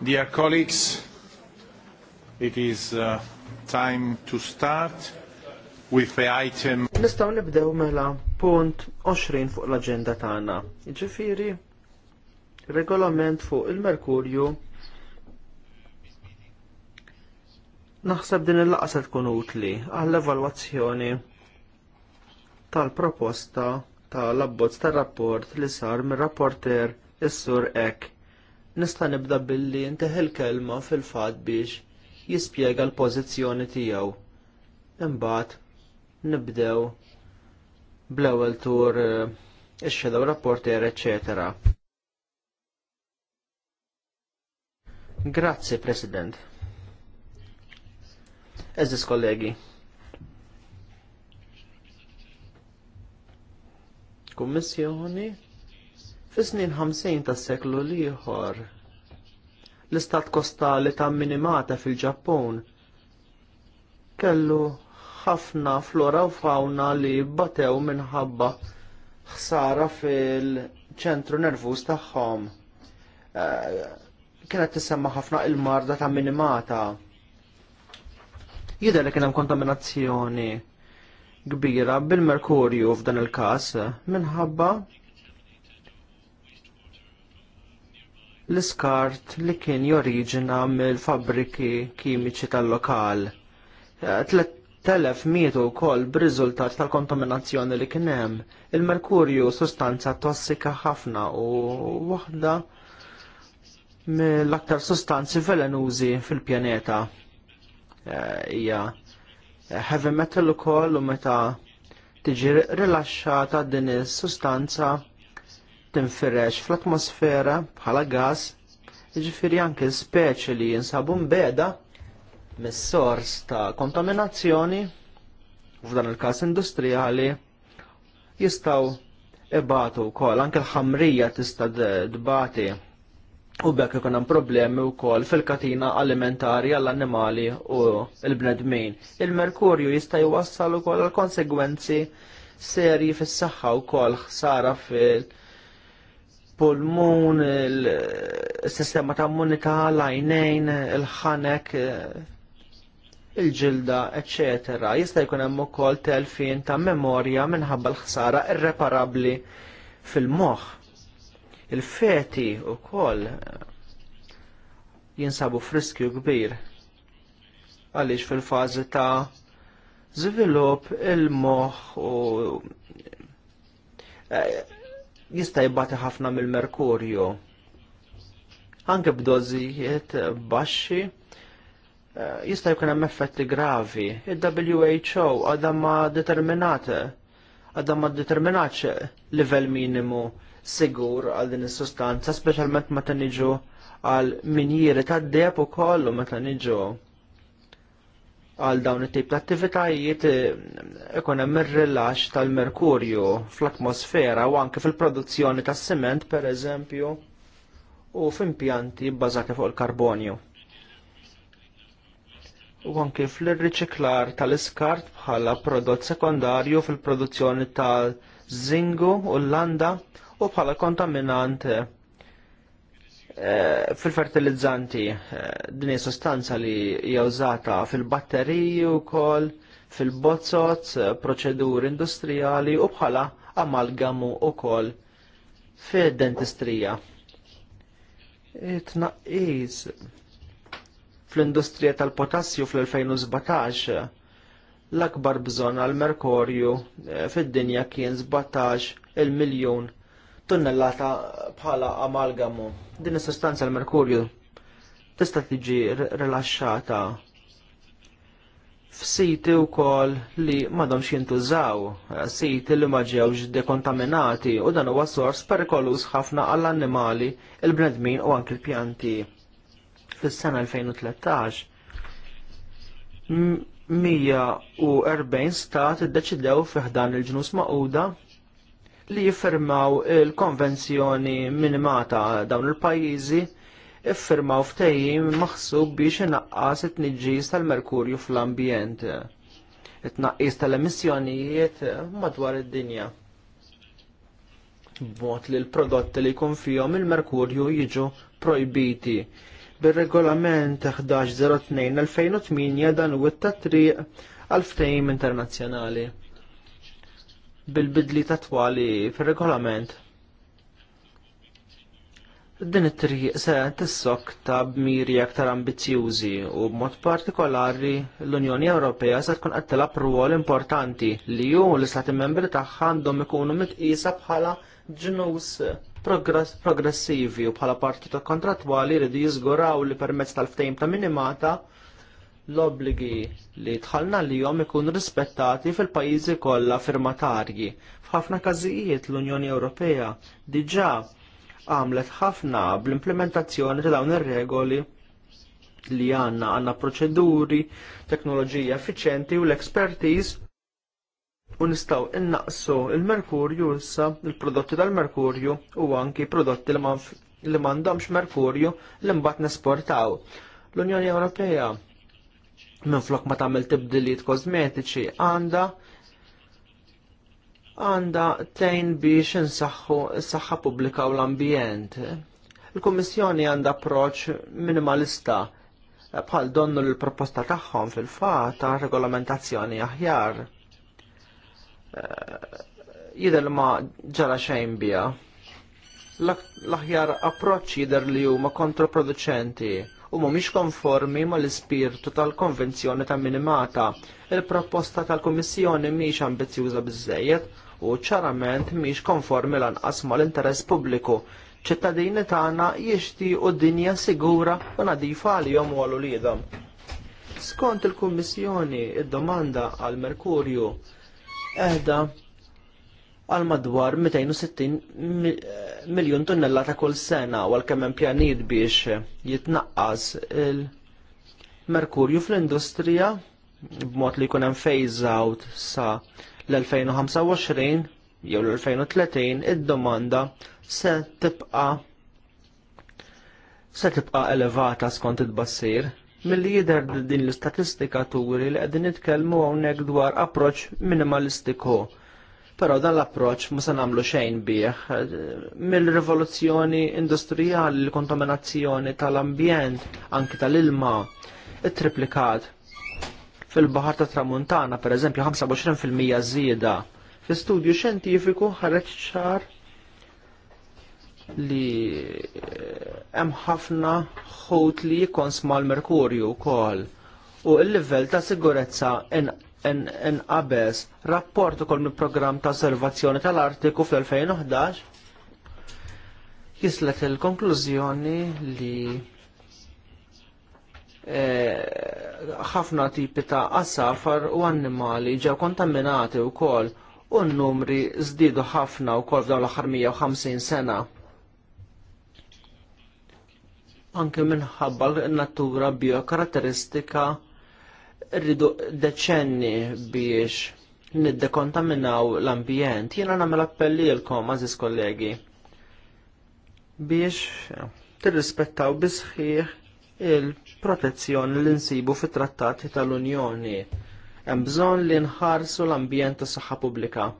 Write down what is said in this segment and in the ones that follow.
Dear colleagues, it is uh, time to start with the item. Nistaw nibdew mela punt 20 fuq l-agenda tagħna. Ġifieri regolament fuq il-Merkurju naħseb din il-laqgħa se tkun utli għall-evalwazzjoni tal-proposta tal-abbozz tar-rapport li sar mir-rapporter is-sur Ek Nista' nibda billi nteħel kelma fil-fatt biex jispjega l-pożizzjoni tiegħu. Imbagħad nibdew bl-ewwel tur eh, ix-xedew rapporter, eċetera. Grazzi, President. Eżis kollegi. Kummissjoni? Fis-snin 50 tas-seklu l-ieħor l-istat kostali ta' minimata fil-Ġappun kellu ħafna flora u fawna li batew minħabba ħsara fil-ċentru nervuż tagħhom. Eh, kienet tisemma ħafna il-marda ta' minimata. Jidher li kien hemm kontaminazzjoni kbira bil-merkurju f'dan il-każ minħabba l-iskart li kien joriġina mill-fabbriki kimiċi tal-lokal. 3000 eh, mietu wkoll b'riżultat tal-kontaminazzjoni li kien hemm. Il-merkurju sustanza tossika ħafna u waħda mill-aktar sustanzi velenużi fil-pjaneta. Eh, hija heavy metal ukoll u meta tiġi rilaxxata din is-sustanza tinfirex fl-atmosfera bħala gas, jiġifieri anke speċi li jinsabu mbeda mis-sors ta' kontaminazzjoni f'dan il-każ industrijali jistgħu ibatu wkoll anke l-ħamrija tista' dbati u bekk ikun hemm problemi wkoll fil-katina alimentari għall-annimali u l-bnedmin. Il-merkurju jista' jwassal ukoll għal konsegwenzi serji fis-saħħa wkoll ħsara fil- il-pulmun, il-sistema ta' immunità, l ajnejn il-ħanek, il-ġilda, etc. Jista' jkun hemm ukoll telfin ta' memorja minħabba l-ħsara irreparabbli fil-moħħ. Il-feti ukoll jinsabu friskju kbir għaliex fil-fażi ta' żvilupp il-moħħ u eh, jista' jibbati ħafna mill-merkurju. Anke b'dożijiet baxxi eh, jista' jkun hemm effetti gravi. Il-WHO għadha ma determinat għadha ma determinatx livell minimu sigur għal din is-sustanza, speċjalment meta niġu għal minjiri tad-deb ukoll u meta niġu għal dawn it-tip ta' attivitajiet eh, ikun hemm ir-rilax tal-merkurju fl-atmosfera u anke fil-produzzjoni tas siment pereżempju u f'impjanti bbażati fuq il-karbonju. U anke fl-riċiklar tal-iskart bħala prodott sekondarju fil-produzzjoni tal-żingu u l-landa u bħala kontaminant eh, Eh, fil-fertilizzanti eh, din sostanza li hija użata fil-batteriji wkoll fil-bozzot, eh, proċeduri industrijali u bħala amalgamu wkoll fid-dentistrija. Tnaqqis fl-industrija tal-potassju fl-2017 l-akbar bżonn għal merkorju fid-dinja kien 17 il-miljun tunnellata bħala amalgamu. Din is-sostanza l-merkurju tista' tiġi rilaxxata f'siti wkoll li m'għadhomx jintużaw, eh, siti li ma ġewx dekontaminati u dan huwa sors perikoluż ħafna għall-annimali, il-bnedmin u anki l-pjanti. Fis-sena 2013 140 stat iddeċidew fiħdan il-ġnus maquda li jiffirmaw il-konvenzjoni minimata dawn il-pajjiżi iffirmaw ftehim maħsub biex inaqqas it-tniġġis tal-merkurju fl-ambjent. It-tnaqqis tal-emissjonijiet madwar id-dinja. Bot li l-prodotti li jkun fihom il-merkurju jiġu projbiti. Bir-regolament 1102-2008 dan huwa t-tatriq għal ftehim internazzjonali bil-bidli ta' twali fil-regolament. Din it-triq se tissok ta' b'miri aktar ambizzjużi u b'mod partikolari l-Unjoni Ewropea se tkun qed tilab rwol importanti li hu l-istati membri tagħha għandhom ikunu mitqisa bħala ġnus progressivi u bħala parti ta' kontratwali jridu jiżguraw li permezz tal-ftehim ta' minimata l-obbligi li tħallna li jom ikun rispettati fil-pajizi kollha firmatarji. F'ħafna każijiet l-Unjoni Ewropea diġà għamlet ħafna bl-implementazzjoni ta' dawn ir-regoli li għanna għanna proċeduri, teknoloġija effiċenti u l-expertiz u nistaw innaqsu il-merkurju issa il-prodotti tal-merkurju u anki prodotti li mandomx merkurju li mbagħad nesportaw. L-Unjoni Ewropea minflok ma tagħmel tibdiliet kosmetiċi għandha għandha tejn biex insaħħu s-saħħa pubblika u l-ambjent. Il-Kummissjoni għandha approċċ minimalista bħal donnu l-proposta tagħhom fil-fatt ta' regolamentazzjoni aħjar. Eh, jidher ma ġara xejn biha. L-aħjar approċċ jidher li huma kontraproduċenti u mhumiex konformi mal-ispirtu tal-Konvenzjoni ta' Minimata. Il-proposta tal-Kummissjoni mhix ambizjuża biżejjed u ċarament mhix konformi lanqas mal-interess pubbliku. ċittadini tagħna jixtiequ dinja sigura u nadifa għalihom u lidhom. Skont il-Kummissjoni id-domanda għal Merkurju eħda għal madwar 260 miljon tonnella ta' kull sena u għalkemm hemm pjanijiet biex jitnaqqas il-merkurju fl-industrija b'mod li jkun hemm phase out sa l-2025 jew l-2030 id-domanda se tibqa se tibqa elevata skont id-bassir Milli jidher din l-istatistika turi li qegħdin nitkellmu hawnhekk dwar approċċ minimalistiku Però dan l-approċ ma se nagħmlu xejn bih. Mill-rivoluzzjoni industrijali l-kontaminazzjoni tal-ambjent, anki tal-ilma, it-triplikat. Fil-Baħar ta' Tramuntana, per eżempju, 25% żieda. Fi studju xjentifiku ħareġ ċar li eh, hemm ħafna ħut li jikons mal-merkurju wkoll u l-livell ta' sigurezza nqabes rapport ukoll mill-programm ta' osservazzjoni tal-Artiku fl-2011 jislet il-konklużjoni li eh, ħafna tipi ta' asafar u annimali ġew kontaminati wkoll u n-numri żdiedu ħafna wkoll f'dawn l-aħħar 150 sena. Anke minħabba n-natura biokaratteristika rridu deċenni biex niddekontaminaw l-ambjent. Jiena nagħmel kom għaziz kollegi biex tirrispettaw bisħiħ il-protezzjoni li nsibu fit-trattati tal-Unjoni. Hemm bżonn li nħarsu l-ambjent tas saħħa pubblika.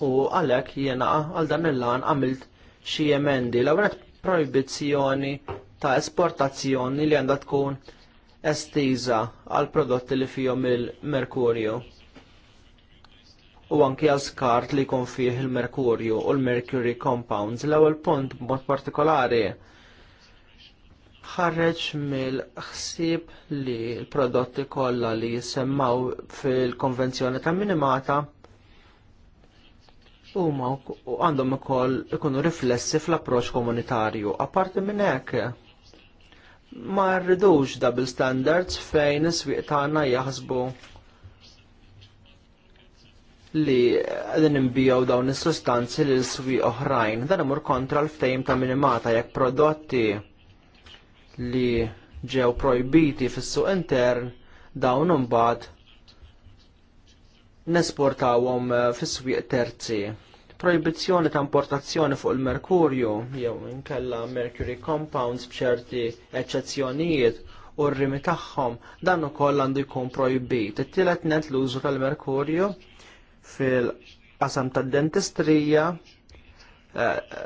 U għalhekk jiena għal dan il-lan għamilt xi emendi l-ewwel projbizzjoni ta' esportazzjoni li għandha tkun estiża għal prodotti li fihom il-merkurju u anki għal skart li jkun fih il-merkurju u l-mercury compounds. L-ewwel punt mod partikolari ħarreġ mill-ħsieb li l-prodotti kollha li jisemmaw fil-konvenzjoni ta' minimata huma għandhom ukoll ikunu riflessi fl-approċċ komunitarju. Apparti minn hekk, ma rridux double standards fejn is-swieq tagħna jaħsbu li għedin imbijaw dawn is-sustanzi lil swieq oħrajn. Dan imur kontra l-ftehim ta' minimata jekk prodotti li ġew projbiti fis-suq intern dawn imbagħad nesportawhom fis-swieq terzi proibizzjoni ta' importazzjoni fuq il-merkurju jew inkella mercury compounds b'ċerti eċċezzjonijiet u r-rimi tagħhom dan ukoll għandu jkun projbit. It-tielet net l-użu tal-merkurju fil-qasam tad-dentistrija eh,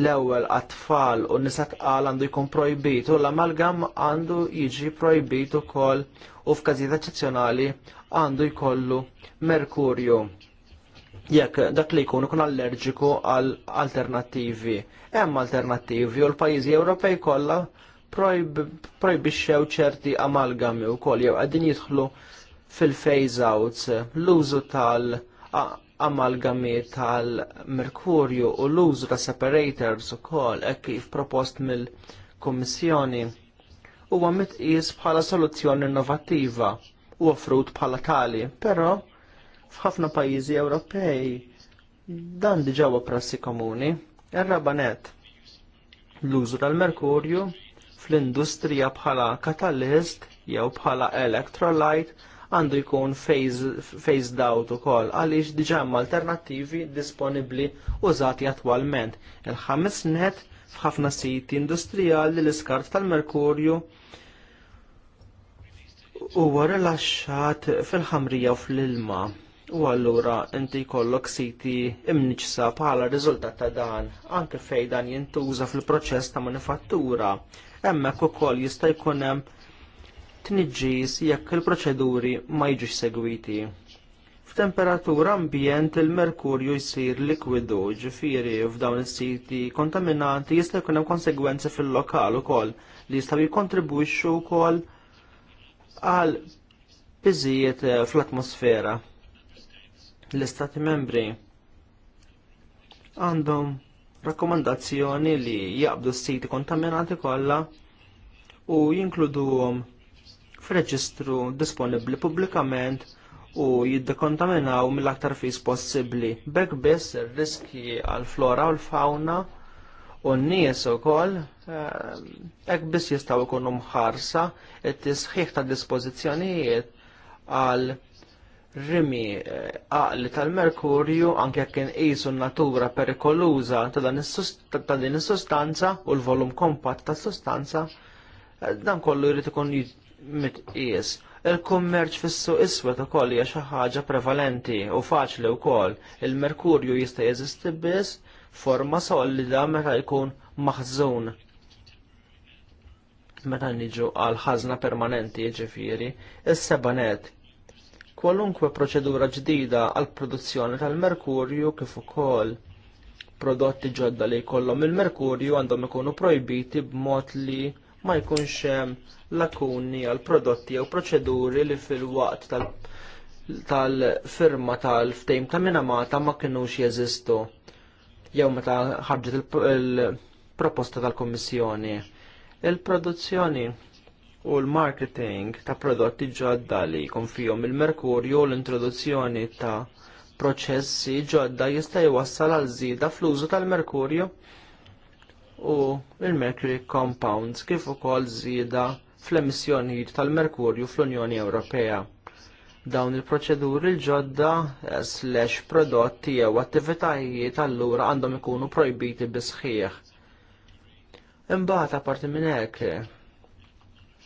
l-ewwel għat-tfal u nisa tqal għandu jkun projbit u l-amalgam għandu jiġi projbit ukoll u f'każijiet eċċezzjonali għandu jkollu merkurju jekk dak li jkun ikun allerġiku għal alternattivi. Hemm alternattivi u l-pajjiżi Ewropej kollha projbixxew ċerti amalgami wkoll jew qegħdin jidħlu fil-phase outs l-użu tal amalgami tal-merkurju u l-użu ta' separators ukoll hekk kif propost mill-Kummissjoni huwa mitqies bħala soluzzjoni innovattiva u offrut bħala tali, però f'ħafna pajjiżi Ewropej. Dan diġà huwa prassi komuni. ir rabanet net l-użu tal-merkurju fl-industrija bħala katalist jew bħala electrolyte għandu jkun phase out ukoll għaliex diġà hemm alternattivi disponibbli użati attwalment. Il-ħames net f'ħafna siti industrijali l-iskart tal-merkurju huwa rilaxxat fil-ħamrija u fl-ilma u allura inti jkollok siti imniċsa bħala riżultat ta' dan, anke fejn dan jintuża fil-proċess ta' manifattura. Hemmhekk ukoll jista' jkun hemm tniġġis jekk il-proċeduri ma jiġux segwiti. F'temperatura ambjent il-merkurju jsir likwidu, ġifieri f'dawn is-siti kontaminanti jista' jkun hemm konsegwenzi fil-lokal ukoll li jistgħu jikkontribwixxu wkoll għal biżijiet fl-atmosfera l-Istati membri għandhom rakkomandazzjoni li jaqbdu s-siti kontaminati kollha u jinkluduhom f'reġistru disponibbli pubblikament u jiddekontaminaw mill-aktar fis possibbli. B'hekk biss ir-riski għall flora u l fauna u n-nies ukoll eh, hekk biss jistgħu jkunu mħarsa it-tisħiħ ta' dispożizzjonijiet għal rimi eh, għaqli tal-merkurju anke jekk qisu n-natura perikoluża ta' din is-sustanza u l-volum kompatt tas sustanza eh, dan kollu jrid ikun mitqies. Il-kummerċ fis-suq iswed ukoll hija xi ħaġa prevalenti u faċli wkoll. Il-merkurju jista' jeżisti biss forma solida meta jkun maħżun. Meta niġu għal ħażna permanenti jiġifieri, is-sebanet kwalunkwe proċedura ġdida għal produzzjoni tal-merkurju kif ukoll prodotti ġodda li jkollhom il-merkurju għandhom ikunu projbiti b'mod li ma jkunx hemm lakuni għal prodotti jew proċeduri li fil-waqt tal-firma tal-ftejm ta' minamata ma kinux jeżistu jew meta ħarġet il-proposta tal-Kommissjoni. Il-produzzjoni u l-marketing ta' prodotti ġodda li jkun fihom il-merkurju u l-introduzzjoni ta' proċessi ġodda jista' jwassal għal żieda fl-użu tal-merkurju u il-mercury compounds kif ukoll żieda fl-emissjonijiet tal-merkurju fl-Unjoni Ewropea. Dawn il-proċeduri l-ġodda slash prodotti jew attivitajiet allura għandhom ikunu projbiti bisħiħ. Imbagħad apparti minn hekk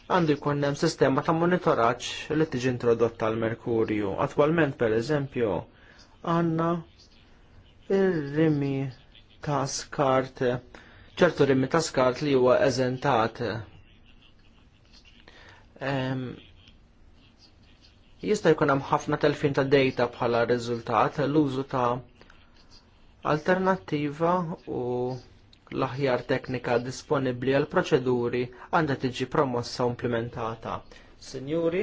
għandu jkun hemm sistema ta' monitoraġġ li tiġi introdotta għal merkurju per pereżempju għandna ir-rimi ta' skart, ċertu rimi ta' skart li huwa eżentat. Jista' jkun hemm ħafna telfin ta' data bħala riżultat l-użu ta' alternattiva u l-aħjar teknika disponibbli għal proċeduri għandha tiġi promossa u implementata. Sinjuri,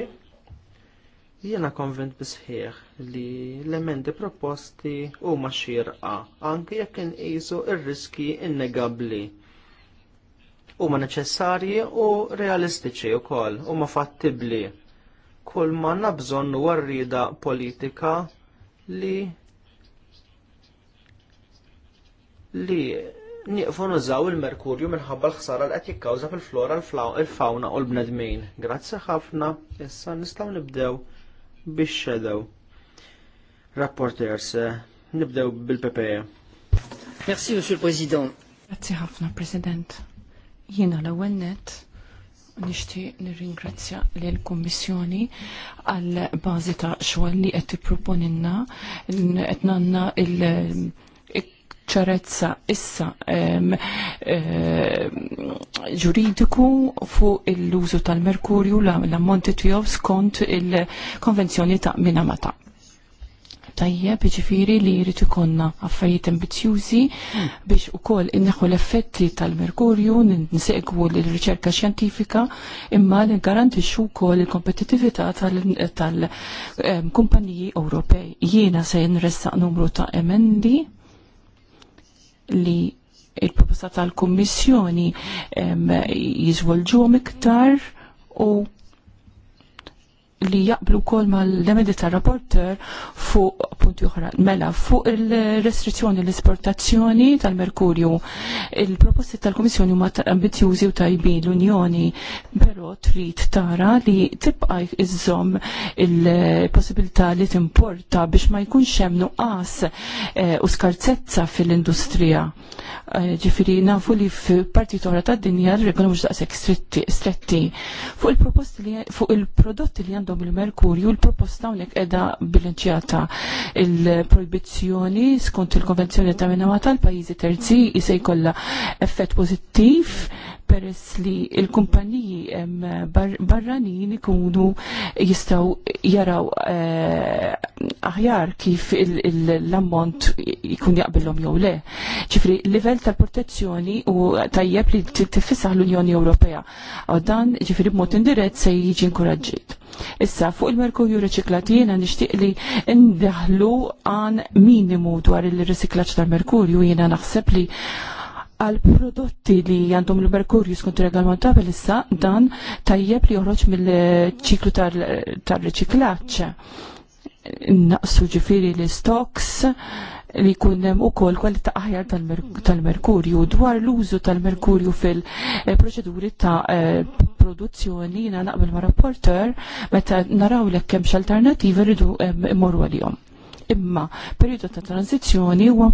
jiena konvent bisħieħ li l-emendi proposti huma xierqa anke jekk inqisu ir-riski innegabbli huma neċessarji u realistiċi wkoll huma fattibbli. Kull ma nabżonn huwa rrieda politika li li nieqfu nużaw il-merkurju minħabba l-ħsara li qed jikkawża fil-flora l-fawna u l-bnedmin. Grazzi ħafna, issa nistgħu nibdew biex xedew. Rapporters, nibdew bil pp e. Merci, Monsieur President. Grazzi ħafna, President. Jiena l-ewwel net nixtieq nirringrazzja lill kummissjoni għall bażi ta' xogħol li qed tipproponilna qed nanna il- ċarezza issa ġuridiku fuq l-użu tal-merkurju l-ammonti tiegħu skont il-konvenzjoni ta' Minamata. Tajjeb, ġifiri li jrid ikonna affarijiet ambizjużi biex ukoll inneħu l-effetti tal-merkurju, nsegwu l-riċerka xjentifika, imma li garantixxu wkoll il kompetitività tal-kumpaniji Ewropej. Jiena se nressaq numru ta' emendi li il-proposta tal-Kummissjoni jiżvolġuhom iktar u li jaqblu kol ma l-lemedi rapporter fuq punti uħra mela fuq il-restrizzjoni l-esportazzjoni tal-merkurju il-proposti tal-Komissjoni huma ambitjużi u tajbin l-Unjoni però trid tara li tibqa' iżżomm il-possibilità li timporta biex ma jkunx hemm nuqqas eh, u skarzezza fil-industrija. Eh, Ġifieri nafu li f'parti oħra tad-dinja r-regola mhux daqshekk stretti. Fuq il-proposti li fuq il-prodotti li għandhom il-merkurju l-proposta unek edha bilanċjata il-proibizjoni skont il-konvenzjoni ta' minnawa tal-pajizi terzi jisej kolla effett pozittiv peress li il-kumpaniji barranin ikunu jistaw jaraw aħjar kif l-ammont jkun jaqbillom jew le. Ċifri, livell tal-protezzjoni u tajjeb li tifissaħ l-Unjoni Ewropea. Dan ġifri b'mod indirett se jiġi inkoraġġiet. Issa, fuq il-merkurju reċiklat jiena nixtieq li ndaħlu għan minimu dwar il-reċiklaċ tal-merkurju jiena naħseb li għal prodotti li għandhom il-merkurju skont reglamentabel issa dan tajjeb li joħroġ mill-ċiklu tal-riċiklaċ. Naqsu ġifiri l-stocks, li jkun hemm ukoll kwalita' aħjar tal-merkurju dwar l-użu tal-merkurju fil-proċeduri ta' eh, produzzjoni jiena naqbel ma' rapporter meta naraw lek hemm x'alternattivi rridu mmorru eh, għalihom imma periodu ta' tranzizjoni huwa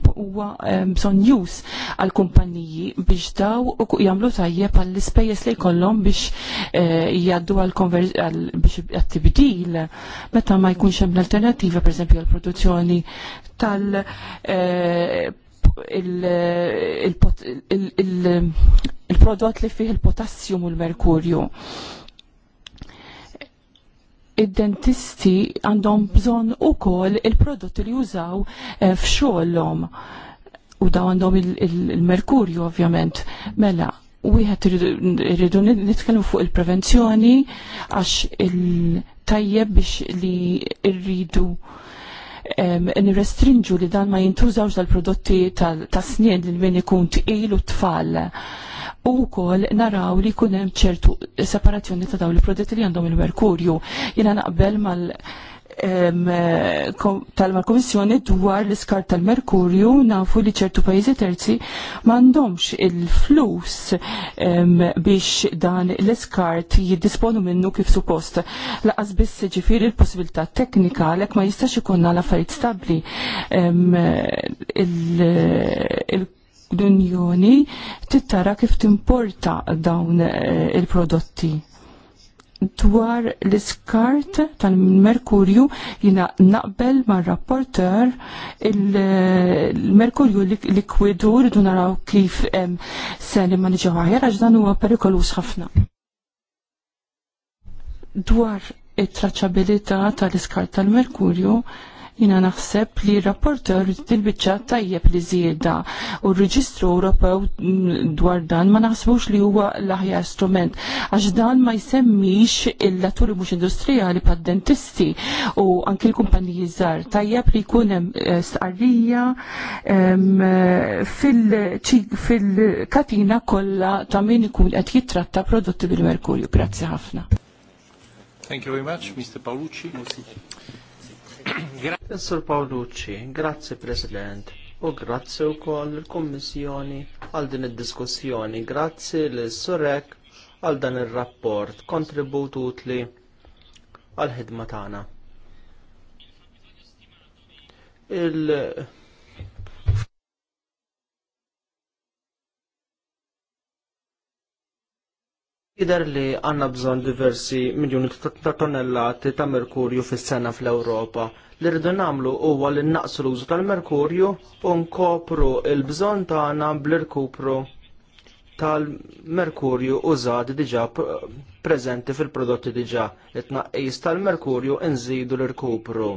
ehm, bżonn jus għal kumpaniji biex daw jagħmlu tajjeb għall ispejjeż li jkollhom biex eh, jgħaddu għal biex għat-tibdil meta ma jkunx hemm l-alternattiva pereżempju għall produzzjoni tal eh, il-prodott li fih il-potassium u l-merkurju. il potassium u l il potassium u l merkurju id-dentisti għandhom bżonn ukoll il-prodotti li jużaw eh, f'xogħolhom. U daw għandhom il-merkurju il il ovvjament. Mela, wieħed rridu nitkellmu fuq il-prevenzjoni għax il-tajjeb biex li rridu nirrestrinġu li dan ma jintużawx dal-prodotti tas-snien li min ikun tqil u tfal u kol naraw li jkun hemm ċertu separazzjoni ta' dawn il-prodotti li għandhom il-merkurju. Jena naqbel mal tal-Komissjoni dwar l-iskart tal-Merkurju nafu li ċertu pajjiżi terzi m'għandhomx il-flus biex dan l-iskart jiddisponu minnu kif suppost. Laqas biss ġifiri l-possibilità teknika għalhekk ma jistax ikonna l-affarijiet stabbli l-Unjoni tittara kif timporta dawn eh, il-prodotti dwar l-iskart tal-merkurju jina naqbel ma' rapporter il-merkurju eh, likwidu rridu naraw kif sen ma' nġaħjar għax dan huwa perikolus ħafna. Dwar it-traċabilità tal-iskart tal-merkurju Jina naħseb li rapporter il-bicċa tajjeb li zieda u r-Reġistru Ewropew dwar dan ma naħsbux li huwa l-aħjar strument għax dan ma jsemmix il-laturi mhux industrijali pad-dentisti u anki l-kumpaniji żgħar tajjeb li jkun hemm eh, stqarrija eh, fil-katina kollha ta' min ikun qed jitratta prodotti bil-merkurju. Grazzi ħafna. Thank you very much, Mr. Paolucci. Professor Paolucci, grazzi President u grazzi u koll l-Kommissjoni għal din id-diskussjoni, grazzi l-Sorek għal dan il-rapport, kontribut utli għal ħidma tagħna. Il Jider li għanna bżon diversi miljoni ta' tonnellati ta' merkurju fis-sena fl-Ewropa. Li rridu nagħmlu huwa li naqsu l-użu tal-merkurju u nkopru l-bżonn tagħna bl-irkupru tal-merkurju użat diġà preżenti fil-prodotti diġà. It-tnaqqis tal-merkurju nżidu l-irkupru.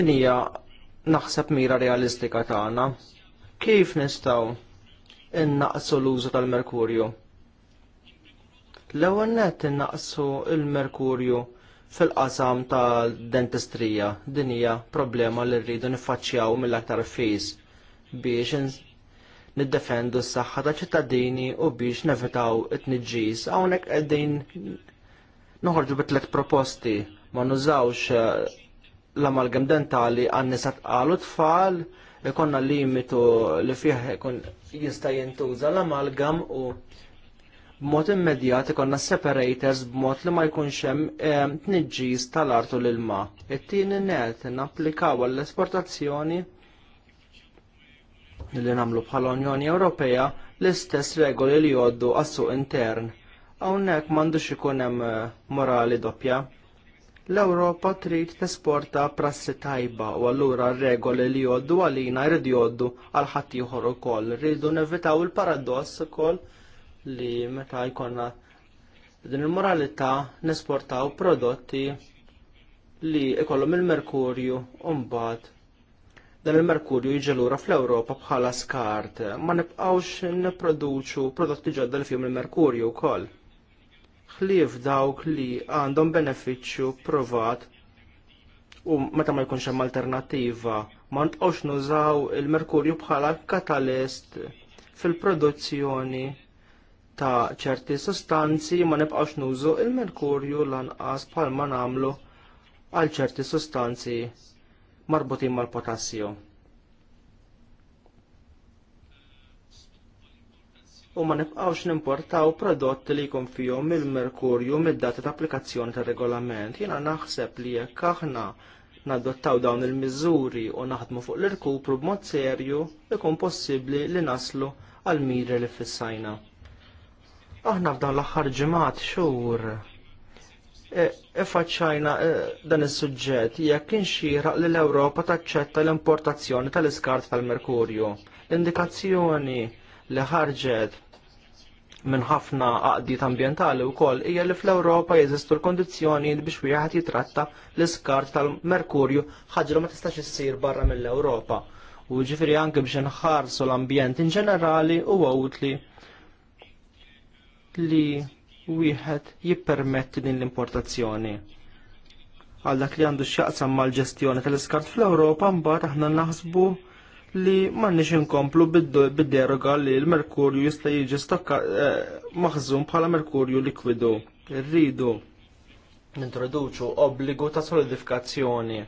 Din hija naħseb mira realistika tagħna. Kif nistgħu innaqsu l-użu tal-merkurju? L-ewwel nett innaqsu l-merkurju fil-qasam tal-dentistrija din hija problema li rridu niffaċċjaw mill-aktar fis biex niddefendu s-saħħa ta' ċittadini u biex nevitaw it-nġis. Hawnhekk qegħdin noħorġu bitlet proposti ma nużawx eh, l-amalgam dentali għan nisa qalu tfal, ikonna limitu li fih jista' jintuża l-amalgam u b'mod immedjat ikonna separators b'mod li ma jkunx hemm eh, tniġġis tal-artu l-ilma. It-tieni net napplikaw għall-esportazzjoni li nagħmlu bħala Unjoni Ewropea l-istess regoli li jgħoddu għas-suq intern. Hawnhekk m'għandux ikun hemm eh, morali doppja. L-Ewropa trid tesporta prassi tajba u allura r-regoli li jgħoddu għalina jrid joddu għal ħadd ieħor ukoll. Rridu nevitaw il-paradoss ukoll li meta jkollna din il-moralità nesportaw prodotti li ikollhom il-merkurju u mbagħad dan il-merkurju jiġi lura fl-Ewropa bħala skart, ma nibqgħux nipproduċu prodotti ġodda li fihom il-merkurju wkoll. Ħlief dawk li għandhom benefiċċju provat u meta ma jkunx hemm alternattiva ma nqgħux nużaw il-merkurju bħala katalist fil-produzzjoni ta' ċerti sostanzi ma nibqgħux nużu l merkurju lanqas bħalma nagħmlu għal ċerti sostanzi marbutin mal-potassju. U ma nibqgħux nimportaw prodotti li jkun fihom il-merkurju mid-data ta' applikazzjoni tar regolament. Jiena naħseb li jekk aħna nadottaw dawn il-miżuri u naħdmu fuq l-irkupru b'mod serju ikun possibbli li naslu għal miri li fissajna. Aħna f'dan l-aħħar ġimgħat xhur ifaċċajna e, e, e, dan is-suġġett jekk inxieraq li l-Ewropa taċċetta l-importazzjoni tal-iskart tal-merkurju. L-indikazzjoni li ħarġet minn ħafna qaqdiet ambjentali wkoll hija li fl-Ewropa jeżistu l-kondizzjoni biex wieħed jitratta l-iskart tal-merkurju ħaġra ma tistax issir barra mill-Ewropa. U ġifieri anke biex inħarsu l-ambjent in ġenerali huwa utli li wieħed jippermetti din l-importazzjoni. Għal dak li għandu x'jaqsam mal-ġestjoni tal-iskart fl-Ewropa mbagħad aħna naħsbu li m'għandniex inkomplu bid-deroga li l-merkurju jista' jiġi stokka eh, maħżum bħala merkurju likwidu. Rridu nintroduċu obbligu ta' solidifikazzjoni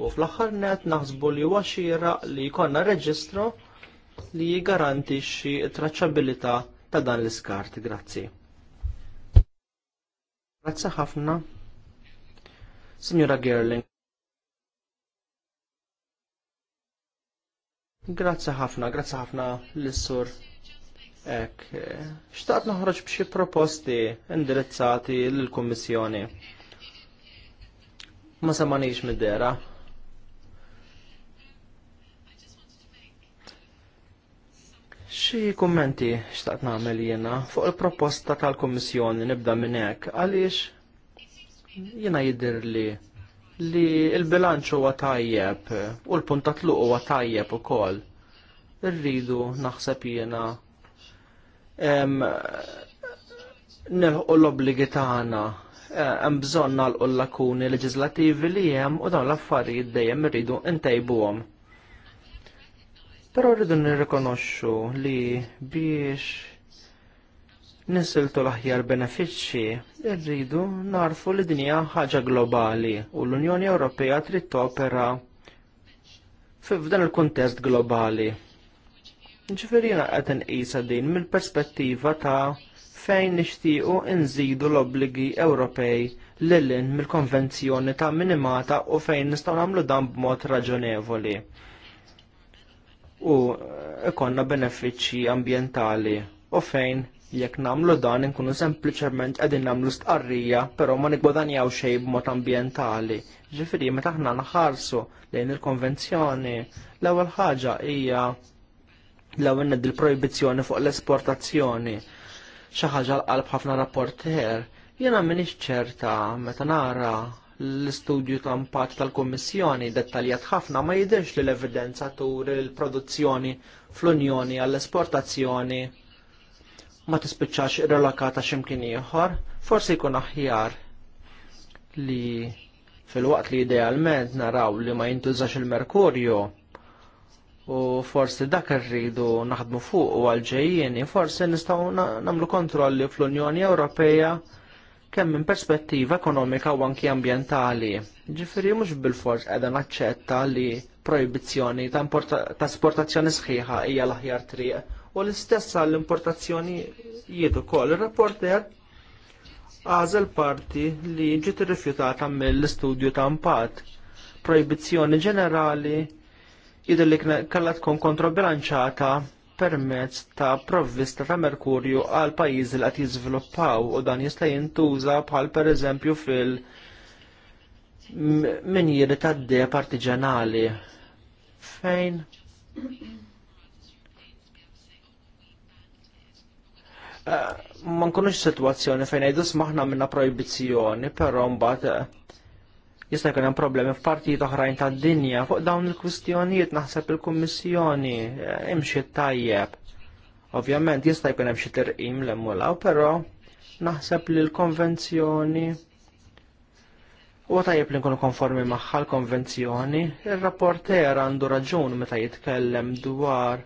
u fl-aħħar net naħsbu li huwa xira li jkollna reġistru li jgarantixxi t traċċabilità ta' dan l-iskart. Grazzi. Grazzi ħafna. Signora Gerling. Grazzi ħafna, grazzi ħafna l-sur. Ek, xtaqt noħroġ b'xi proposti indirizzati l-Kummissjoni. Ma samanix mid-dera, Xi kummenti xtaqt nagħmel jiena fuq il-proposta tal-Kummissjoni nibda minn hekk għaliex jiena jidher li li l-bilanċ huwa tajjeb u l-punt ta' tluq huwa tajjeb ukoll. Irridu naħseb jiena nilħu l obbligi tagħna eh, hemm bżonn nagħlqu l-lakuni leġislattivi li hemm u dawn l-affarijiet dejjem irridu ntejbuhom. Però rridu nirrikonoxxu li biex nisiltu l-aħjar benefiċċji, rridu narfu li dinja ħaġa globali u l-Unjoni Ewropea trid topera f'dan il-kuntest globali. Ġiferina qed inqisa din mill-perspettiva ta' fejn nixtiequ inżidu l-obbligi Ewropej lil mill-konvenzjoni ta' minimata u fejn nistgħu nagħmlu dan b'mod raġonevoli u ikonna benefiċċji ambjentali u fejn jekk nagħmlu dan inkunu sempliċement qegħdin nagħmlu stqarrija però ma nigwadanjaw xejn b'mod ambjentali. Ġifieri meta aħna naħarsu lejn il-konvenzjoni l-ewwel ħaġa hija l-ewwel ned il-projbizzjoni fuq l-esportazzjoni. Xi ħaġa l-qalb ħafna rapporter jiena m'iniex ċerta meta nara l-istudju ta' impatt tal-Kummissjoni dettaljat ħafna ma jidhirx li l-evidenza tur il-produzzjoni fl-Unjoni għall-esportazzjoni ma tispiċċax relokata x'imkien ieħor, forsi jkun aħjar li fil-waqt li idealment naraw li ma jintużax il-merkurju u forsi dak irridu naħdmu fuq u għal-ġejjieni, forsi nistgħu nagħmlu kontrolli fl-Unjoni Ewropea kemm minn perspettiva ekonomika u anki ambjentali. Ġifiri mhux bil forġ qiegħda naċċetta li proibizzjoni ta' esportazzjoni sħiħa hija l-aħjar triq u l-istess għall-importazzjoni jiedu kol. Il-rapporter għażel parti li ġiet irrifjutata mill-istudju ta' impatt. Proibizzjoni ġenerali jidu li kellha tkun kontrabilanċata permezz ta' provvista ta' merkurju għal pajjiżi li qed jiżviluppaw u dan jista' jintuża bħal pereżempju fil- minjiri ta' d partiġanali fejn eh, ma nkunux situazzjoni fejn għajdu smaħna minna proibizjoni, però mbagħad eh, jista' jkun hemm problemi f'partijiet oħrajn tad-dinja fuq dawn il-kwistjonijiet naħseb il-Kummissjoni eh, imxiet tajjeb. Ovvjament jista' jkun hemm xi tirqim l-emmulaw, però naħseb li l-konvenzjoni U tajjeb li nkunu konformi magħha l-konvenzjoni, ir-rapporter għandu raġun meta jitkellem dwar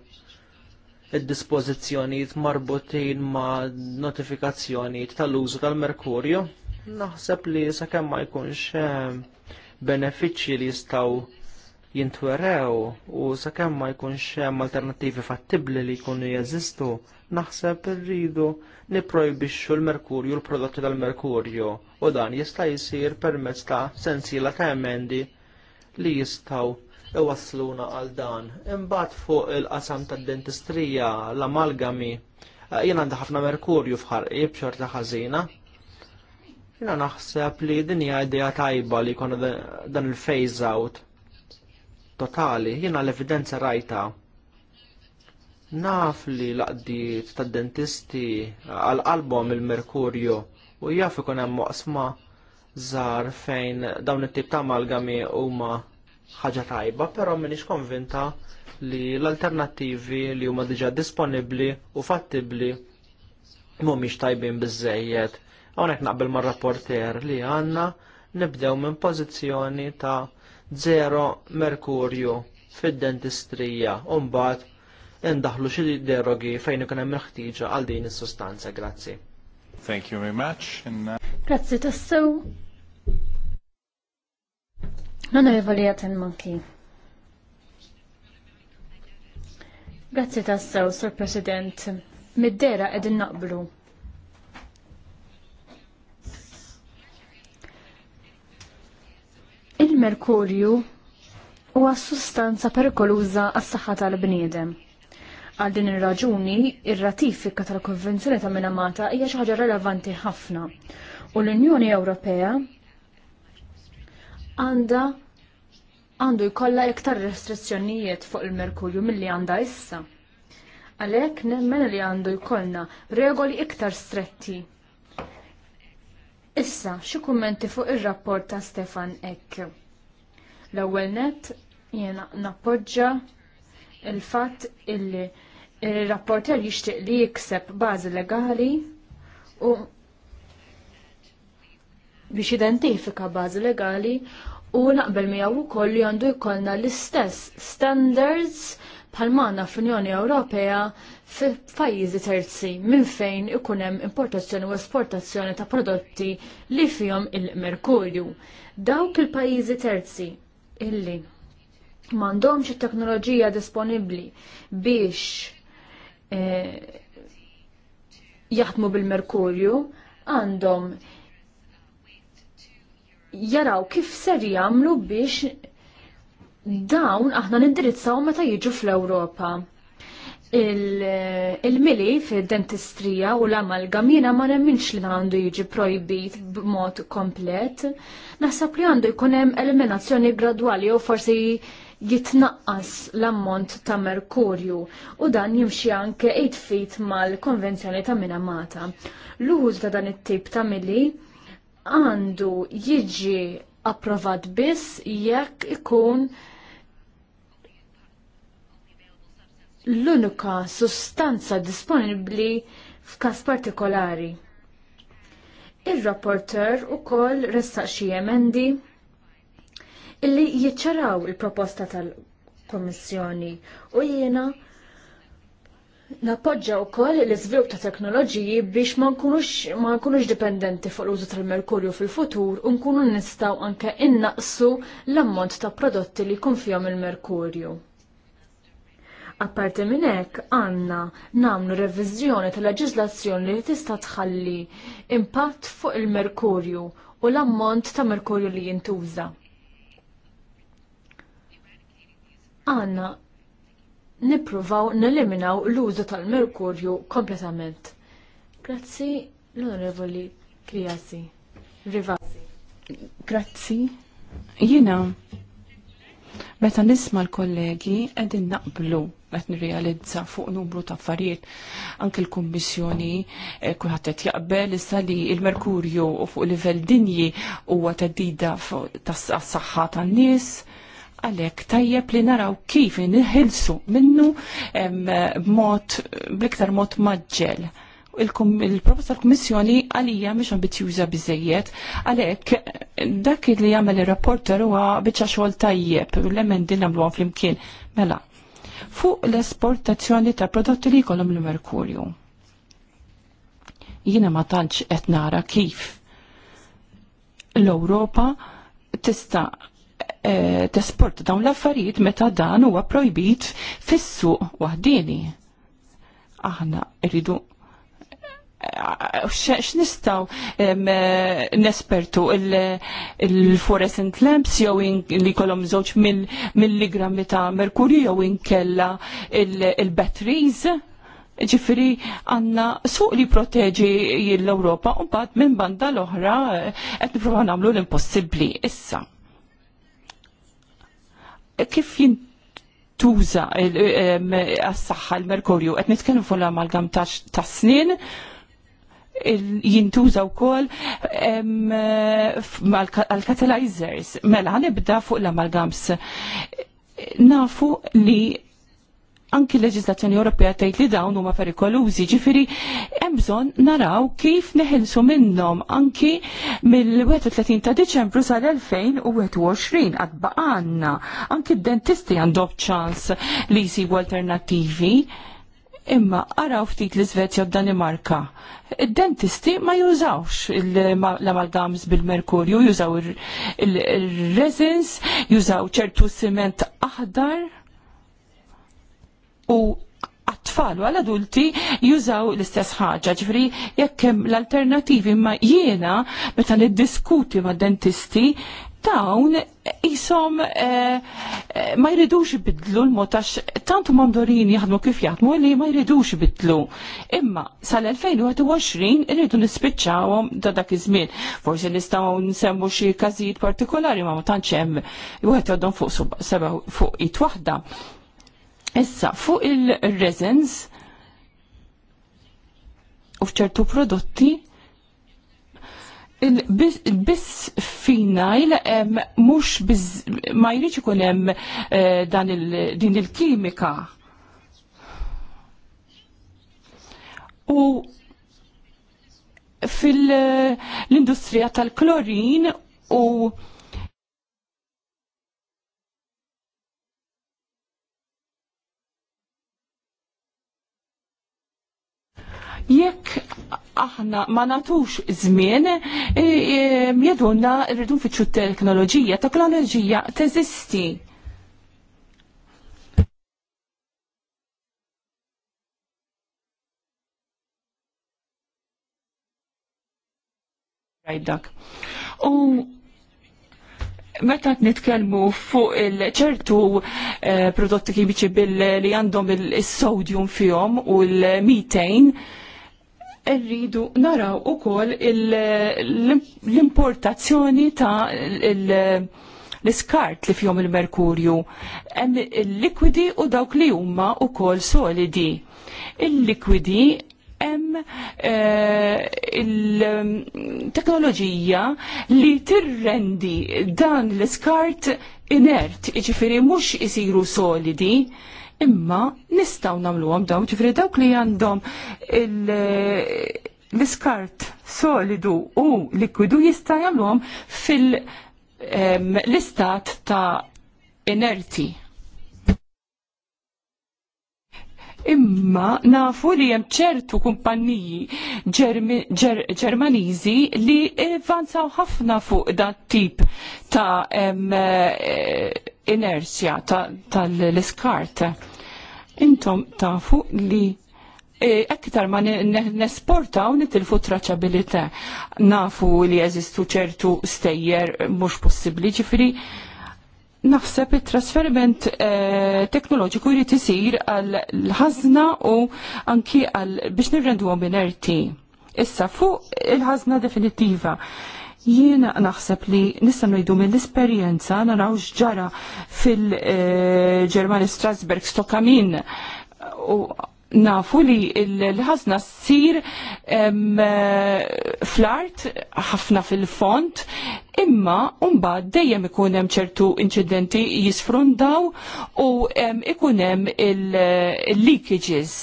id-dispożizzjonijiet marbutin ma' notifikazzjonijiet tal-użu tal-merkurju. Naħseb li sakemm ma jkunx hemm eh, benefiċċji li jistgħu jintwerew u sakemm ma jkunx hemm alternattivi fattibbli li jkunu jeżistu, naħseb irridu nipprojbixxu l-merkurju l-prodotti tal-merkurju u dan jista' jsir permezz ta' sensiela ta' emendi li jistgħu iwassluna għal dan. Imbagħad fuq il-qasam tad-dentistrija, l-amalgami, jien għandi ħafna merkurju fħarqi b'xorta ħażina, Jina naħseb li din hija idea tajba li jkun dan il-phase out totali, jina l-evidenza rajta. Naf li laqdiet tad dentisti għal album il-merkurju u jaf ikun hemm moqsma żar fejn dawn it-tip ta' amalgami huma ħaġa tajba, però m'iniex konvinta li l-alternattivi li huma diġà disponibbli u fattibbli mhumiex tajbin biżejjed Hawnhekk naqbel mar-rapporter li għandna nibdew minn pożizzjoni ta' zero merkurju fid-dentistrija u mbagħad indaħlu xi derogi fejn ikun hemm ħtieġa għal din is-sustanza. Grazzi. Thank you very much. And... Uh, Grazzi tassew. Onorevoli Manki. Grazzi tassu, Sur President. Middera edin naqblu Il-merkurju huwa sustanza perikoluża għas-saħħa tal-bniedem. Għal din ir-raġuni, ir-ratifika tal-Konvenzjoni ta' Minamata hija xi ħaġa relevanti ħafna u l-Unjoni Ewropea għandha għandu jkollha iktar restrizzjonijiet fuq il-merkurju milli għandha issa. Għalhekk nemmen li għandu jkollna regoli iktar stretti. Issa, xi kummenti fuq ir-rapport ta' Stefan Eck. L-ewwel net jiena nappoġġa il-fatt illi il-rapporter jixtieq li jikseb bażi legali u biex identifika bażi legali u naqbel miegħu wkoll li għandu jkollna l-istess standards bħal magħna fl-Unjoni Ewropea fi pajjiżi terzi minn fejn ikun hemm importazzjoni u esportazzjoni ta' prodotti li fihom il-merkurju. Dawk il-pajjiżi terzi illi mandomx il-teknoloġija disponibli biex eh, jaħdmu bil-merkurju għandhom jaraw kif ser jagħmlu biex dawn aħna nindirizzaw meta jiġu fl-Ewropa il-mili il fil-dentistrija u l-amalgam ma nemminx li għandu jiġi projbit b'mod komplet. Naħseb li għandu jkun hemm eliminazzjoni gradwali u forsi jitnaqqas l-ammont ta' merkurju u dan jimxi anke 8 fit mal-konvenzjoni ta' Minamata. L-uż ta' dan it-tip ta' mili għandu jiġi approvat biss jekk ikun l-unika sustanza disponibbli f'każ partikolari. Ir-rapporter ukoll ressaq xi emendi illi jiċċaraw il-proposta tal kummissjoni u jiena Nappoġġa wkoll l-iżvilupp ta' teknoloġiji biex ma nkunux ma nkunux dipendenti fuq l-użu tal-merkurju fil-futur u nkunu nistgħu anke innaqsu l-ammont ta' prodotti li jkun fihom il-merkurju. Apparti minn hekk għandna nagħmlu reviżjoni tal leġislazzjoni li tista' tħalli impatt fuq il-merkurju u l-ammont ta' merkurju li jintuża. Għanna nippruvaw neliminaw l-użu tal-merkurju kompletament. Grazzi l-onorevoli Kriasi. Rivasi. Grazzi. Jina. You know. Meta nisma l-kollegi qegħdin naqblu għet nirrealizza fuq numru ta' affarijiet anke l-Kummissjoni eh, kulħadd qed jaqbel issa li l-merkurju u fuq livell dinji huwa teddida tas-saħħa tan-nies għalhekk tajjeb li naraw kif inħilsu minnu b'mod bl-iktar mod maġġel il-proposta tal-Kummissjoni għalija mhix ambizjuża biżejjed, għalhekk dak li jagħmel ir-rapporter huwa biċċa xogħol tajjeb u l-emendi nagħmluhom flimkien. Mela, fuq l-esportazzjoni ta' prodotti li jkollhom l-merkurju. Jiena ma tantx qed nara kif l-Ewropa tista' e, tesporta dawn l-affarijiet meta dan huwa projbit fis-suq waħdini. Aħna rridu x'nistgħu nespertu il-fluorescent lamps jew li kolom żewġ milligrammi ta' merkuri jew inkella il-batteries. Ġifiri għanna suq li proteġi l-Europa u bad minn banda l-oħra eh, qed nipprova nagħmlu l-impossibbli issa. Kif jintuża għas-saħħa l-merkurju qed nitkellmu fuq l-amalgam tas-snin jintuża wkoll mal catalyzers Mela nibda fuq l-amalgams. Nafu li anki l-leġislazzjoni Ewropea tgħid li dawn huma perikolużi, ġifieri hemm bżonn naraw kif neħilsu minnhom anki mill-31 ta' Diċembru sal-2021 qatt għandna, Anki d-dentisti għandhom ċans li jsibu alternattivi Imma araw ftit l-Svezja u Danimarka. Id-dentisti ma jużawx l-amalgams bil-merkurju, jużaw il-resins, jużaw ċertu siment aħdar u għat-tfal u għal-adulti jużaw l-istess ħaġa, ġifri jekk l-alternativi ma jiena meta niddiskuti ma' dentisti dawn jisom eh, eh, ma jridux bidlu l-motax tantu mamdorin jaħdmu kif jaħdmu li ma jridux bidlu. Imma sal-2021 irridu nispiċċawhom da dak iż-żmien. Forsi nistgħu nsemmu xi każijiet partikolari ma ma tantx hemm wieħed fuq seba' fuq it waħda. Issa fuq il-resins u f'ċertu prodotti biss finajl mux ma jridx ikun hemm eh, dan il, din il-kimika. U fil-industrija tal-klorin u jekk aħna ma natux żmien e, e, jedunna rridu nfittxu teknoloġija, teknoloġija teżisti. Rajdak. U meta nitkellmu fuq il-ċertu e, prodotti kimiċi bil li għandhom il-sodium fihom u l-metane, rridu naraw ukoll l-importazzjoni ta' l-iskart li fjom il-merkurju. Hemm il-likwidi u dawk li huma ukoll solidi. Il-likwidi hemm eh, il-teknoloġija li tirrendi dan l-iskart inert, jiġifieri mhux isiru solidi, imma nistaw namluhom dawn ġifri dawk li għandhom l-iskart solidu u likwidu jista' jagħmluhom fil-istat ta' inerti. Imma nafu li hemm ċertu kumpanniji Ġermaniżi li avvanzaw ħafna fuq dat tip ta' eh, inerzja tal-iskart. Ta Intom tafu li ektar ma nesportaw nitilfu traċabilita Nafu li jeżistu ċertu stejjer mhux possibbli ġifiri. Naħseb it-trasferiment e, teknoloġiku jrid isir għal-ħazna u anki għal biex nirrendu għom inerti. Issa fuq il-ħazna definitiva Jiena naħseb li nista' ngħidu mill-esperjenza naraw x'ġara fil-Ġermani eh, Strasberg Stokamin u nafu li l-ħazna s-sir eh, art ħafna fil-font imma mbagħad dejjem ikunem ċertu inċidenti jisfrundaw u ikunem il-leakages.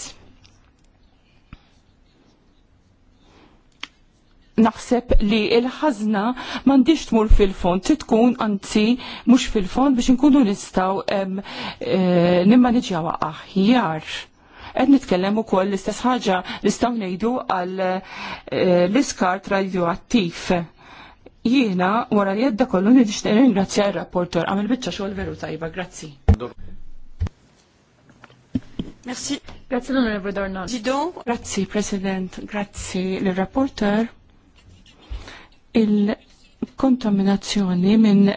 naħseb li il-ħazna mandiġ tmur fil-fond, trid tkun anzi mhux fil-fond biex inkunu nistgħu eh, nimmaniġjaw aħjar. Ed nitkellem ukoll l-istess ħaġa nistgħu ngħidu għal eh, l-iskart radioattiv. Jiena wara li jedda kollu nixtieq ringrazzja il rapportor għamil biċċa xogħol veru tajba, grazzi. Merci. Grazie l'onorevole Dornan. Grazzi President, grazzi l rapporteur il-kontaminazzjoni minn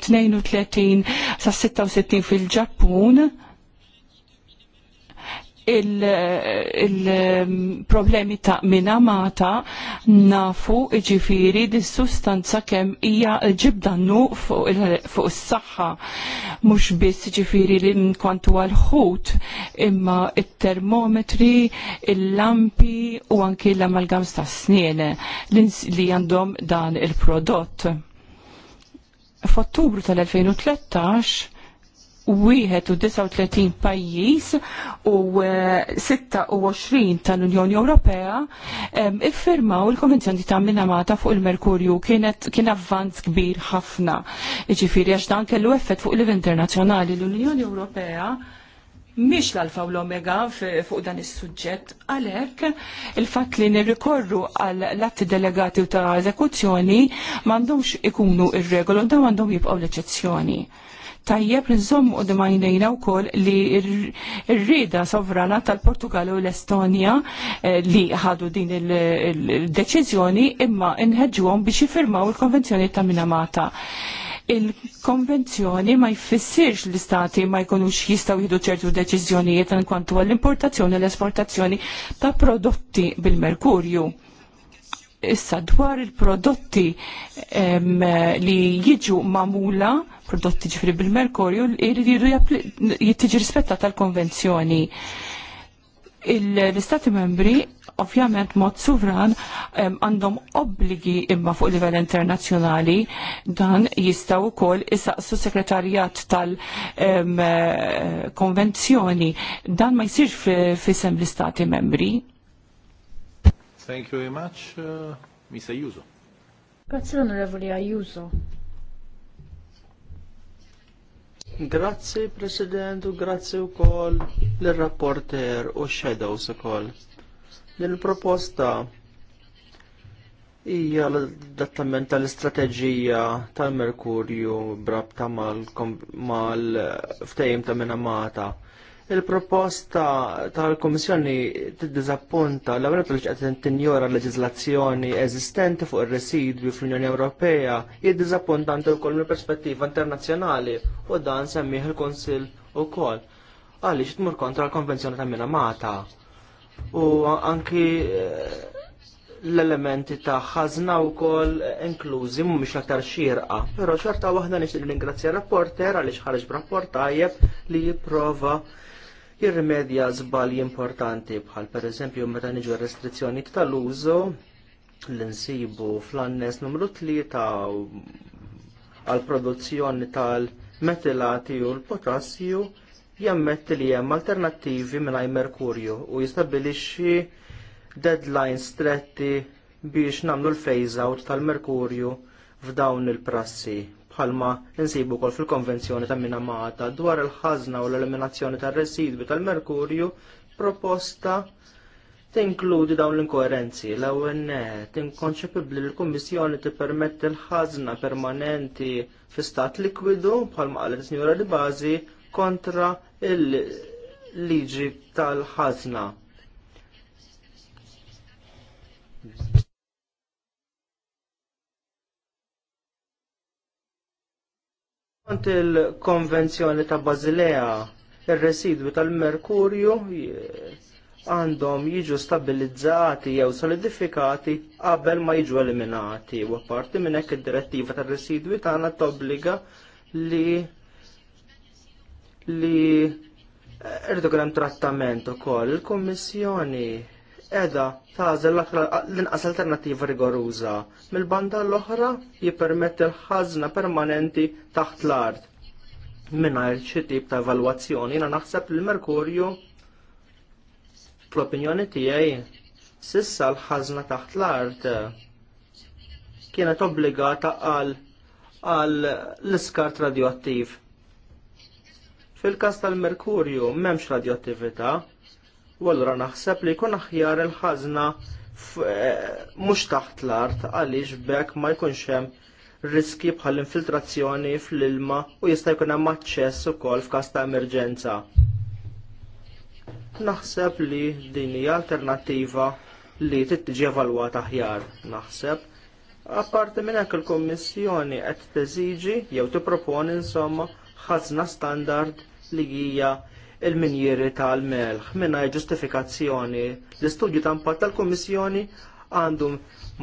32 eh, sa 66 fil-Ġappun il-problemi il um, ta' minamata nafu ġifiri di sustanza kem hija ġibdannu fuq is-saħħa mhux biss ġifiri li kontu għal-ħut imma il termometri il-lampi u anki l-amalgams sta' sniene li għandhom dan il-prodott. F'Ottubru tal-2013 39 pajjiż u 26 eh, tal-Unjoni Ewropea iffirmaw il-Konvenzjoni ta' Minamata fuq il-Merkurju kienet kien avvanz kbir ħafna. Ġifieri għax dan kellu effett fuq il internazzjonali l-Unjoni Ewropea miex l-alfa u l-omega fuq dan is-suġġett, għalhekk il-fatt li nirrikorru għal latti atti delegati u ta' eżekuzzjoni m'għandhomx ikunu ir-regolu, da m'għandhom jibqgħu l-eċezzjoni tajjeb nżomm u d-majnejna u kol li rrida sovrana tal-Portugal u l-Estonia eh, li ħadu din il-deċizjoni imma inħedġuhom biex jifirmaw il-konvenzjoni ta' Minamata il-konvenzjoni ma jfissirx l-istati ma jkunux jistaw jihdu ċertu deċiżjonijiet kwantu għall-importazzjoni u l-esportazzjoni ta' prodotti bil-merkurju Issa dwar il-prodotti li jiġu mamula, prodotti ġifri bil-merkurju, jridu jittiġi rispetta tal-konvenzjoni. L-Istati membri ovvjament mod sovran għandhom obbligi imma fuq livell internazzjonali dan jistaw issa isaqsu sekretarjat tal-konvenzjoni eh, dan ma jsirx fisem l-istati membri Thank you very much, uh, Mr. Ayuso. Grazie l'onorevole Ayuso. Grazzi President grazie grazzi u kol rapporter u shadows ukoll. Nel L-proposta hija l-adattament tal-istrateġija tal-Merkurju brabta mal ftejm ta' Minamata. Il-proposta tal-Komissjoni tiddizappunta l għamlet li qed tinjora l-leġiżlazzjoni eżistenti fuq ir-residwi fl-Unjoni Ewropea jiddizappuntanti wkoll mill-perspettiva internazzjonali u dan semmiħ il-Kunsill ukoll għaliex tmur kontra l-Konvenzjoni ta' Minamata. U anki eh, l-elementi ta' u wkoll eh, inklużi mhumiex aktar xierqa. Però xorta waħda nixtieq ringrazzja rapporter għaliex ħareġ b'rapport tajjeb li jipprova jirrimedja żbalji importanti bħal pereżempju meta niġu restrizzjoni tal-użu l-insibu fl-annes numru 3 għal produzzjoni tal-metilati u l-potassju jammetti li hemm alternattivi mingħajr merkurju u jistabilixi deadlines stretti biex nagħmlu l-phase out tal-merkurju f'dawn il-prassi bħalma insibu kol fil-konvenzjoni ta' Minamata dwar il-ħazna u l-eliminazzjoni tar residwi tal-merkurju proposta tinkludi dawn l-inkoerenzi. L-ewwel net, inkonċepibbli li l-Kummissjoni tippermetti l-ħażna permanenti fi stat likwidu bħalma qalet sinjura di bażi kontra il-liġi tal-ħażna. Kont il-konvenzjoni ta' Basilea, il-residwi tal-merkurju għandhom jiġu stabilizzati jew solidifikati qabel ma jiġu eliminati. U apparti minn hekk id-direttiva tar-residwi tagħna tobbliga li li irdu kemm trattament ukoll. Il-Kummissjoni edha tażel l-inqas alternattiva rigoruża. Mill-banda l-oħra jippermetti l-ħażna permanenti taħt l-art. Mingħajr xi tip ta' evalwazzjoni jiena naħseb li merkurju fl-opinjoni tiegħi sissa l-ħażna taħt l-art kienet obbligata għal għal l-iskart radioattiv. fil każ tal-merkurju memx radioattività, U allura naħseb li jkun aħjar il ħazna eh, mhux taħt l-art għaliex bekk ma jkunx hemm riski bħal infiltrazzjoni fl-ilma u jista' jkun hemm aċċess ukoll f'każ ta' emerġenza. Naħseb li din hija alternattiva li tittiġi evalwata aħjar, naħseb. Apparti minn hekk il-Kummissjoni qed teżiġi jew tipproponi insomma ħażna standard li hija il-minjiri tal-melħ minna ġustifikazzjoni. L-istudju ta' impatt tal-Kummissjoni għandhom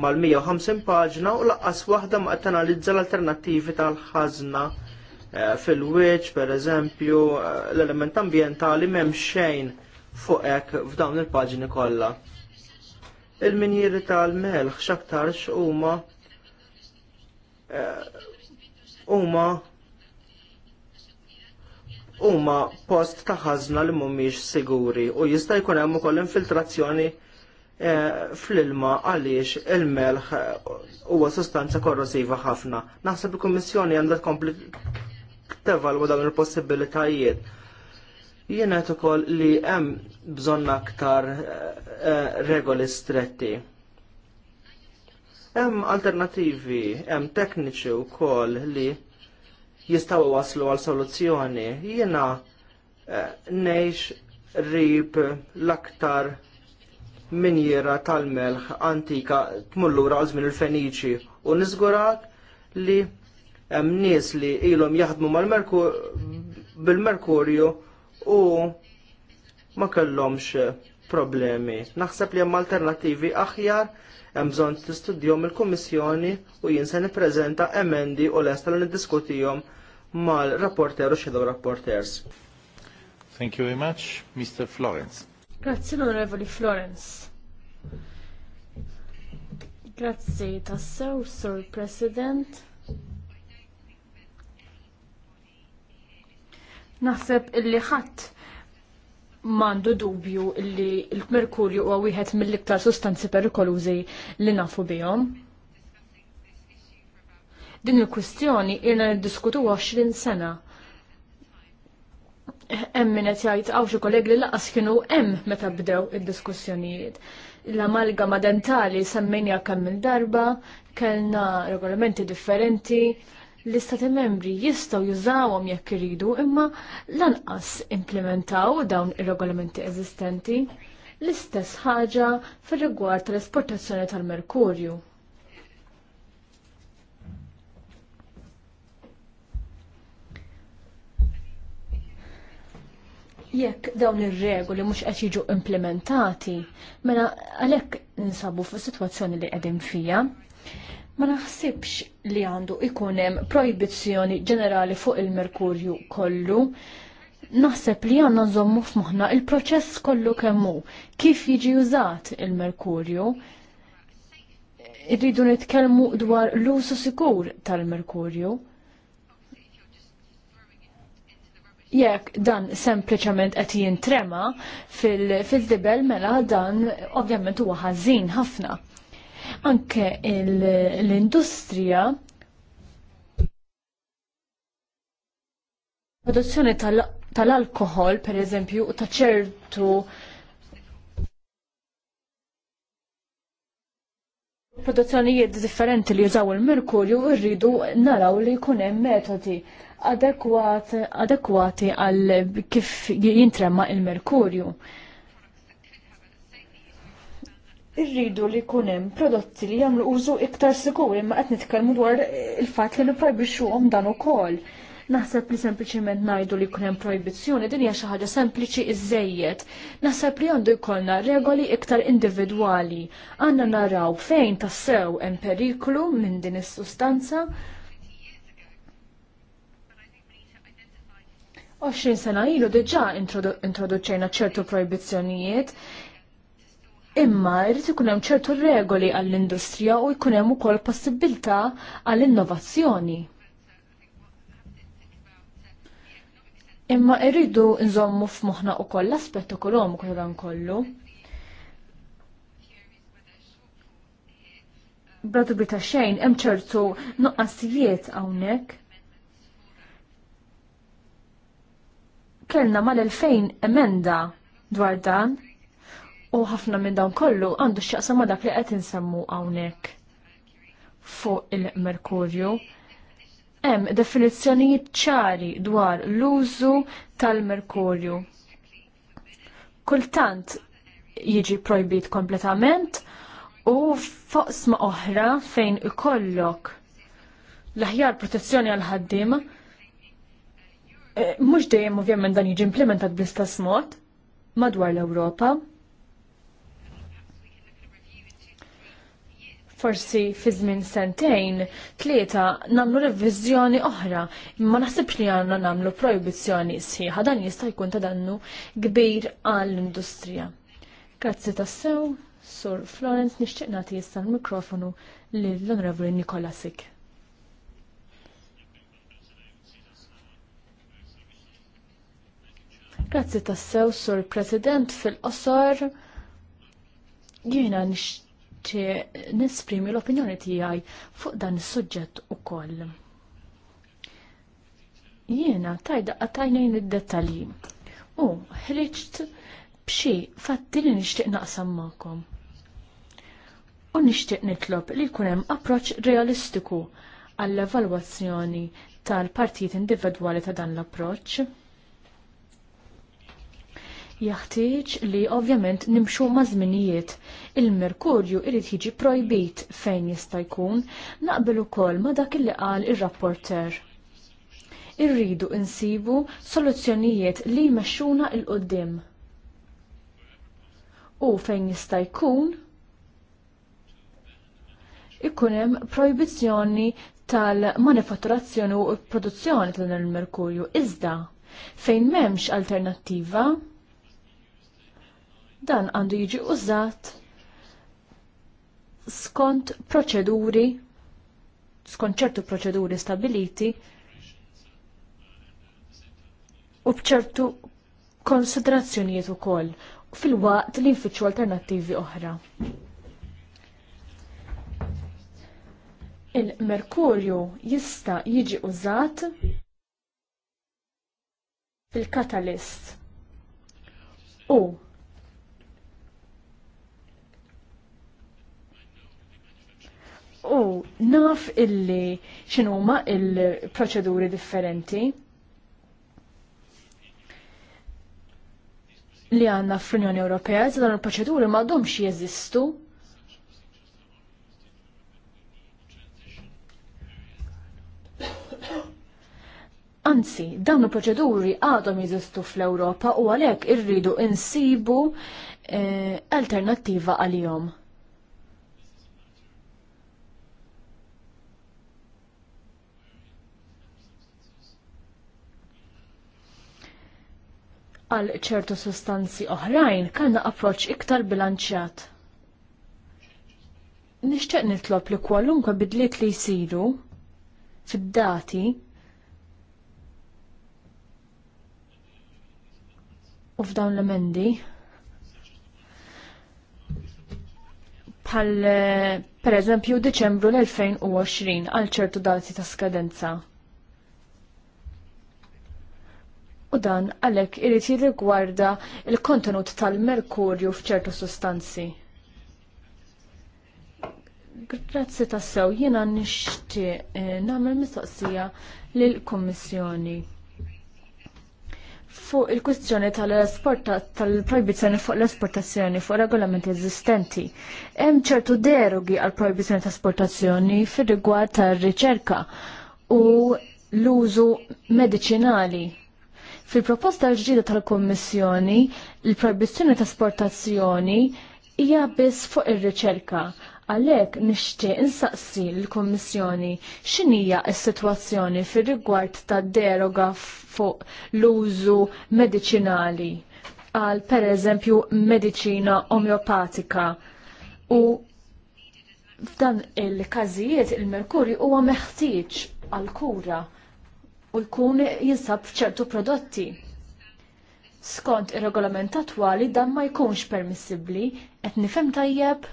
mal-150 paġna u laqqas waħda ma tanalizza l-alternattivi tal ħazna eh, fil-wiċ, pereżempju, eh, l-element ambjentali m'hemm xejn fuq hekk f'dawn il-paġni kollha. Il-minjiri tal-melħ x'aktarx huma eh, huma huma post ta' ħażna li mhumiex siguri u jista' jkun hemm ukoll infiltrazzjoni eh, fl-ilma għaliex il-melħ eh, huwa sostanza korrosiva ħafna. Naħseb il-Kummissjoni għandha tkompli tevalwa dawn il-possibilitajiet. Jiena qed ukoll li hemm bżonn aktar eh, regoli stretti. Hemm alternattivi, hemm tekniċi wkoll li jistaw waslu għal soluzzjoni. Jiena eh, neħx rib l-aktar minjera tal-melħ antika tmullura għal żmien il-Feniċi u nizgurak li hemm nies li ilhom jaħdmu bil-merkurju u ma kellhomx problemi. Naħseb li hemm alternattivi aħjar hemm bżonn tistudjhom il-Kummissjoni u jien se nippreżenta emendi u lesta li niddiskutihom mal-rapporter u shadow rapporters. Thank you very much, Mr. Florence. Grazie onorevoli Florence. Grazie tassew, Sir President. Naħseb illi ħadd mandu dubju illi l-merkurju huwa wieħed mill-iktar sustanzi perikolużi li nafu bihom. Din il-kwistjoni ilna niddiskutu 20 sena. Hemm min qed jgħid hawn xi kollegi li laqas kienu hemm meta bdew id-diskussjonijiet. L-amalgama dentali semmejna kemm il-darba, kellna regolamenti differenti, l-istati membri jistaw jużawhom jekk iridu imma lanqas implementaw dawn ir-regolamenti eżistenti l-istess ħaġa fir rigward tal-esportazzjoni tal-merkurju. jekk dawn ir-regoli mhux qed jiġu implementati, mela għalhekk ninsabu fuq sitwazzjoni li qegħdin fija. Ma naħsibx li għandu ikun hemm projbizzjoni ġenerali fuq il-merkurju kollu. Naħseb li għandna nżommu f'moħħna il-proċess kollu kemm hu, kif jiġi użat il-merkurju. Irridu nitkellmu dwar l-usu sikur tal-merkurju. jekk dan sempliċement qed jintrema fil-dibel mela dan ovvjament huwa ħażin ħafna. Anke l-industrija produzzjoni tal-alkohol, per eżempju, u ta' ċertu produzzjonijiet differenti li jużaw il-merkurju rridu naraw li jkun hemm metodi adekwat, adekwati għal kif jintremma il-merkurju. Irridu li jkun hemm prodotti li jagħmlu użu iktar ma imma qed nitkellmu dwar il-fatt li għom dan ukoll. Naħseb li sempliċiment ngħidu li jkun hemm projbizzjoni din hija xi ħaġa sempliċi iżejjed. Naħseb li għandu jkollna regoli iktar individwali. Għandna naraw fejn tassew hemm periklu minn din is-sustanza 20 sena ilu deġa introduċejna ċertu proibizzjonijiet, Imma jrid ikunem hemm ċertu regoli għall-industrija u jkun hemm ukoll possibilità għall-innovazzjoni. Imma irridu nżommu f'moħħna koll l-aspett ekonomiku dan kollu. Bradu bita xejn hemm ċertu nuqqasijiet hawnhekk. kellna mal-2000 emenda dwar dan u ħafna minn dawn kollu għandu x'jaqsam ma' dak li qed insemmu hawnhekk fuq il-merkurju. Hemm definizzjonijiet ċari dwar l-użu tal-merkurju. Kultant jiġi projbit kompletament u foqsma oħra fejn ikollok l-aħjar protezzjoni għal ħaddiema Eh, mhux dejjem ovvjament dan jiġi implementat bl-istess mod madwar l-Ewropa. forsi fi żmien sentejn tlieta nagħmlu revizjoni oħra, imma naħsibx li għandna nagħmlu projbizzjoni sħiħa dan jista' jkun ta' dannu kbir għall-industrija. Grazzi tassew, Sur Florence nixtieq nagħti issa l-mikrofonu lill-Onorevoli Nikola Sik. Grazzi tassew sur President fil-qosor. Jiena nixtieq nesprimi l-opinjoni tiegħi fuq dan is-suġġett ukoll. Jiena tajda għatajnejn id-dettalji. U ħriġt b'xi fatti li nixtieq naqsam magħkom. U nixtieq nitlob li jkun hemm approċċ realistiku għall-evalwazzjoni tal-partijiet individwali ta' dan l-approċċ jaħtieġ li ovvjament nimxu ma' żminijiet. Il-merkurju irid jiġi projbit fejn jista' jkun naqbel ukoll ma' dak li qal ir-rapporter. Irridu insibu soluzzjonijiet li jmexxuna il qoddim U fejn jista' jkun ikun hemm projbizzjoni tal-manifatturazzjoni u produzzjoni tal-merkurju iżda fejn m'hemmx alternattiva dan għandu jiġi użat skont proċeduri, skont ċertu proċeduri stabiliti u bċertu konsiderazzjonijiet ukoll fil-waqt li nfittxu alternattivi oħra. Il-merkurju jista' jiġi użat fil-katalist u u naf illi x'inhuma il-proċeduri differenti li għanna fl-Unjoni Ewropea, zidan dan il-proċeduri m'għadhomx jeżistu. Anzi, dawn il-proċeduri għadhom jeżistu fl-Ewropa u għalhekk irridu insibu eh, alternattiva għalihom. għal ċertu sustanzi oħrajn kellna approċċ iktar bilanċjat. Nixtieq nitlob li kwalunkwe bidliet li jsiru fid-dati u f'dawn l-emendi bħal eh, per eżempju Deċembru l-2020 għal ċertu dati ta' skadenza u dan għalhekk irid jirrigwarda l kontenut tal-merkurju f'ċertu sustanzi. Grazzi tassew, jiena nixtieq eh, nagħmel mistoqsija lill-Kummissjoni. Fuq il-kwistjoni tal-proibizzjoni fuq l-esportazzjoni fuq regolamenti eżistenti, hemm ċertu derogi għal proibizzjoni ta' esportazzjoni fir rigward tar-riċerka u l-użu medicinali Fil-proposta l-ġdida tal-Kommissjoni, il-proibizzjoni ta' esportazzjoni hija biss fuq ir-riċerka. Għalhekk nixtieq insaqsi l-Kommissjoni x'inija s-sitwazzjoni fir-rigward tad deroga fuq l-użu mediċinali għal pereżempju mediċina omeopatika u f'dan il-każijiet il-merkurju huwa meħtieġ għal kura u jkun jinsab f'ċertu prodotti. Skont ir-regolament attwali dan ma jkunx permissibbli qed nifhem tajjeb.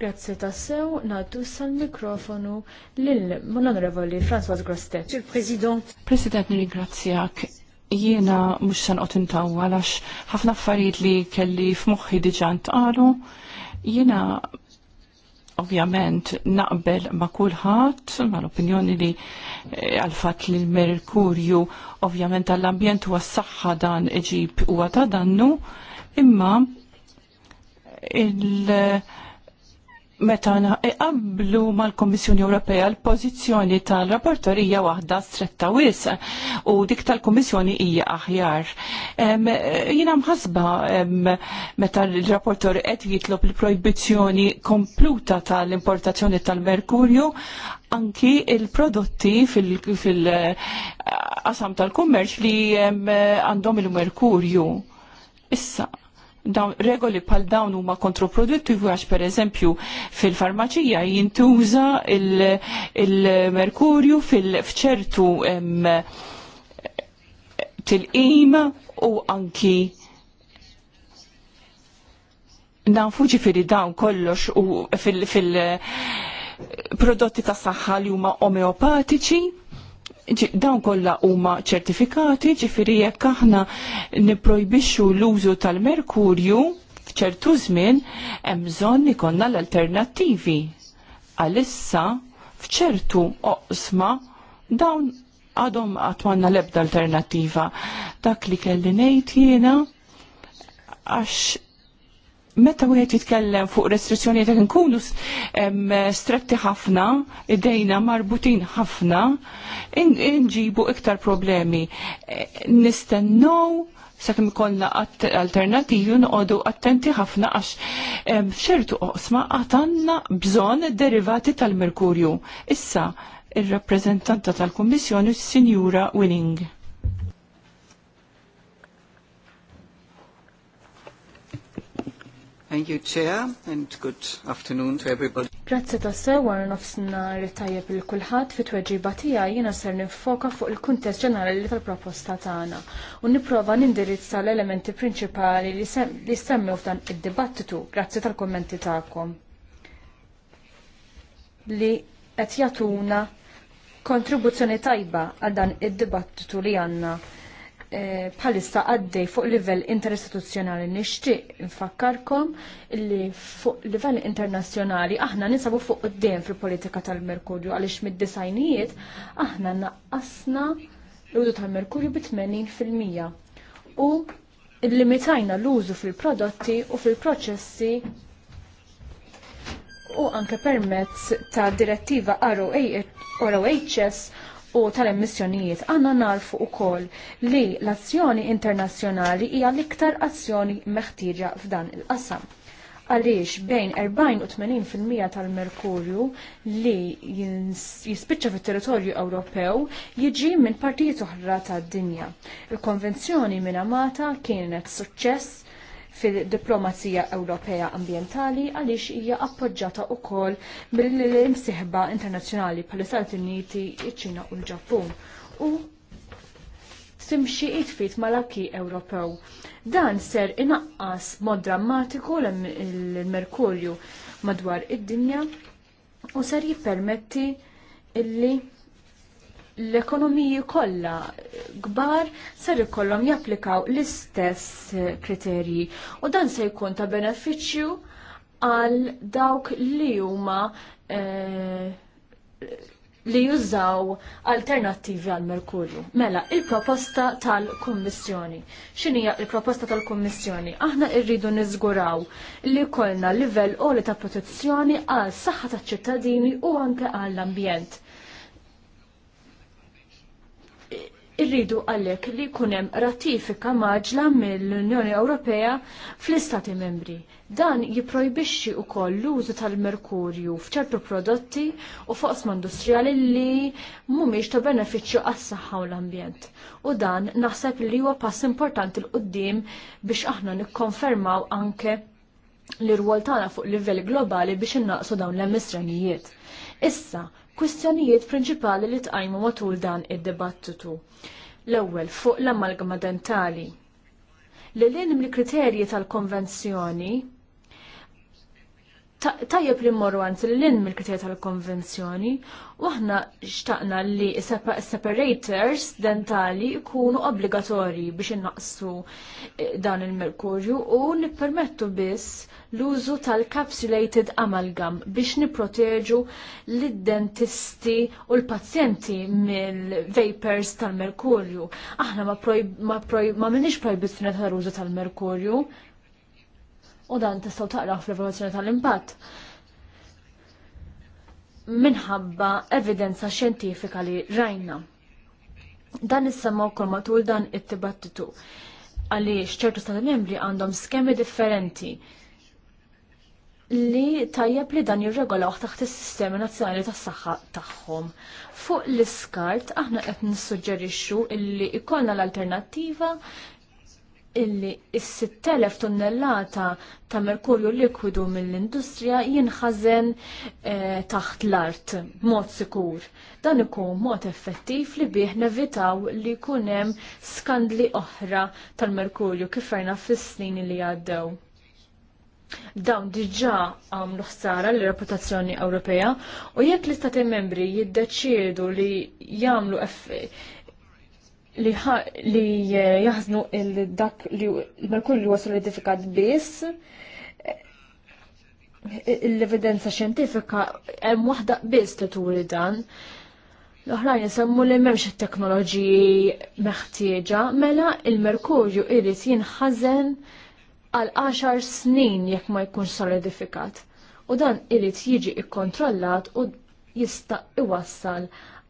Grazzi tassew, naddu sal-mikrofonu lill-Onorevoli François Grostet. Il-President. President, nirringrazzjak jiena se noqgħod intawwa għalax ħafna affarijiet li kelli f'moħħi diġà ntqalu, jiena ovvjament naqbel ma' kulħadd mal-opinjoni li eh, għal-fatt li l-merkurju ovvjament għall-ambjent huwa s-saħħa dan iġib huwa ta' dannu imma il- meta iqablu mal-Kommissjoni Ewropea l-pożizzjoni tal-rapportor hija waħda stretta wisa u dik tal-Kommissjoni hija aħjar. Jiena mħasba meta l-rapportor qed jitlob il-projbizzjoni kompluta tal-importazzjoni tal-merkurju anki il-prodotti fil-qasam tal-kummerċ li għandhom il-merkurju. Issa, dawn regoli pal dawn huma kontroproduttivi għax pereżempju fil-farmaċija jintuża il-merkurju il fil-fċertu til-qim u anki nafu ġifiri dawn kollox u fil-prodotti fil, fil prodotti ta' saħħa li huma omeopatiċi dawn kollha huma ċertifikati, ġifieri jekk aħna nipprojbixxu l-użu tal-merkurju f'ċertu żmien hemm bżonn ikollna l-alternattivi. Għalissa f'ċertu oqsma dawn għadhom l lebda alternativa. Dak li kelli ngħid jiena għax meta wieħed jitkellem fuq restrizzjonijiet qed inkunu stretti ħafna, idejna marbutin ħafna, inġibu iktar problemi. E, nistennew sakemm ikollna alternativi noqogħdu attenti ħafna għax f'ċertu oqsma għatanna għandna bżonn derivati tal-merkurju. Issa il rappreżentanta tal-Kummissjoni, Sinjura Winning. Thank you, Chair, and good afternoon to everybody. Grazzi tasse, sew nofsna ritajjeb il-kulħat fit tweġiba batija jiena ser nifoka fuq il-kuntest ġenerali tal-proposta tagħna u nipprova nindirizza l-elementi prinċipali li semmew f'dan id-dibattitu grazzi tal-kommenti tagħkom. Li qed jagħtuna kontribuzzjoni tajba għal dan id-dibattitu li għandna Eh, bħalissa għaddej fuq livell interistituzzjonali nixtieq infakkarkom li fuq livell internazzjonali aħna ninsabu fuq qudiem fil-politika tal-Merkurju għaliex mid-disajnijiet aħna naqqasna l-użu tal-Merkurju bi 80% u limitajna l-użu fil-prodotti u fil-proċessi u anke permezz ta' direttiva ROHS u tal-emissjonijiet għanna narfu u koll li l-azzjoni internazzjonali hija l-iktar azzjoni meħtieġa f'dan il-qasam. Għaliex bejn 40 u 80% tal-merkurju li jispiċċa fit-territorju Ewropew jiġi minn partijiet oħra tad-dinja. Il-konvenzjoni minn Amata kienet suċċess fil-diplomazija Ewropea ambientali għaliex hija appoġġjata wkoll mill-imsieħba internazzjonali bħal istati Uniti, iċ-Ċina u l-Ġappun u timxi it-fit mal-akki Ewropew. Dan ser inaqqas mod drammatiku l-merkurju madwar id-dinja u ser jippermetti illi l-ekonomiji kollha kbar ser ikollhom japplikaw l-istess kriterji u dan se jkun ta' benefiċċju għal dawk li huma eh, li jużaw alternattivi għal merkurju. Mela, il-proposta tal-Kummissjoni. X'inhija il-proposta tal-Kummissjoni? Aħna rridu niżguraw li kollna livell li ta' protezzjoni għal saħħa taċ-ċittadini u anke għall-ambjent irridu għallek li kunem ratifika maġla mill-Unjoni Ewropea fl-Istati membri. Dan jiprojbixxi u koll l-użu tal-merkurju fċertu prodotti u fosma industrijali li mumiex ta' beneficju għas-saħħa u l-ambjent. U dan naħseb li huwa pass importanti l-qoddim biex aħna nikkonfermaw anke l-irwol tagħna fuq livell globali biex innaqsu dawn l-emissjonijiet. Issa, kwistjonijiet prinċipali li tqajmu matul dan id-dibattitu. L-ewwel fuq l-amalgama dentali. Li l mill-kriterji tal-konvenzjoni tajjeb li mmorru għant l-lin mill kriterji tal-konvenzjoni u aħna xtaqna li separators dentali jkunu obbligatorji biex innaqsu eh, dan il-merkurju u nippermettu biss l-użu tal-capsulated amalgam biex niproteġu l-dentisti u l-pazjenti mill-vapers tal-merkurju. Aħna ma, proj, ma, proj, ma projbizzjoni tal-użu tal-merkurju. U dan tistgħu taqra fl evoluzjoni tal-impatt minħabba evidenza xjentifika li rajna. Dan nissemma wkoll matul dan it-tibattitu għaliex ċertu stati membri għandhom skemi differenti li tajjeb li dan jirregolaw taħt is sistema nazzjonali tas-saħħa tagħhom. Fuq l-iskart aħna qed nissuġġerixxu illi ikollna l-alternattiva illi is-6000 tonnellata ta' merkurju likwidu mill-industrija jinħażen eh, taħt l-art b'mod sikur. Dan ikun mod effettiv li bih nevitaw li jkun hemm skandli oħra tal-merkurju kif rajna fis-snin li għaddew Dawn diġà għamlu ħsara l reputazzjoni Ewropea u jekk l-istati membri jiddeċiedu li jagħmlu li, li eh, jaħznu il-dak li l-merkur li huwa solidifikat biss eh, l-evidenza xjentifika hemm waħda biss li turi dan. L-oħrajn semmu li memx teknoloġiji meħtieġa, mela il-merkurju irrit jinħazen għal 10 snin jekk ma jkun solidifikat. U dan irid jiġi ikkontrollat u jista' iwassal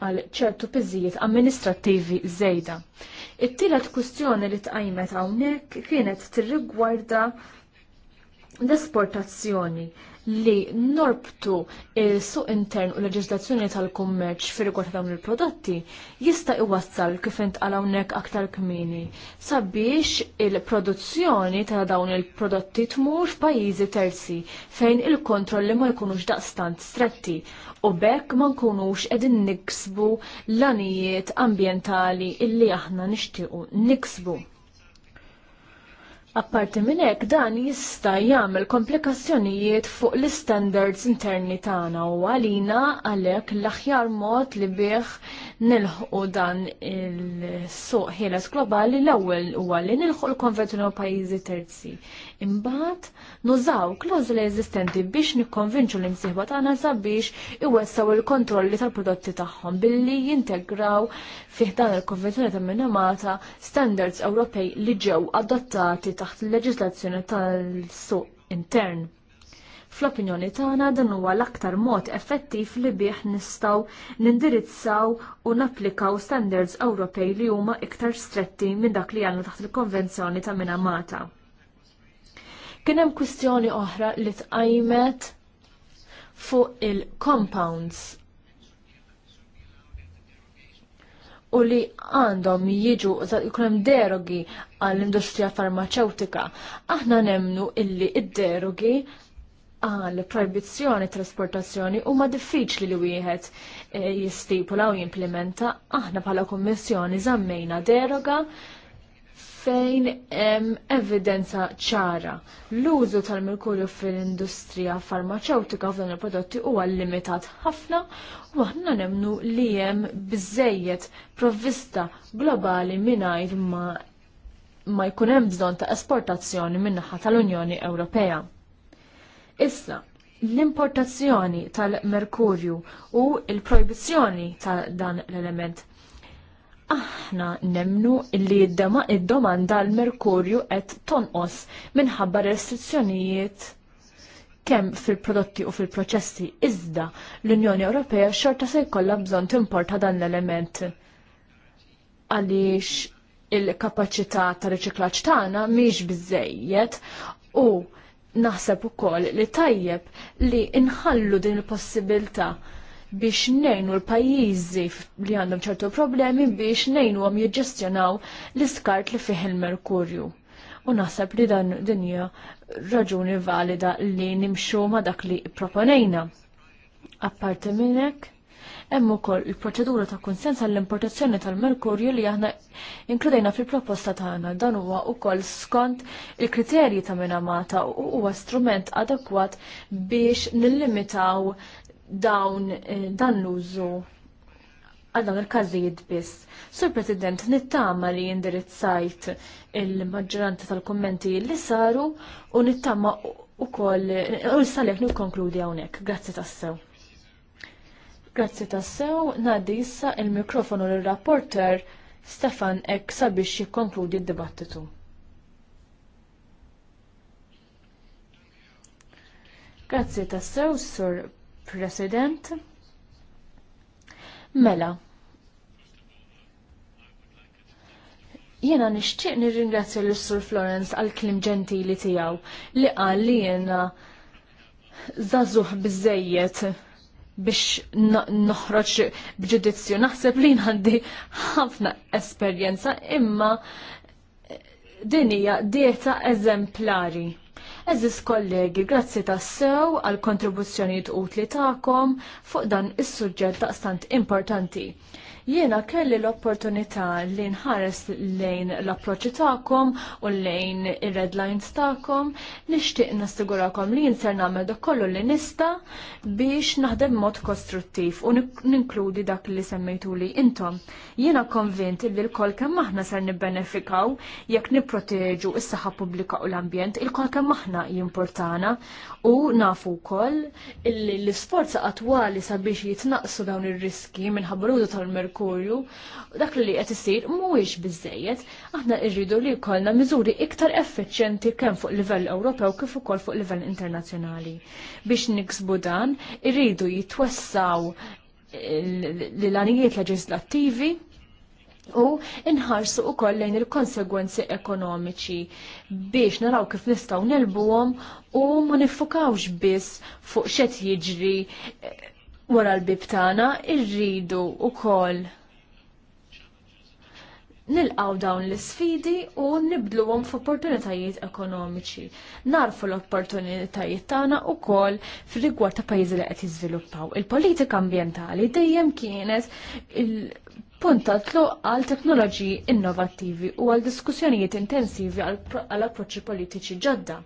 għal ċertu piżijiet amministrattivi żejda. It-tielet kwistjoni li tqajmet hawnhekk kienet tirrigwarda l-esportazzjoni li norbtu il-suq intern u l-leġislazzjoni tal-kummerċ fir rigward dawn il-prodotti jista' iwassal kif intqal hawnhekk aktar kmini sabiex il-produzzjoni ta' dawn il-prodotti tmur f'pajjiżi terzi fejn il-kontrolli ma jkunux daqstant stretti u bekk ma nkunux qegħdin niksbu l-anijiet ambjentali illi aħna nixtiequ niksbu. Apparti minn hekk dan jista' jagħmel komplikazzjonijiet fuq l-standards interni tagħna u għalina għalhekk l-aħjar mod li bih nilħu dan il-suq ħieles globali l-ewwel huwa li nilħu l-konvenzjoni u pajjiżi terzi. Imbagħad nużaw klażuli eżistenti biex nikkonvinċu l-imsieħba tagħna sabiex iwessaw il-kontrolli tal-prodotti tagħhom billi jintegraw fih dan il-konvenzjoni ta' Minamata standards Ewropej li ġew adottati taħt il-leġislazzjoni tal-suq intern. Fl-opinjoni tagħna dan huwa l-aktar mod effettiv li bih nistgħu nindirizzaw u napplikaw standards Ewropej li huma iktar stretti minn dak li għandna taħt il-Konvenzjoni ta' Minamata. Kien hemm kwistjoni oħra li tqajmet fuq il-compounds u li għandhom jiġu jkun hemm derogi għall-industrija farmaceutika. Aħna nemnu illi id-derogi għal proibizzjoni trasportazzjoni huma diffiċli li wieħed eh, jistipula u jimplementa aħna bħala kummissjoni żammejna deroga fejn hemm evidenza ċara. L-użu tal-merkurju fil-industrija farmaceutika f'dan il-prodotti huwa limitat ħafna u aħna nemnu li hemm biżejjed provvista globali mingħajr ma ma jkun hemm bżonn ta' esportazzjoni min-naħa tal-Unjoni Ewropea. Issa, l-importazzjoni tal-merkurju u l-projbizzjoni ta' dan l-element. Aħna nemnu li id-domanda l-merkurju qed tonqos minħabba restrizzjonijiet kemm fil-prodotti u fil-proċessi iżda l-Unjoni Ewropea xorta se jkollha bżonn timporta dan l-element għaliex il-kapaċità ta' riċiklaġġ tagħna mhix biżejjed u naħseb ukoll li tajjeb li inħallu din il-possibilità biex nejnu l-pajjiżi li għandhom ċertu problemi biex nejnu għom jġestjonaw l-iskart li fih il-merkurju. U naħseb li dan dinja raġuni valida li nimxu ma dak li proponejna. Apparti minnek, Hemm ukoll il-proċedura ta' konsens għall-importazzjoni tal-merkurju li aħna inkludejna fil-proposta tagħna. Dan huwa wkoll skont il-kriterji ta' minamata u huwa strument adekwat biex nillimitaw dawn eh, dan l-użu għal dawn il-każijiet biss. Sur President, nittama li indirizzajt il-maġġoranza tal-kommenti li saru u nittama u koll, u s-salek konkludi għonek. Grazzi tassew. Grazzi tassew, naddi issa il-mikrofonu l-rapporter Stefan Ek sabiex jikkonkludi d-dibattitu. Grazzi tassew, Sur President. Mela, Jena nishtiq nirringrazzja l sur Florence għal klim ġentili tijaw li għal li jena zazuħ bizzejiet biex noħroġ b'ġudizzju. Naħseb li għandi ħafna esperjenza imma eh, din hija dieta eżemplari. Eżis kollegi, grazzi tassew għal kontribuzzjonijiet utli tagħkom fuq dan is-suġġett stant importanti. Jiena kelli l-opportunità li nħares lejn l-approċċi tagħkom u lejn ir-red lines tagħkom, nixtieq nassigurakom li jinser nagħmel dak kollu li nista' biex naħdem mod kostruttiv u ninkludi dak li semmejtuli intom. Jiena konvint li l-kol kemm aħna ser nibbenefikaw jekk nipproteġu is-saħħa pubblika u l-ambjent, il-kol kemm aħna jimportana U nafu wkoll l-isforza attwali sabiex jitnaqsu dawn ir-riski minħabba l tal-merkurju, dak li qed isir mhuwiex biżejjed, aħna rridu li jkollna miżuri iktar effiċjenti kemm fuq livell Ewropew kif ukoll fuq livell internazzjonali. Biex niksbu dan, irridu jitwessaw l-lanijiet leġislattivi u inħarsu u kollejn il-konsegwenzi ekonomiċi biex naraw kif nistaw nelbuhom u ma nifukawx biss fuq x'et jiġri eh, wara l-bib tagħna irridu koll nilqaw dawn l-sfidi u nibdluhom f'opportunitajiet ekonomiċi. Narfu l-opportunitajiet tagħna wkoll fir-rigward ta' pajjiżi li qed jiżviluppaw. Il-politika ambjentali dejjem kienet il punt ta' għal teknoloġiji innovattivi u għal diskussjonijiet intensivi għal approċċi politiċi ġodda.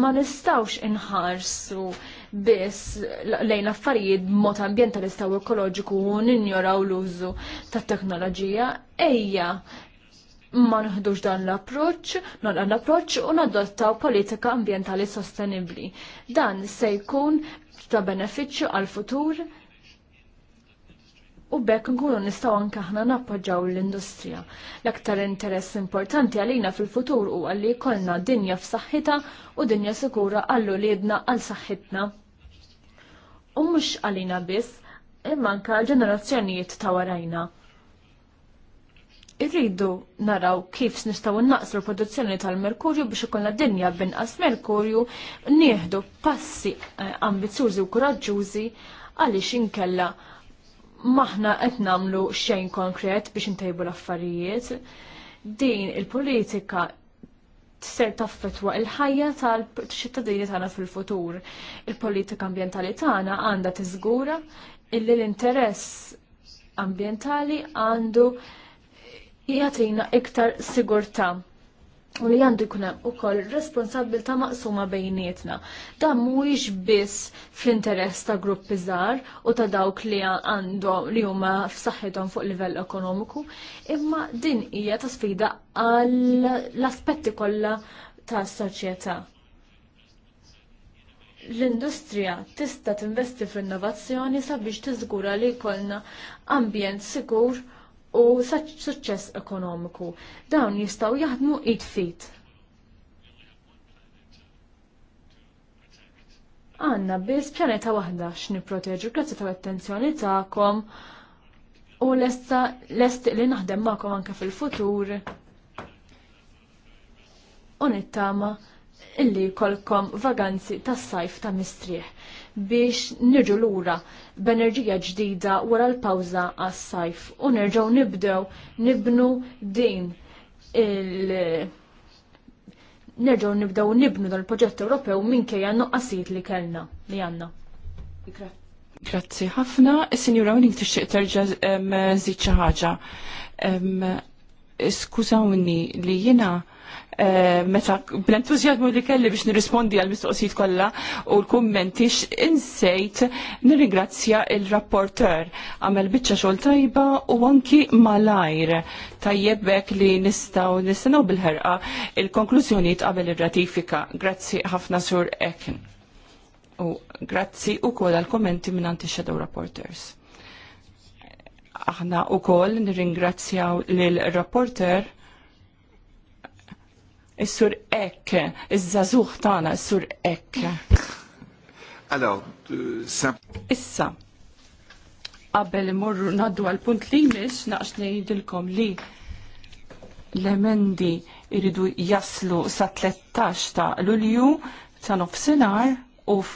Ma nistawx inħarsu biss lejn affarijiet mod ambjentalista u ekoloġiku u ninjoraw l-użu tat teknoloġija ejja ma nħdux dan l-approċ, non l-approċ u nadottaw politika ambientali sostenibli. Dan se jkun ta' beneficju għal-futur u bekk nkunu nistgħu anke aħna nappoġġaw l-industrija. L-aktar interess importanti għalina fil-futur u għalli kollna dinja f'saħħitha u dinja sikura għallu uliedna għal saħħitna. U mhux għalina biss, imma anke ġenerazzjonijiet ta' warajna irridu naraw kif nistgħu naqsru l-produzzjoni tal-merkurju biex ikollna dinja binqas merkurju nieħdu passi eh, ambizjużi u kuraġġużi għaliex inkella maħna qed nagħmlu xejn konkret biex intejbu l-affarijiet. Din il-politika ser taffetwa il-ħajja tal-ċittadini tagħna fil-futur. Il-politika ambjentali tagħna għandha tiżgura illi l-interess ambjentali għandu jagħtina iktar sigurtà u li għandu jkun hemm ukoll ta' maqsuma bejnietna. Dan mhuwiex biss fl-interess ta' gruppi żgħar u ta' dawk li għandhom li huma f'saħħithom fuq livell ekonomiku, imma din hija ta' sfida għall-aspetti kollha tas soċjetà. L-industrija tista' tinvesti fl-innovazzjoni sabiex tiżgura li jkollna ambjent sigur u suċċess ekonomiku. Dawn jistgħu jaħdmu id fit. Għanna biss pjaneta waħda x'nipproteġu grazzi ta' attenzjoni tagħkom u l lest li naħdem magħkom anke fil-futur. U nittama illi kolkom vaganzi tas-sajf ta' mistrieħ biex nirġu lura b'enerġija ġdida wara l pawza għas-sajf u nerġgħu nibdew nibnu din il- nerġgħu nibdew nibnu dan il-proġett Ewropew minkejja nuqqasijiet li kellna li għandna. Grazzi ħafna, is-Sinjura Winning tixtieq terġa' żid xi ħaġa Skużawni li jina eh, meta bl-entuzjazmu li kelli biex nirrispondi għal mistoqsijiet kollha u l-kummenti insejt nirringrazzja il-rapporter għamel biċċa xogħol tajba u anki malajr tajjebek li nistgħu nistennew bil-ħerqa il-konklużjonijiet qabel ir-ratifika. Grazzi ħafna sur Ekin. U grazzi ukoll għal kommenti minn anti Shadow Reporters. Aħna u koll nirringrazzjaw l-rapporter Is-sur ek, iż-żazuħ tagħna is-sur ek. Allora, euh, Issa, qabel imorru naddu għal punt li mhix naqx ngħidilkom li l-emendi iridu jaslu sa 13 ta' Lulju sa' nofsinhar u f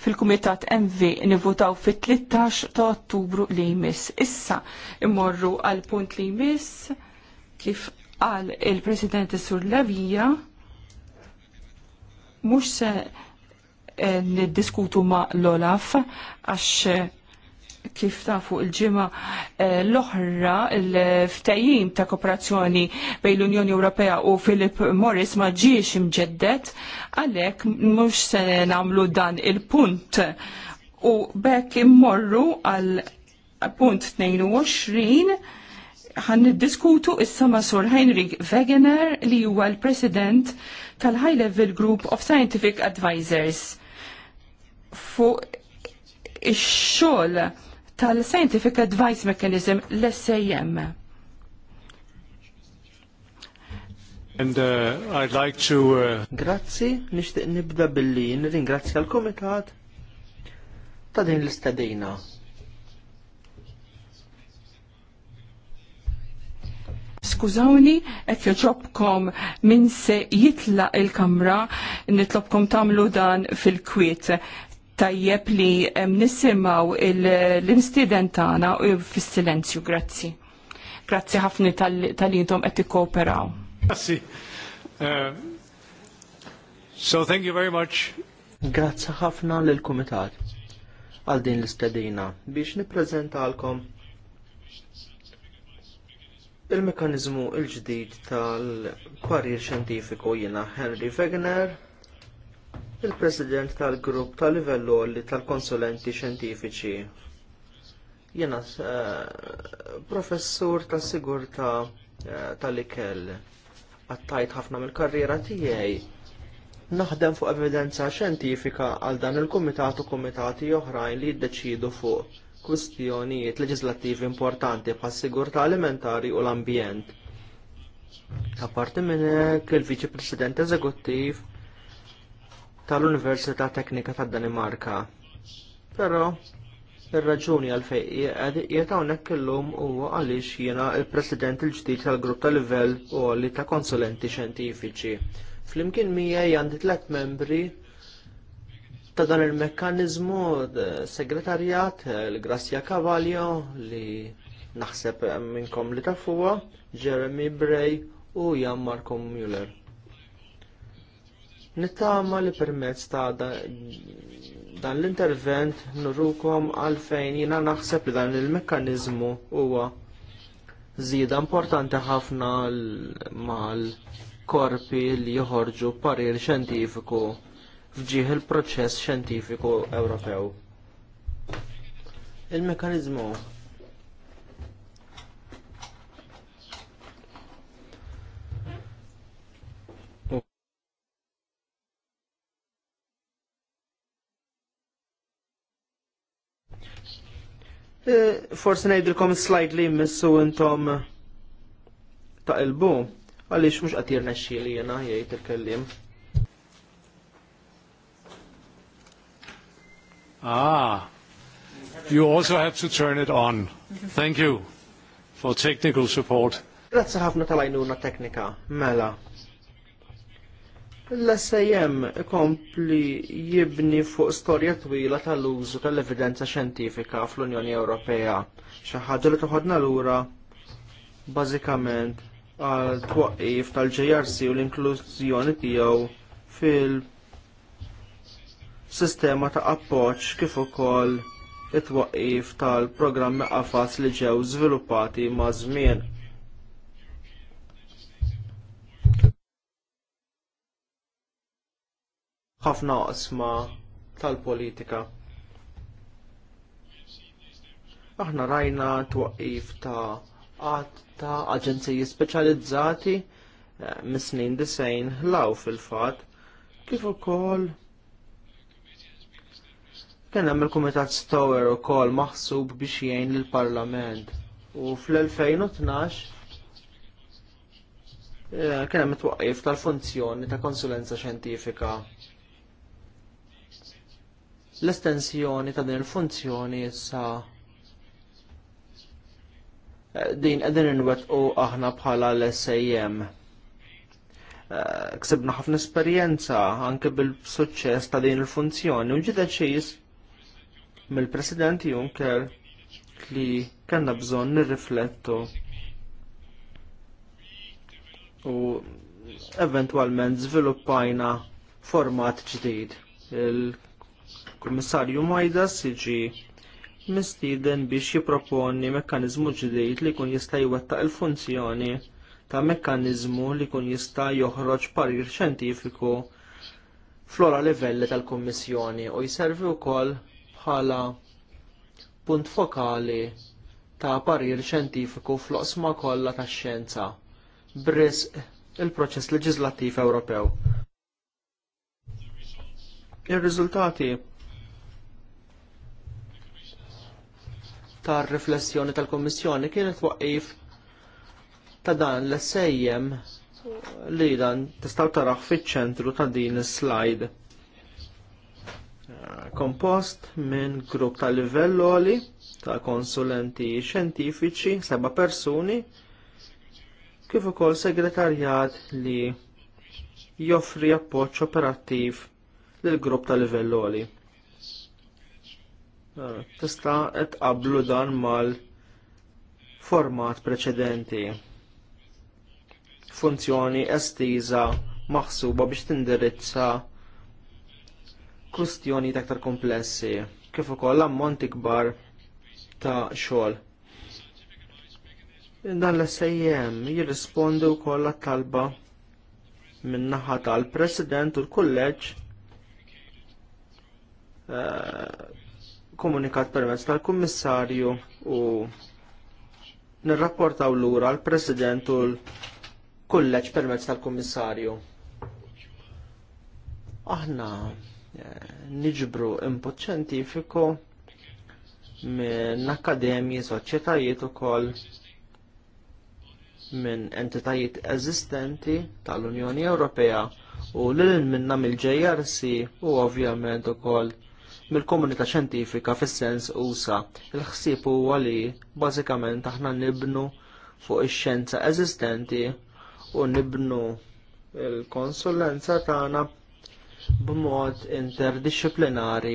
fil-Kumitat MV nivvotaw fit-13 ta' Ottubru li jmiss. Issa immorru għal punt li jmiss kif qal il-President Sur Lavija mhux se eh, niddiskutu ma' l-Olaf għax kif tafu il-ġimma eh, l-oħra il-ftajim ta' kooperazzjoni bejn l-Unjoni Ewropea u Philip Morris ma ġiex imġeddet, għalek mux se namlu dan il-punt u bekk immorru għal punt 22 ħan diskutu issa ma' Sur Heinrich Wegener li huwa l-President tal-High Level Group of Scientific Advisors fuq ix-xogħol tal-Scientific Advice Mechanism, l-SAM. And uh, I'd like to... Uh... Grazzi, nishtiq nibda billi nirringrazzja l-Komitat ta' din l-istadina. Skużawni, ek joġobkom minn se jitla il-kamra, nitlobkom tamlu dan fil-kwiet tajjeb li nisimaw l instidentana u fis-silenzju, grazzi. Grazzi ħafna tal-intom qed tikkooperaw. Grazzi. Eh, so thank you very much. Grazzi ħafna lill-Kumitat għal din l-istedina biex nippreżentalkom il mekanizmu l ġdid tal-kwarir xjentifiku jiena Henry Wegener il-President tal-Grupp tal-Livellu li tal-Konsulenti Xjentifiċi. Jena eh, professur ta' sigurta eh, tal-ikel għattajt ħafna mill-karriera tiegħi naħdem fuq evidenza xjentifika għal dan il-kumitat u kumitati oħrajn li jiddeċidu fuq kwistjonijiet leġislattivi importanti bħas sigurta alimentari u l-ambjent. Apparti minn hekk il-Viċi President Eżekuttiv tal-Università Teknika tad-Danimarka. Però ir-raġuni għal għalfejn qiegħed hawnhekk illum huwa għaliex jiena l-President il-ġdid tal-grupp tal livell u għalli ta' konsulenti xjentifiċi. Flimkien miegħi għandi tliet membri ta' dan il-mekkanizmu segretarjat il grassja Cavallo li naħseb minnkom li tafuha, Jeremy Bray u Jan Marko Müller. Nittama li permezz ta' dan l-intervent nurukom għalfejn jina naħseb li dan il-mekkanizmu huwa zida importanti ħafna mal korpi li joħorġu parir xjentifiku fġiħ il-proċess xjentifiku Ewropew. il mekanizmu Eh, forse nejdilkom is-slajd li jmissu intom taqilbu għaliex mhux qatir nexxieli jena jgħid il-kellim. Ah, you also have to turn it on. Thank you for technical support. Grazie ħafna tal-għajnuna teknika, mela. L-SAM kompli jibni fuq storja twila tal-użu tal-evidenza xjentifika fl-Unjoni Ewropea. Xi ħaġa li toħodna lura bażikament għal twaqqif tal-JRC u l-inklużjoni tiegħu fil- sistema ta' appoġġ kif ukoll it-twaqqif tal-programmi qafas li ġew żviluppati maż żmien. ħafna qasma tal-politika. Aħna rajna twaqif ta' għat ta' aġenziji speċjalizzati eh, mis-snin disejn law fil-fat kif ukoll Kien hemm il-Kumitat Stower ukoll maħsub biex jgħin lill-Parlament. U fl-2012 eh, kien hemm it-twaqqif tal-funzjoni ta' konsulenza xjentifika l-estensjoni ta' din il-funzjoni issa eh, din qegħdin inwettqu aħna bħala l-SAM. Eh, ksibna ħafna esperjenza anke bil-suċċess ta' din il-funzjoni u ġiet deċiż mill-President Juncker li kellna bżonn nirriflettu u eventwalment żviluppajna format ġdid Kummissarju Majdas siġi mistieden biex jipproponi mekkaniżmu ġdid li jkun jista' jwettaq il-funzjoni ta' mekkaniżmu li jkun jista' joħroġ parir xjentifiku flora livelli tal-Kummissjoni u jservi wkoll bħala punt fokali ta' parir xjentifiku fl osma kollha tax-xjenza bris il-proċess leġislattiv Ewropew. Ir-riżultati tar-riflessjoni tal-Kommissjoni kienet waqif ta' dan l-essejjem li dan tistaw taraħ fiċ-ċentru ta' din is-slide. Eh, kompost minn grupp ta' livell oli ta' konsulenti xjentifiċi, seba' persuni, kif ukoll segretarjat li joffri appoġġ operattiv lil grupp ta' livell oli. Ah, tista' tqabblu dan mal-format preċedenti. Funzjoni estiża maħsuba biex tindirizza kwistjoni aktar komplessi kif ukoll ammonti kbar ta' xogħol. Dan l-SAM jirrispondi wkoll għat-talba min-naħa tal-President u l-Kulleġġ eh, komunikat permezz tal-Kummissarju u nirrapportaw lura l-President u l-Kulleġġ permezz tal-Kummissarju. Aħna eh, niġbru input ċentifiku minn akademji, soċjetajiet ukoll minn entitajiet eżistenti tal-Unjoni Ewropea u lil minna mill-JRC u ovvjament ukoll mill-komunità xjentifika fis-sens usa. Il-ħsieb huwa li bażikament aħna nibnu fuq ix-xjenza eżistenti u nibnu l konsulenza tagħna b'mod interdixxiplinari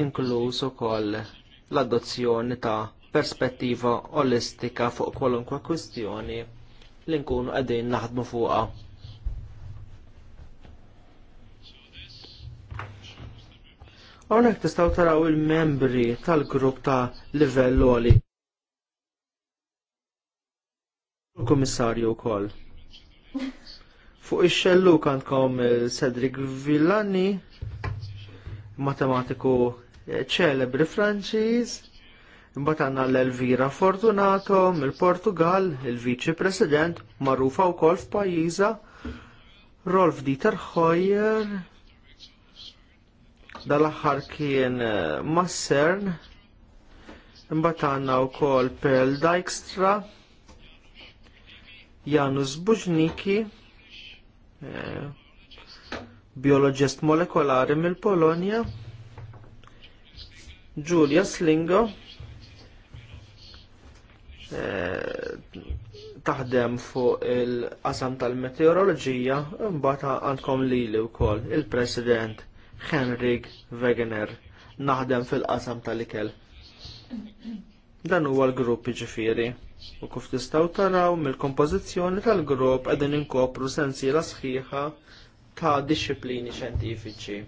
inkluż ukoll l-adozzjoni ta' perspettiva olistika fuq kwalunkwe kwistjoni li nkunu qegħdin naħdmu fuqha. Hawnhekk tistaw taraw il-membri tal-grupp ta' livell oli. Il-Kummissarju wkoll. Fuq ix-xellu kantkom eh, Cedric Villani, matematiku eh, ċelebri Franċiż, Imbagħad għandna l-Elvira Fortunato mill-Portugal, il-Viċi President, magħrufa wkoll f'pajjiża, Rolf Dieter Hoyer dal-aħħar kien eh, Massern, mbatanna għandna wkoll Pearl Dijkstra, Janus Buġniki, eh, biologist molekolari mill-Polonja, Giulia Slingo, eh, taħdem fuq il-qasam tal-meteoroloġija, imbagħad għandkom lili wkoll il-President. Henrik Wegener naħdem fil-qasam tal-ikel. Dan huwa l-grupp ġifieri. U kif tistgħu taraw mill-kompożizzjoni tal-grupp qegħdin inkopru sensiela sħiħa ta' disċiplini xjentifiċi.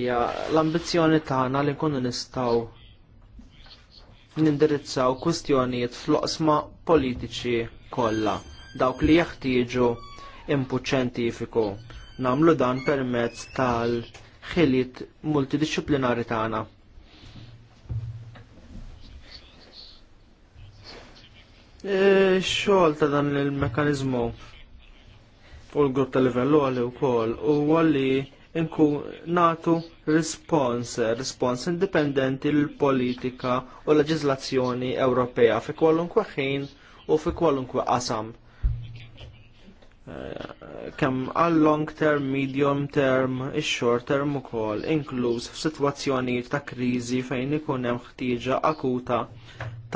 Hija l-ambizzjoni tagħna li nkunu nistgħu nindirizzaw kwistjonijiet fl-oqsma politiċi kollha dawk li jeħtieġu input xjentifiku Namlu dan permezz tal-ħiliet multidisciplinari tagħna. E, xogħol ta' dan il mekanizmu u l-grupp tal livellu għalli wkoll huwa li inku natu respons, respons indipendenti l-politika u l leġiżlazzjoni Ewropea fi kwalunkwe ħin u fi kwalunkwe qasam kemm għal long term, medium term, short term ukoll, inkluż f'sitwazzjonijiet ta' kriżi fejn ikun hemm ħtieġa akuta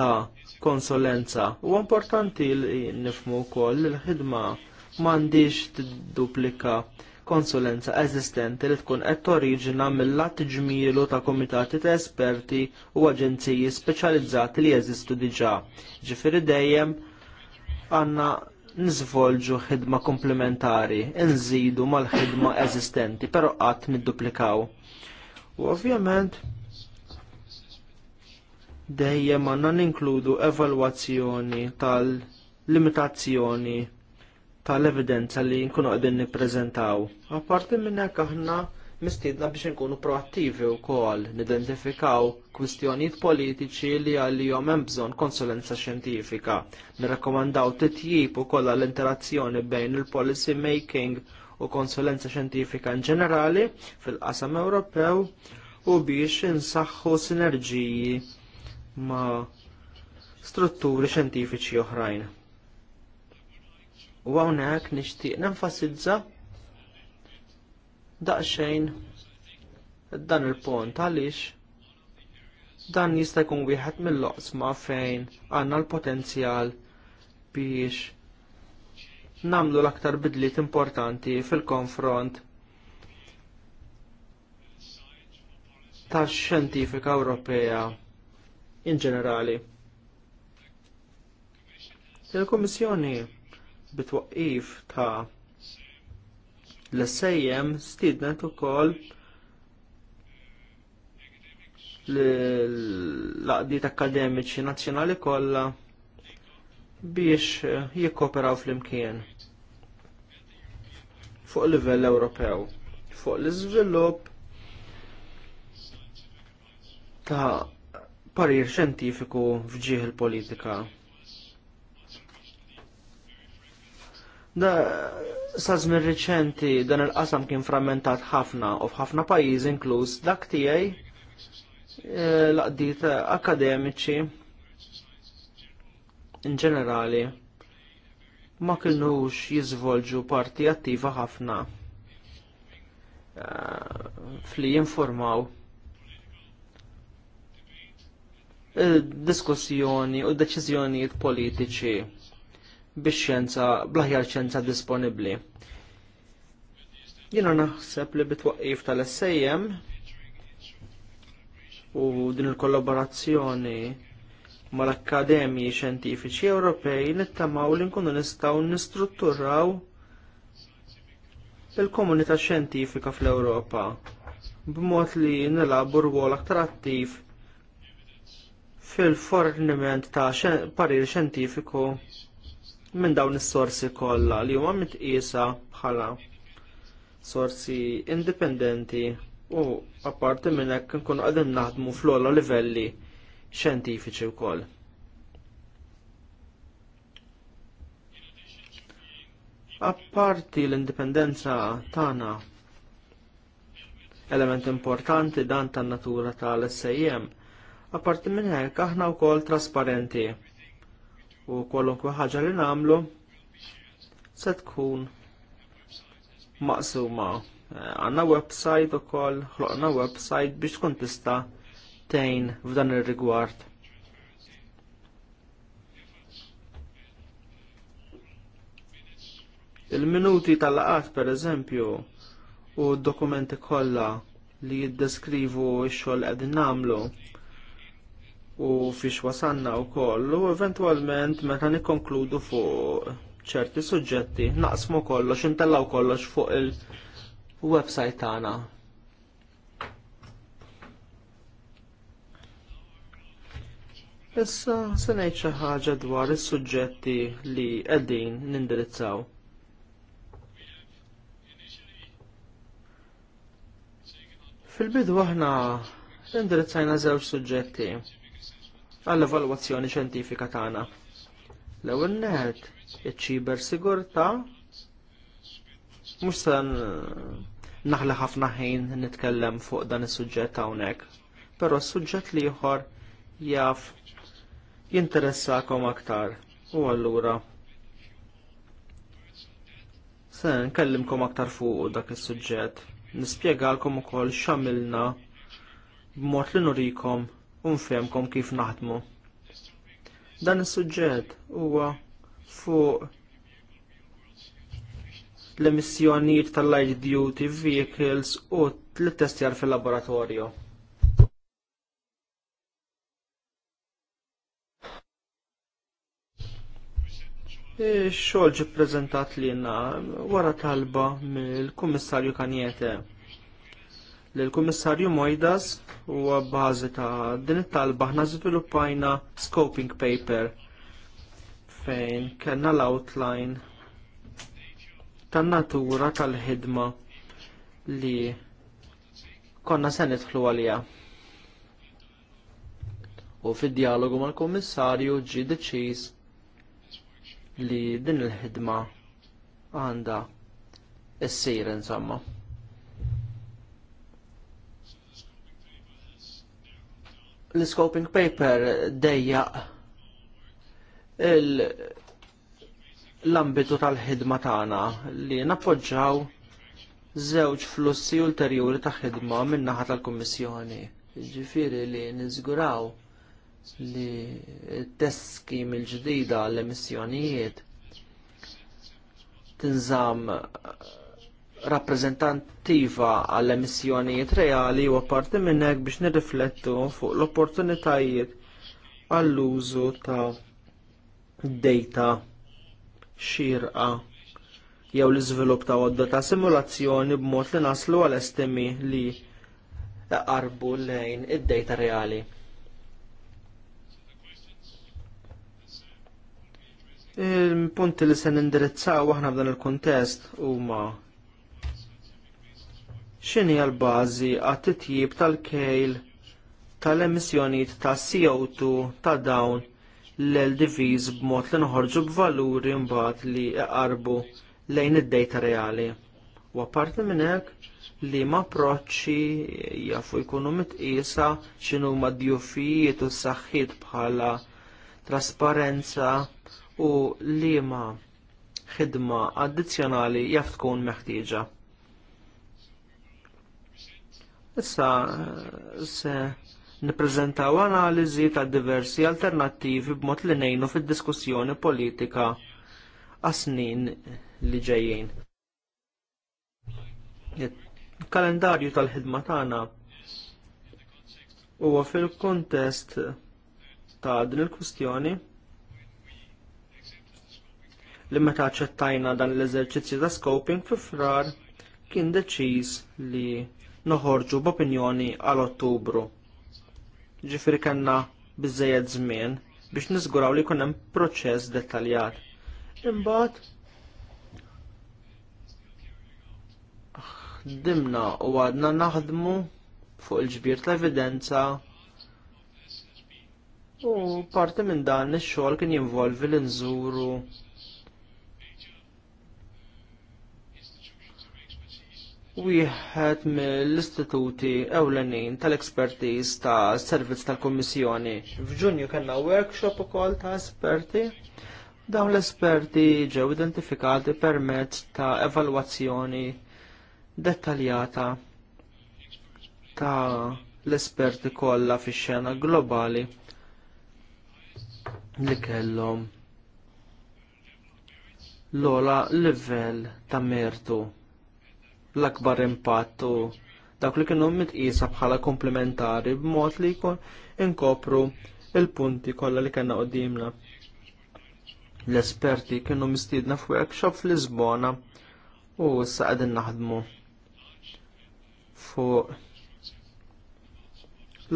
ta' konsolenza. U importanti li nifmu wkoll li l-ħidma m'għandix tidduplika konsulenza eżistenti li tkun qed toriġina mill-att ġmielu ta' komitati ta' esperti u aġenziji speċjalizzati li jeżistu diġà. Ġifieri dejjem għandna nżvolġu ħidma komplementari, nżidu mal-ħidma eżistenti, pero qatt nidduplikaw. U ovvjament dejjem għandna ninkludu evalwazzjoni tal-limitazzjoni tal-evidenza li nkunu qegħdin nippreżentaw. Apparti minn hekk aħna mistiedna biex nkunu proattivi wkoll nidentifikaw kwistjonijiet politiċi li għalihom hemm bżonn konsulenza xjentifika. Nirrakkomandaw titjib ukoll għall-interazzjoni bejn il-policy making u konsulenza xjentifika in ġenerali fil-qasam Ewropew u biex insaħħu sinerġiji ma' strutturi xjentifiċi oħrajn. U hawnhekk nixtieq nenfasizza daqsxejn dan il-pont għaliex dan jista' jkun wieħed mill-loqsma fejn għandna l-potenzjal biex nagħmlu l-aktar bidliet importanti fil-konfront tax-xjentifika Ewropea in ġenerali. Il-Kummissjoni bitwaqqif ta' L-sejjem stidnet ukoll l-laqdiet akademiċi nazzjonali kollha biex eh, jikkoperaw flimkien fuq livell Ewropew, fuq l-iżvilupp ta' parir xjentifiku fġieħ il-politika. Da, sazmir riċenti dan il-qasam kien frammentat ħafna u f'ħafna pajjiżi inkluż dak tiegħi eh, l akademiċi in ġenerali ma kienux jiżvolġu parti attiva ħafna eh, fli jinformaw diskussjoni u deċiżjonijiet politiċi bix-xjenza bl-aħjar xjenza disponibbli. Jiena naħseb li bitwaqqif tal-SAM u din il-kollaborazzjoni mal-akkademji xjentifiċi Ewropej nittamaw li nkunu nistgħu nistrutturaw il-komunità xjentifika fl-Ewropa b'mod li nilabu rwol aktar attiv fil-forniment ta' parir xjentifiku minn dawn is-sorsi kollha li huma mitqiesa bħala sorsi indipendenti u apparti minn hekk nkunu qegħdin naħdmu fl-ogħla livelli xjentifiċi wkoll. Apparti l-indipendenza tagħna element importanti dan tan natura tal-SIM. Apparti minn hekk aħna wkoll trasparenti u kwalunkwe ħaġa li nagħmlu se tkun maqsuma. Eh, għanna website koll, ħloqna website biex tkun tista' tgħin f'dan ir-rigward. Il-minuti tal-laqat pereżempju u d-dokumenti kollha li jiddeskrivu x-xogħol qegħdin nagħmlu u fiex wasanna u kollu, eventualment meta nikkonkludu fuq ċerti suġġetti, naqsmu kollox, intellaw kollox fuq il-website tagħna. Issa se ngħid xi ħaġa dwar is-suġġetti li qegħdin nindirizzaw. Fil-bidu aħna indirizzajna żewġ suġġetti għall-evalwazzjoni xjentifika tagħna. L-ewwel neħed iċ-ċiber sigurtà mhux se naħli ħafna ħin nitkellem fuq dan is-suġġett hawnhekk, però s-suġġett li ieħor jaf jinteressakom aktar u allura se nkellimkom aktar fuq dak is-suġġett. Nispjegalkom ukoll x'għamilna b'mod li nurikom unfemkom kif naħdmu. Dan is-suġġett huwa fuq l-emissjonijiet tal-light duty vehicles u l-testjar fil-laboratorju. Xogħol ġi prezentat lina wara talba mill-Kummissarju Kanjete. L-Kummissarju Mojdas u bbażi ta' din it-talba ħna zviluppajna scoping paper fejn kellna l-outline tan-natura tal-ħidma li konna se nidħlu għalija. U fid-dialogu mal-Kummissarju ġi deċiż li din il-ħidma għandha issir insomma. l-scoping paper dejja l-ambitu tal-ħidma tagħna li nappoġġaw żewġ flussi ulterjuri ta' ħidma min-naħa tal-Kummissjoni. Ġifieri li niżguraw li teski mill-ġdida l-emissjonijiet tinżamm rappreżentattiva għall-emissjonijiet reali u apparti minn hekk biex nirriflettu fuq l-opportunitajiet għall-użu ta' data xirqa jew l-iżvilupp ta' għodda ta' simulazzjoni b'mod li naslu għal estimi li qarbu lejn id-data reali. Il-punti li se nindirizzaw aħna f'dan il-kontest huma x'inhi l-bażi għat-titjib tal-kejl tal-emissjonijiet ta' CO2 ta' dawn l-LDVs b'mod li nħorġu b'valuri mbagħad li qarbu lejn id-dejta reali. U apparti minn hekk li ma proċċi jafu jkunu mitqiesa x'inhu ma djufijiet u s-saħħiet bħala trasparenza u li ma ħidma addizzjonali jaf tkun meħtieġa. Issa eh, se nippreżentaw analiżi ta' diversi alternattivi b'mod li ngħinu fid-diskussjoni politika għas-snin li ġejjin. Il-kalendarju tal-ħidma tagħna huwa fil-kontest ta' din il-kwistjoni li meta ċettajna dan l-eżerċizzju ta' scoping fi frar kien deċiż li noħorġu b'opinjoni għal Ottubru. Ġifieri kellna biżejjed żmien biex niżguraw li jkun hemm proċess dettaljat. Imbagħad dimna u għadna naħdmu fuq il-ġbir ta' evidenza u parti minn dan ix-xogħol kien jinvolvi l-inżuru wieħed mill-istituti ewlenin tal-ekspertiż ta' servizz tal-Kummissjoni. F'Ġunju kellna workshop ukoll ta' esperti. Dawn l-esperti ġew identifikati permezz ta' evalwazzjoni dettaljata ta' l-esperti kollha fix-xena globali li kellhom l-ola livell ta' mertu l-akbar impatt u dak li kienu mitqisa bħala komplementari b'mod li jkun inkopru il-punti kollha li kellna qudiemna. L-esperti kienu mistiedna f'workshop f'Lisbona u issa qegħdin naħdmu fuq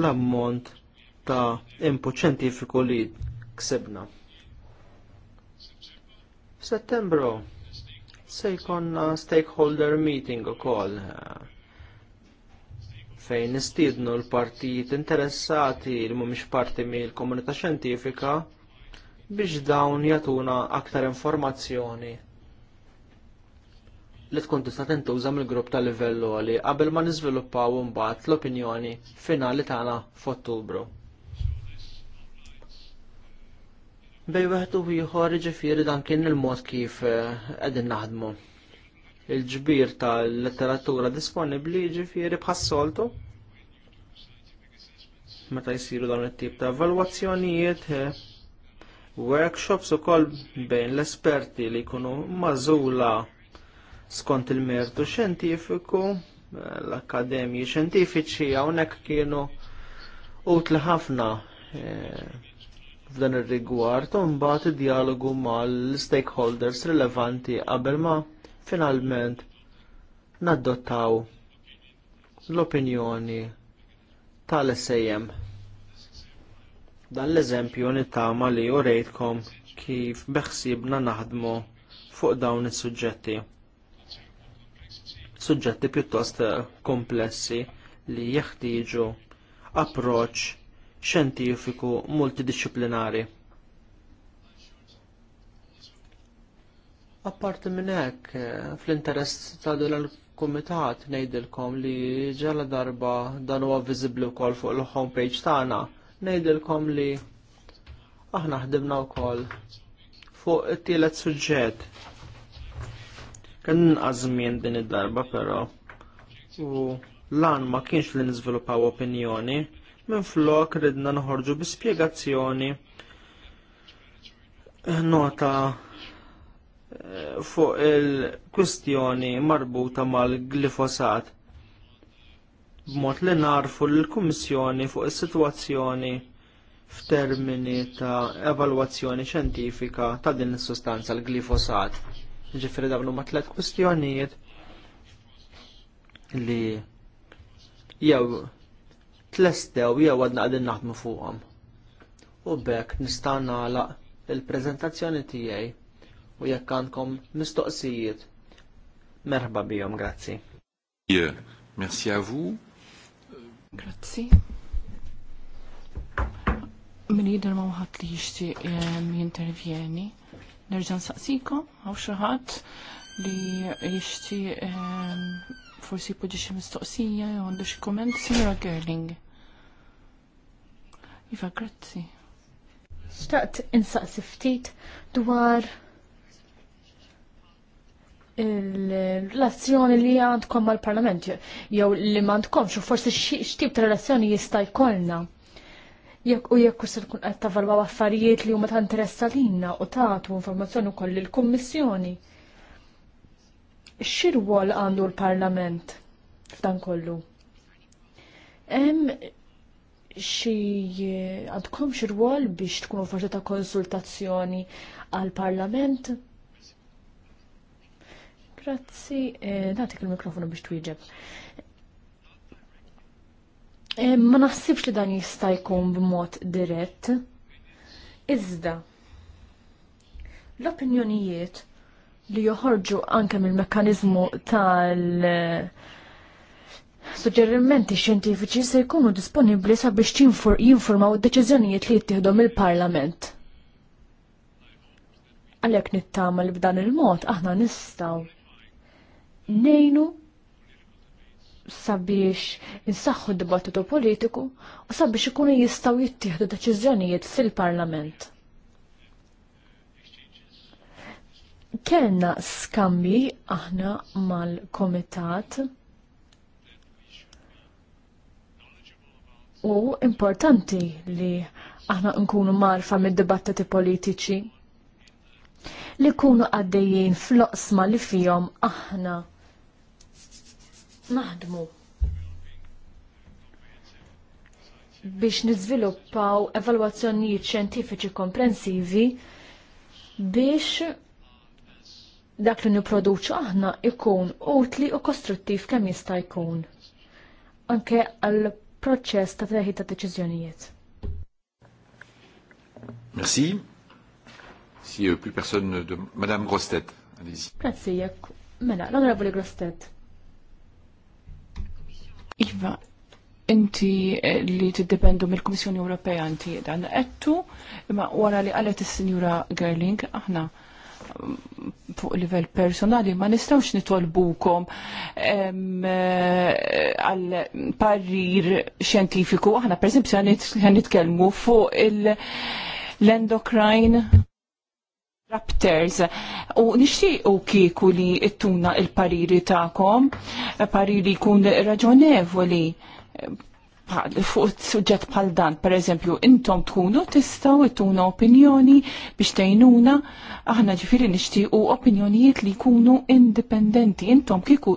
l-ammont ta' input ċentifiku li ksebna. Settembru se jkollna stakeholder meeting ukoll fejn nistiednu l-partijiet interessati li mhumiex parti mill-komunità xjentifika biex dawn jagħtuna aktar informazzjoni li tkun tista' tintuża mill-grupp tal livell għali qabel ma niżviluppaw imbagħad l-opinjoni finali tagħna f'Ottubru. bej wieħed u ieħor ġifieri dan kien il-mod kif eh, qegħdin naħdmu. Il-ġbir tal-letteratura disponibbli ġifieri bħas-soltu. Meta jsiru dawn it-tip ta' evalwazzjonijiet, eh, workshops ukoll bejn l-esperti li jkunu mażula skont il-mertu xjentifiku, l-akademji xjentifiċi hawnhekk kienu utli ħafna eh, f'dan ir-rigward u mbagħad id-dialogu mal-stakeholders rilevanti qabel ma finalment naddottaw l-opinjoni tal-SAM. Dan l-eżempju nittama li u rejtkom kif beħsibna naħdmu fuq dawn is-suġġetti. Suġġetti pjuttost komplessi li jeħtieġu approċċ xjentifiku multidisciplinari. Apparti minn hekk, eh, fl-interess ta' il kumitat ngħidilkom li ġala darba dan huwa viżibbli wkoll fuq il-homepage tagħna, ngħidilkom li aħna ħdimna wkoll fuq it-tielet suġġett. Kien nqażmien din id-darba però u lan ma kienx li niżviluppaw opinjoni minflok ridna noħorġu bi spjegazzjoni eh, nota eh, fuq il-kwistjoni marbuta mal-glifosat b'mod li narfu l-Kummissjoni fuq is-sitwazzjoni f'termini ta' evalwazzjoni xjentifika ta' din is-sustanza l-glifosat. Ġifieri dawn huma tliet kwistjonijiet li jew tlestew jew għadna għadin naħdmu fuqhom. U bekk nista' nagħlaq il-preżentazzjoni tiegħi u jekk għandkom mistoqsijiet. Merħba bihom, grazzi. Merci a vous. Grazzi. Min jidher ma wħadd li jixtieq ehm, jintervjeni. Nerġa' saqsiko għaw xi ħadd li jixtieq ehm, forsi poġi xi mistoqsija jew għandu xi kumment, Signora Gerling. Iva, grazzi. Xtaqt insaqsi ftit dwar il-relazzjoni li għandkom mal-parlament, jew li m'għandkomx, u forsi x'tip ta' relazzjoni jista' jkollna. Jekk u jekk se tkun qed tavalwaw affarijiet li huma ta' interessa lilna u tagħtu informazzjoni koll lill-Kummissjoni xirwol għandu l-Parlament f'dan kollu? Em xi għandkom xirwol biex tkunu forsi ta' konsultazzjoni għal-Parlament? Grazzi, eh, natik il-mikrofonu biex twieġeb. Ma naħsibx li dan jista' jkun b'mod dirett. Iżda, l-opinjonijiet li joħorġu anke mill-mekkanizmu tal- Suġġerimenti xjentifiċi se jkunu disponibbli sabiex jinformaw id-deċiżjonijiet li jittieħdu mill-Parlament. Għalhekk nittama li b'dan il-mod aħna nistgħu nejnu sabiex insaħħu d-dibattitu politiku u sabiex ikunu jistgħu jittieħdu deċiżjonijiet fil-Parlament. kellna skambi aħna mal-komitat u importanti li aħna nkunu marfa mid-dibattiti politiċi li kunu għaddejjien fl-oqsma li fihom aħna naħdmu biex niżviluppaw evalwazzjonijiet xjentifiċi komprensivi biex dak li niproduċu aħna ikun utli u kostruttiv kemm jista' jkun. Anke għal proċess ta' teħid ta' deċiżjonijiet. Merci. Si uh, plus personne de Madame Grostet, allez-y. Grazie, jekk. Mela, l-Onorevoli Grostet. Iva, inti eh, li tiddependu mill-Kummissjoni Ewropea inti dan ettu. imma wara li qalet is-Sinjura Gerling aħna fuq livell personali ma nistawx nitolbukom eh, għal parir xjentifiku. Aħna per eżempju nitkellmu fuq l-endocrine Raptors. U u kieku li ittuna il-pariri ta'kom, pariri kun raġonevoli fuq suġġett bħal dan, per eżempju, intom tkunu tistaw tuna opinjoni biex tejnuna, aħna ġifiri nixtiequ opinjonijiet li jkunu indipendenti. Intom kiku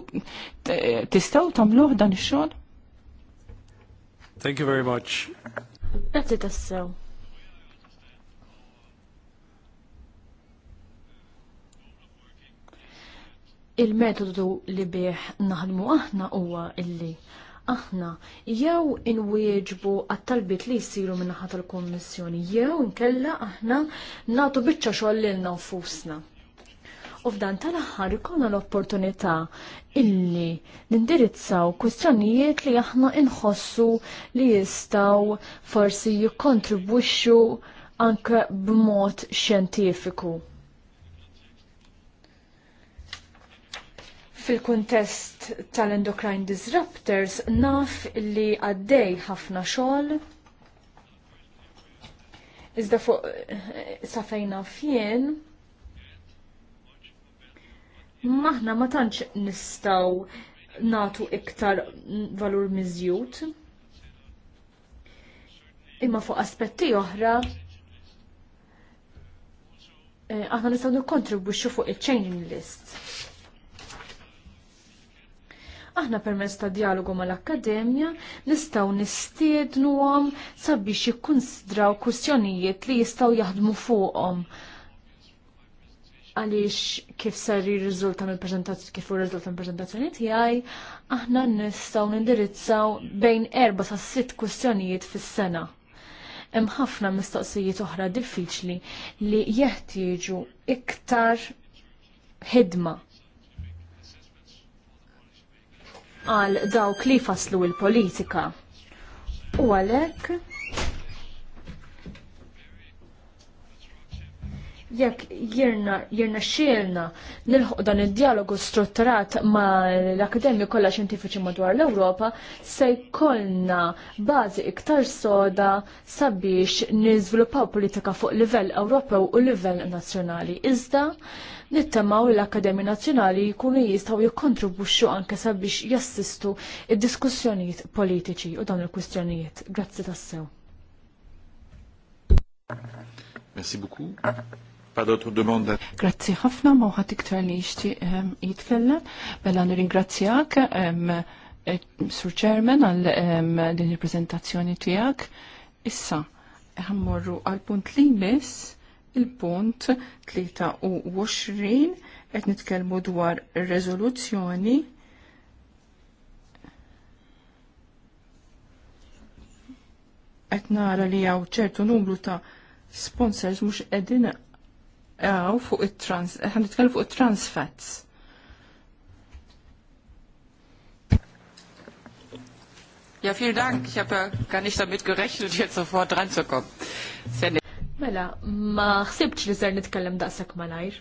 tistaw tamluħ dan ix-xogħol? Thank you very much. Grazie tassew. Il-metodu li bih naħdmu aħna huwa illi aħna jew inwieġbu għat talbit li jsiru min-naħa tal-Kummissjoni jew nkella aħna nagħtu biċċa xogħol lilna nfusna. U f'dan tal-aħħar ikolna l-opportunità illi nindirizzaw kwistjonijiet li aħna inħossu li jistgħu forsi jikkontribwixxu anke b'mod xjentifiku Fil-kuntest tal-endocrine disruptors naf li għaddej ħafna xogħol Iżda fuq eh, safejna fjen, maħna ma tantx nistaw natu iktar valur miżjut. Imma fuq aspetti oħra, eh, aħna nistaw nikkontribwixxu fuq il-changing list aħna permezz ta' dialogu mal-Akkademja nistgħu nistiednuhom sabiex jikkunsidraw kwistjonijiet li jistgħu jaħdmu fuqhom. Għaliex kif ser jirriżulta mill-preżentazzjoni kif irriżulta mill-preżentazzjoni tiegħi, aħna nistgħu nindirizzaw bejn erba' sa' sitt kwistjonijiet fis-sena hemm ħafna mistoqsijiet oħra diffiċli li jeħtieġu iktar ħidma għal dawk li faslu l politika U għalhekk jekk jirna, jirna xielna nilħuq dan id dialogu strutturat ma l-akademi kollha xjentifiċi madwar l-Ewropa se jkollna bażi iktar soda sabiex niżviluppaw politika fuq livell Ewropew u livell nazzjonali. Iżda nittemaw l-Akademi Nazzjonali jkunu jistgħu jikkontribwixxu anke sabiex jassistu id-diskussjonijiet politiċi u dawn il-kwistjonijiet. Grazzi tassew. Merci beaucoup. Pa domanda. Grazzi ħafna, ma ħadd iktar li jishti ehm, jitkellem. Bella nirringrazzjak, ehm, eh, Sur Chairman, għal ehm, din il-prezentazzjoni tijak. Issa, ħammorru għal punt li mis, il-punt 23, qed nitkellmu dwar rezoluzzjoni qed nara li hawn ċertu numru ta' sponsors mhux qegħdin għaw fuq it-trans, għan fuq it-trans fats. Ja, vielen Dank. Ich habe gar nicht damit gerechnet, jetzt sofort dran zu kommen. Mela, ma ħsibx li ser nitkellem daqshekk malajr.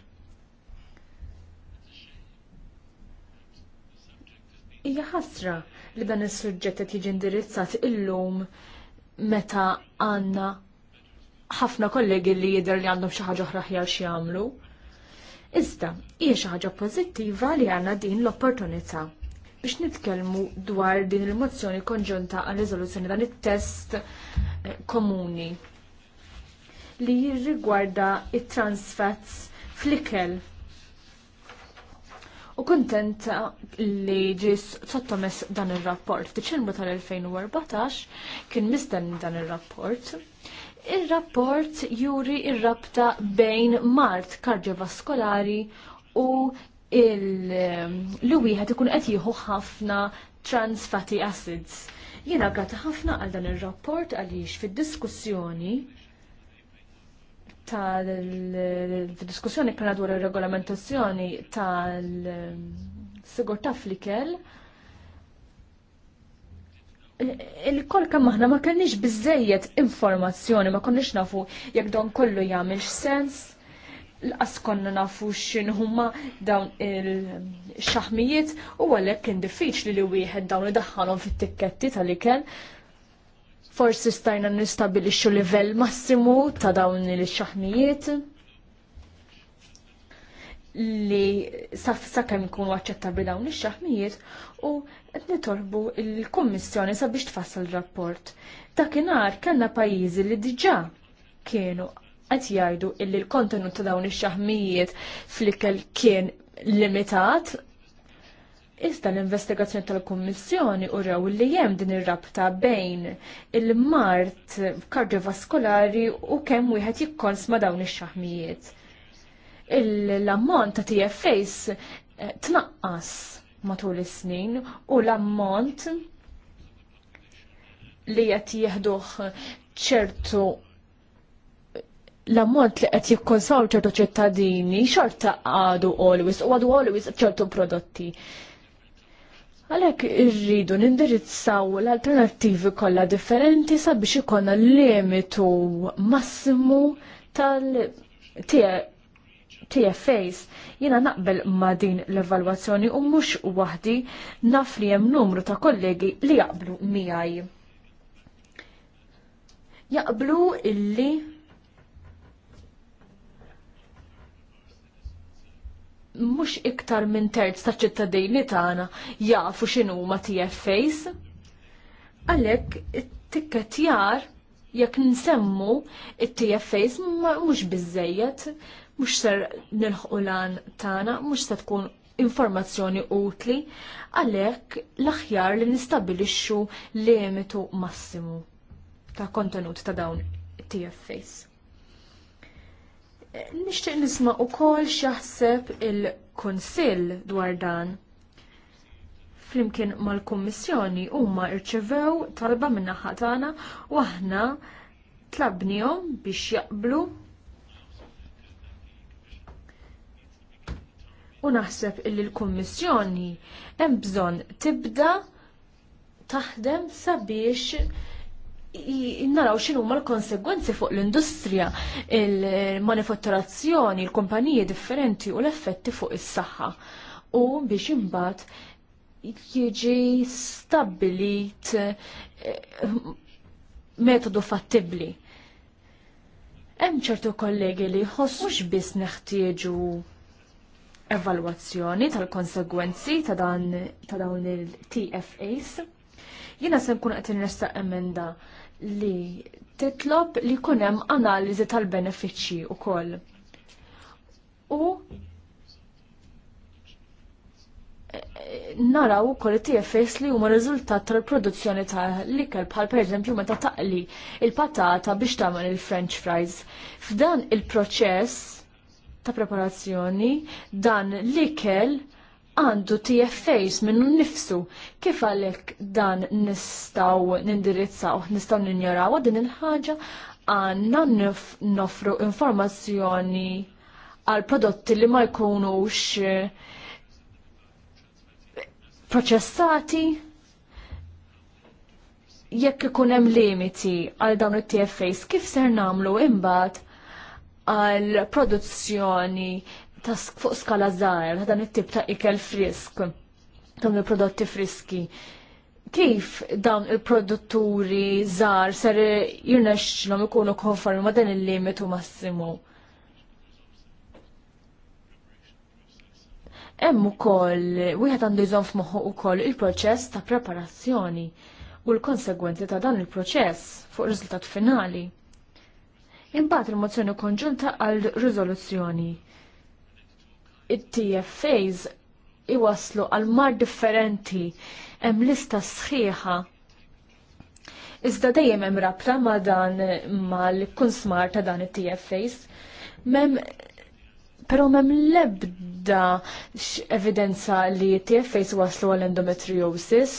Hija ħasra li dan is-suġġett qed jiġi indirizzat illum meta għandna ħafna kollegi li jidher li għandhom xi ħaġa oħra ħjar xi jagħmlu. Iżda, hija xi ħaġa pożittiva li għandna din l-opportunità biex nitkellmu dwar din il-mozzjoni konġunta għal riżoluzzjoni dan it-test eh, komuni li jirrigwarda it-transfats fl-ikel. U kontenta li ġis sottomess dan il-rapport. F'Diċembru tal-2014 kien mistenni dan il-rapport. Il-rapport juri il-rabta bejn mart kardiovaskolari u l ehm, wieħed ikun qed jieħu ħafna trans fatty acids. Jiena grata ħafna għal dan ir-rapport għaliex fid-diskussjoni tal-diskussjoni kena dwar ir-regolamentazzjoni tal-sigurtà flikel il-kol kam maħna ma kellniex bizzejiet informazzjoni, ma konniex nafu jekk dawn kollu jagħmel sens, l-qas konna nafu x'inhuma dawn il-xaħmijiet u għalhekk kien diffiċli li wieħed dawn idaħħalhom fit-tikketti tal-ikel. Forsi stajna nistabilixxu livell massimu ta' dawn il-xaħmijiet li sa' kemm ikunu aċċettabbli dawn ix-xaħmijiet u nitolbu il-Kummissjoni sabiex tfassal rapport. Dakinhar kellna pajjiżi li diġà kienu qed jgħidu illi l-kontenut ta' dawn ix-xaħmijiet fl-ikel kien limitat Iżda l-investigazzjoni tal-Kummissjoni uraw li hemm din ir-rabta bejn il-mart kardiovaskolari u kemm wieħed jikkonsma dawn ix-xaħmijiet. il ammont ta' TFAs eh, tnaqqas matul is-snin u l-ammont li qed jieħduh ċertu l-ammont li qed jikkonsaw ċertu ċittadini xorta għadu always u għadu always ċertu prodotti. Għalhekk irridu nindirizzaw l-alternattivi kollha differenti sabiex l limitu massimu tal tiegħek TFAs, jina naqbel ma din l-evalwazzjoni u mux wahdi naf li jem numru ta' kollegi li jaqblu miħaj. Jaqblu illi mux iktar minn terz ta' ċittadini tagħna jafu x'inhu ma TFAs. Għalhekk it-tikketjar jekk nsemmu it-TFAs mhux biżejjed mhux ser nilħu lan tana, mhux se tkun informazzjoni utli, għalhekk l-aħjar li nistabilixxu limitu massimu ta' kontenut ta' dawn TFAs. Nixtieq nisma' ukoll x'jaħseb il-Kunsill dwar dan flimkien mal-Kummissjoni huma rċevew talba min-naħa tagħna u aħna tlabnihom biex jaqblu u naħseb illi l-Kummissjoni hemm bżonn tibda taħdem sabiex naraw xin huma l-konsegwenzi fuq l-industrija, il-manifatturazzjoni, il-kumpaniji differenti u l-effetti fuq is-saħħa. U biex imbagħad jiġi stabbilit eh, metodu fattibli. Hemm ċertu kollegi li jħossux biss neħtieġu evalwazzjoni tal-konsegwenzi ta' dawn il-TFAs. Jiena se nkun qed nista' emenda li titlob li jkun hemm analiżi tal-benefiċċji wkoll. U eh, naraw ukoll it-TFAs li huma riżultat tal-produzzjoni ta' l-ikel bħal pereżempju meta taqli il-patata biex tagħmel il-French fries. F'dan il-proċess ta' preparazzjoni dan l-ikel għandu TFAs minnu nifsu kif għalek dan nistaw nindirizzaw, nistaw ninjoraw din il-ħagġa għanna nofru informazzjoni għal prodotti li ma jkunux eh, proċessati jekk ikun hemm limiti għal dawn it-TFAs kif ser namlu imbagħad għal produzzjoni ta' fuq skala żgħar ta' dan it-tip ta' ikel frisk, dawn il-prodotti friski. Kif dawn il-produtturi żgħar ser jirnexxilhom ikunu konformi ma' dan il-limitu massimu? Hemm ukoll wieħed għandu jżomm f'moħħu wkoll il-proċess ta' preparazzjoni u l-konsegwenzi ta' dan il-proċess fuq riżultat finali. Imbagħad il-mozzjoni konġunta għal riżoluzzjoni. It-TFAs iwaslu għal mar differenti hemm lista sħiħa Iżda dejjem hemm rabta ma' dan mal-kun smar ta' dan it-TFAs. Mem Pero mem lebda evidenza li TFAs waslu għal endometriosis,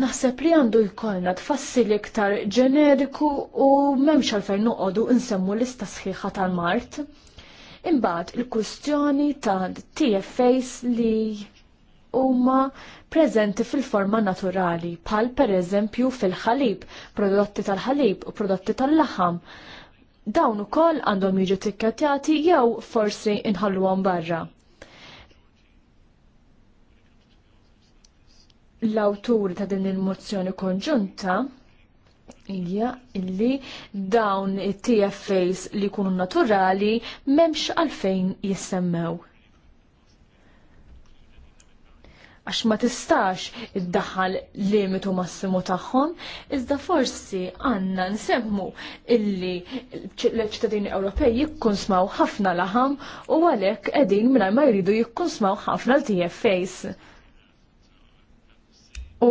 Naħseb li għandu jkollna tfassil iktar ġeneriku u memx għalfejn noqogħdu nsemmu ista sħiħa tal-Mart. Imbagħad il-kwistjoni ta' TFAs li huma preżenti fil-forma naturali, bħal pereżempju fil-ħalib, prodotti tal-ħalib u prodotti tal-laħam. Dawn ukoll għandhom jiġu tikkettjati jew forsi inħalluhom barra. l-awtur ta' din il-mozzjoni konġunta hija illi dawn it-TFAs li jkunu naturali m'hemmx għalfejn jissemmew. għax ma tistax iddaħħal limitu massimu tagħhom, iżda forsi għandna nsemmu illi l-ċittadini Ewropej jikkonsmaw ħafna laħam u għalhekk qegħdin mingħajr ma jridu jikkonsmaw ħafna l-TFAs u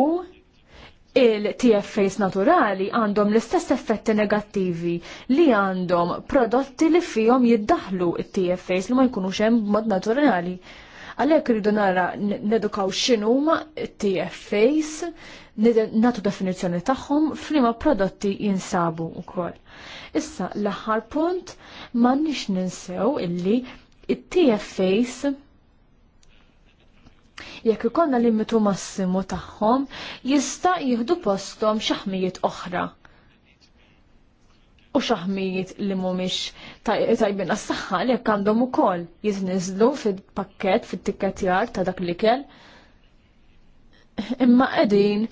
il-TFAs naturali għandhom l-istess effetti negattivi li għandhom prodotti li fihom jiddaħlu il-TFAs li ma jkunux hemm mod naturali. Għalhekk rridu nara nedukaw x'inhuma TFAs, natu definizzjoni tagħhom f'liema prodotti jinsabu wkoll. Issa l-aħħar punt m'għandniex ninsew illi t tfas Jekk ikollna limitu massimu tagħhom, jista' jieħdu posthom xi ħmijiet oħra. U xaħmijiet li mhumiex tajbin għas-saħħa li jekk għandhom ukoll jiżniżlu fil-pakkett fit-tikketjar ta' dak l-ikel. Imma qegħdin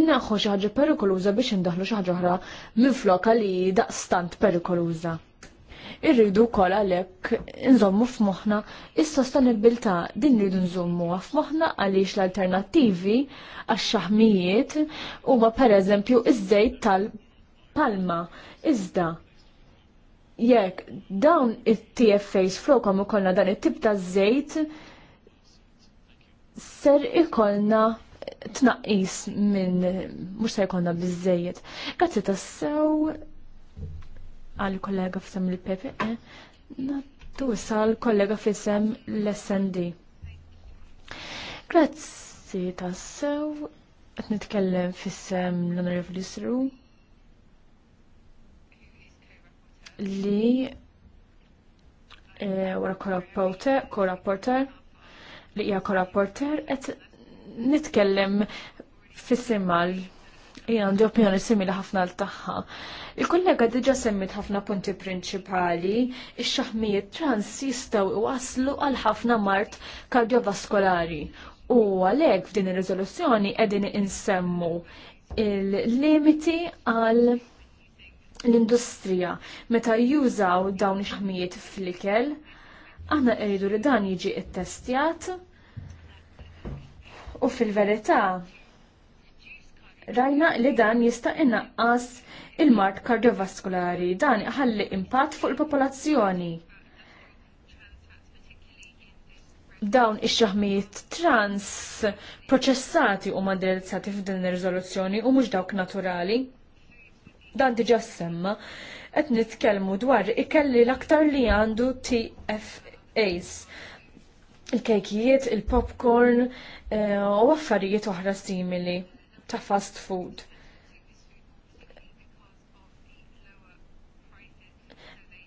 innaħħu xi ħaġa perikoluża biex indaħlu xi ħaġa oħra minflok li daqstant perikoluża irridu wkoll għalhekk inżommu f'moħħna il sostenibilità din rridu nżommuha f'moħħna għaliex l-alternattivi għax-xaħmijiet huma pereżempju iż-żejt tal-palma. Iżda jekk dawn it-TFAs flokom kolna dan it-tip ta' żejt ser ikollna tnaqqis minn mhux se jkollna biżejjed. Grazzi tassew għal kollega f'sem l-PPE, eh, nattu sal kollega f'sem l-SND. Grazzi tassew, għet nitkellem f'sem l-Onorevoli Sru li eh, wara korrapporter, li hija korrapporter, qed nitkellem fissim mal jien għandi opinjoni simili ħafna l tagħha. Il-kollega diġa semmit ħafna punti prinċipali, il xaħmijiet trans jistgħu iwaslu għal ħafna mart kardiovaskolari. U għalhekk f'din ir-riżoluzzjoni qegħdin insemmu il-limiti għal l-industrija meta jużaw dawn ix-xaħmijiet fl-ikel. Aħna rridu li dan jiġi testjat u fil-verità rajna li dan jista' innaqqas il-mart kardiovaskulari. Dan ħalli impatt fuq il-popolazzjoni. Dawn ix-xaħmijiet trans proċessati u mandirizzati f'din ir-riżoluzzjoni u mhux dawk naturali. Dan diġà semma qed nitkellmu dwar ikelli l-aktar li għandu TFAs il-kejkijiet, il-popcorn eh, u uh, affarijiet oħra simili ta' fast food.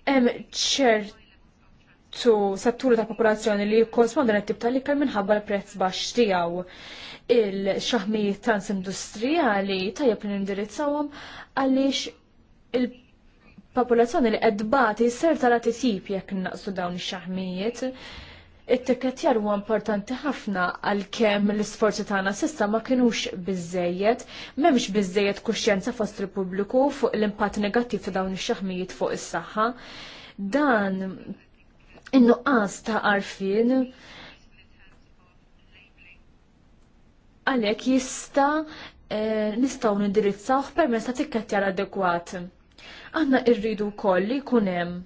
Hemm ċertu satturi ta' popolazzjoni li jikkonsmondu tip tal-ikel minħabba l-prezz baxx tiegħu. Il-xaħmijiet trans-industrijali tajjeb li indirizzawum għaliex il popolazzjoni li qed s-sertalati tara titjib jekk naqsu dawn ix-xaħmijiet it-tikketjar huwa importanti ħafna għal kemm l-isforzi tagħna s'issa ma kinux biżejjed, m'hemmx biżejjed kuxjenza fost il-pubbliku fuq l-impatt negattiv ta' dawn ix-xaħmijiet fuq is-saħħa. Dan in-nuqqas ta' arfin għalhekk jista' eh, nistgħu nindirizzawh permezz ta' tikketjar adekwat. Aħna rridu wkoll li jkun hemm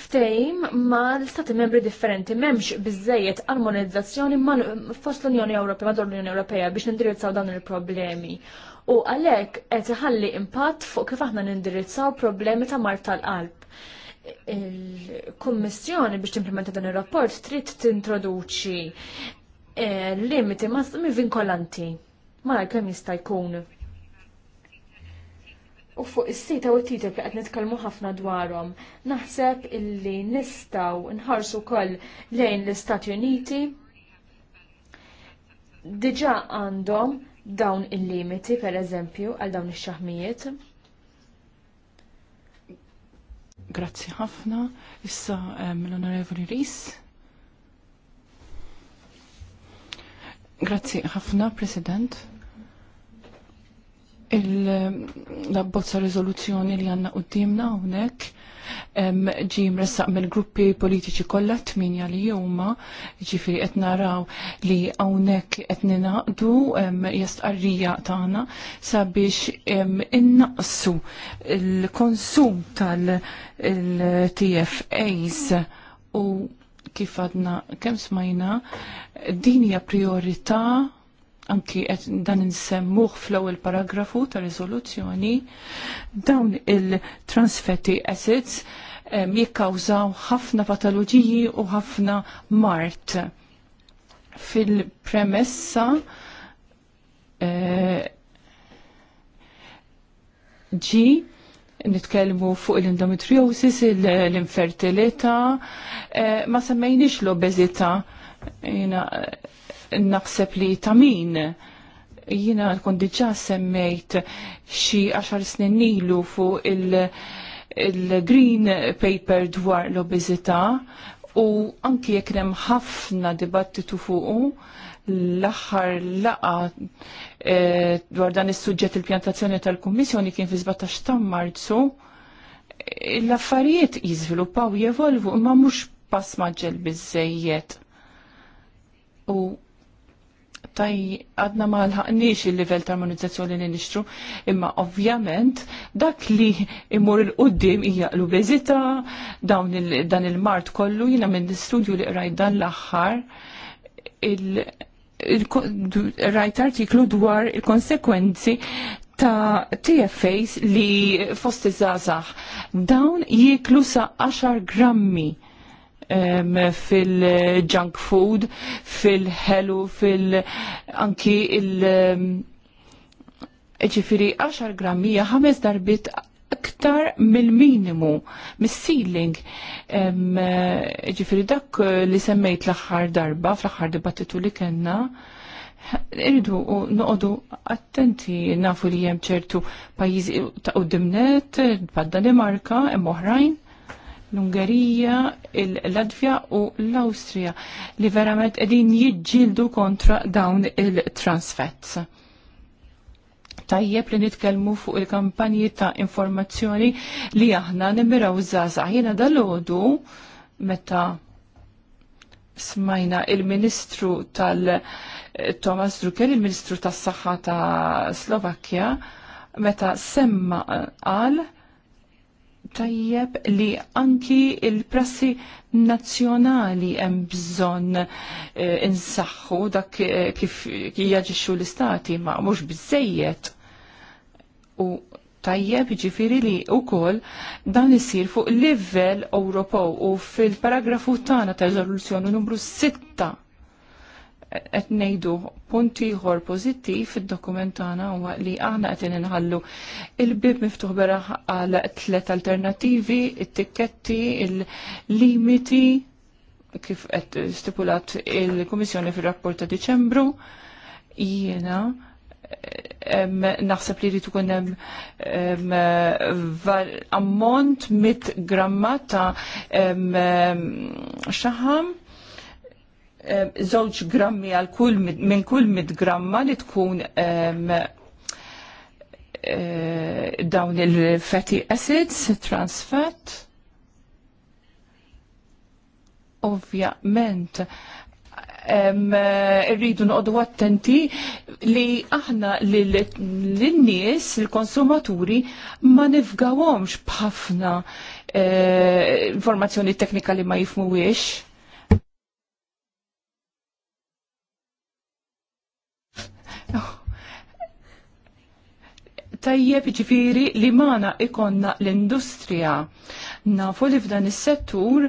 ftejm ma l-stati membri differenti memx bizzejiet armonizzazzjoni ma fost l-Unjoni Ewropea madwar l-Unjoni Ewropea biex nindirizzaw dawn il-problemi. U għalhekk qed iħalli impatt fuq kif aħna nindirizzaw problemi ta' mar tal-qalb. Il-Kummissjoni biex timplementa dan ir-rapport trid tintroduċi eh, limiti ma vinkolanti. Ma kemm jista' jkun. U fuq is-sita u t-titib li qed nitkellmu ħafna dwarhom, naħseb illi nistgħu nħarsu koll lejn l-Istati Uniti diġà għandhom dawn il-limiti per eżempju għal dawn ix-xaħmijiet. Grazzi ħafna. Issa eh, l-Onorevoli Ris. Grazzi ħafna, President il-labbozza rezoluzzjoni li għanna għoddimna hawnhekk ġi mressaq mill gruppi politiċi kollha tminja li huma ġifieri qed naraw li hawnhekk qed ninaqdu jastqarrija tagħna sabiex innaqsu il-konsum tal-TFAs u kif għadna kemm smajna din hija priorità anki dan insemmuh fl-ewwel paragrafu ta' riżoluzzjoni dawn il-transfetti acids jikkawżaw ħafna patologiji u ħafna mart. Fil-premessa G e, nitkellmu fuq l-endometriosis, l-infertilità, e, ma semmejniex l obezita naħseb li ta' min jina kun diġa semmejt xi 10 snin ilu fuq il-green il paper dwar l obizita u anki jekk hemm ħafna dibattitu fuqu l-aħħar laqa e, dwar dan is-suġġett il-pjantazzjoni tal-Kummissjoni kien fi 17 ta' Marzu l-affarijiet jiżviluppaw jevolvu imma mhux pass maġġel bizzejiet U taj għadna ma l il-level ta' armonizzazzjoni li nixtru, imma ovvjament dak li imur il-qoddim hija l-obezita, dan il-mart kollu jina minn studju li rajt dan l-axħar, rajt artiklu dwar il-konsekwenzi ta' TFAs li fost iż-żazax. Dawn jieklu sa' 10 grammi fil-junk food, fil-ħelu, fil-anki il- ġifiri 10 grammija ħames darbit aktar mill-minimu, mis-ceiling. Ġifiri dak li semmejt l-axħar darba, fl-axħar dibattitu li kena, irridu noqdu attenti nafu li jem ċertu pajizi ta' dimnet, pa' Danimarka, hemm oħrajn, l-Ungerija, l-Latvja u l-Awstrija li verament qegħdin jiġġieldu kontra dawn il-transfets. Tajjeb li nitkellmu fuq il-kampanji ta' informazzjoni li aħna nimiraw Jena Jiena ħodu meta smajna il-Ministru tal- Thomas Drucker, il-Ministru tas-Saħħa ta' Slovakkja, meta semma qal tajjeb li anki il-prassi nazzjonali hemm bżonn eh, insaħħu dak eh, kif jaġixxu l-istati ma mhux biżejjed. U tajjeb ġifiri li wkoll dan isir fuq livell Ewropew u fil-paragrafu tagħna ta' riżoluzzjoni numru 6 qed ngħidu punt ieħor pożittiv fid-dokument tagħna huwa li aħna qed inħallu il-bib miftuħ beraħ għal tliet alternattivi, it-tikketti, il-limiti kif qed stipulat il-Kummissjoni fir-rapport ta' Diċembru. Jiena naħseb li rritu kunem ammont mit gramma ta' xaħam Eh, żewġ grammi għal kull minn kull mid gramma li tkun eh, dawn il-fatty acids, trans fat. Ovvjament, irridu noqdu attenti li aħna l-nies, il-konsumaturi, ma nifgawomx bħafna eh, informazzjoni teknika li ma jifmuwiex tajjeb ġifiri li mana ikonna l-industrija. Nafu li f'dan is-settur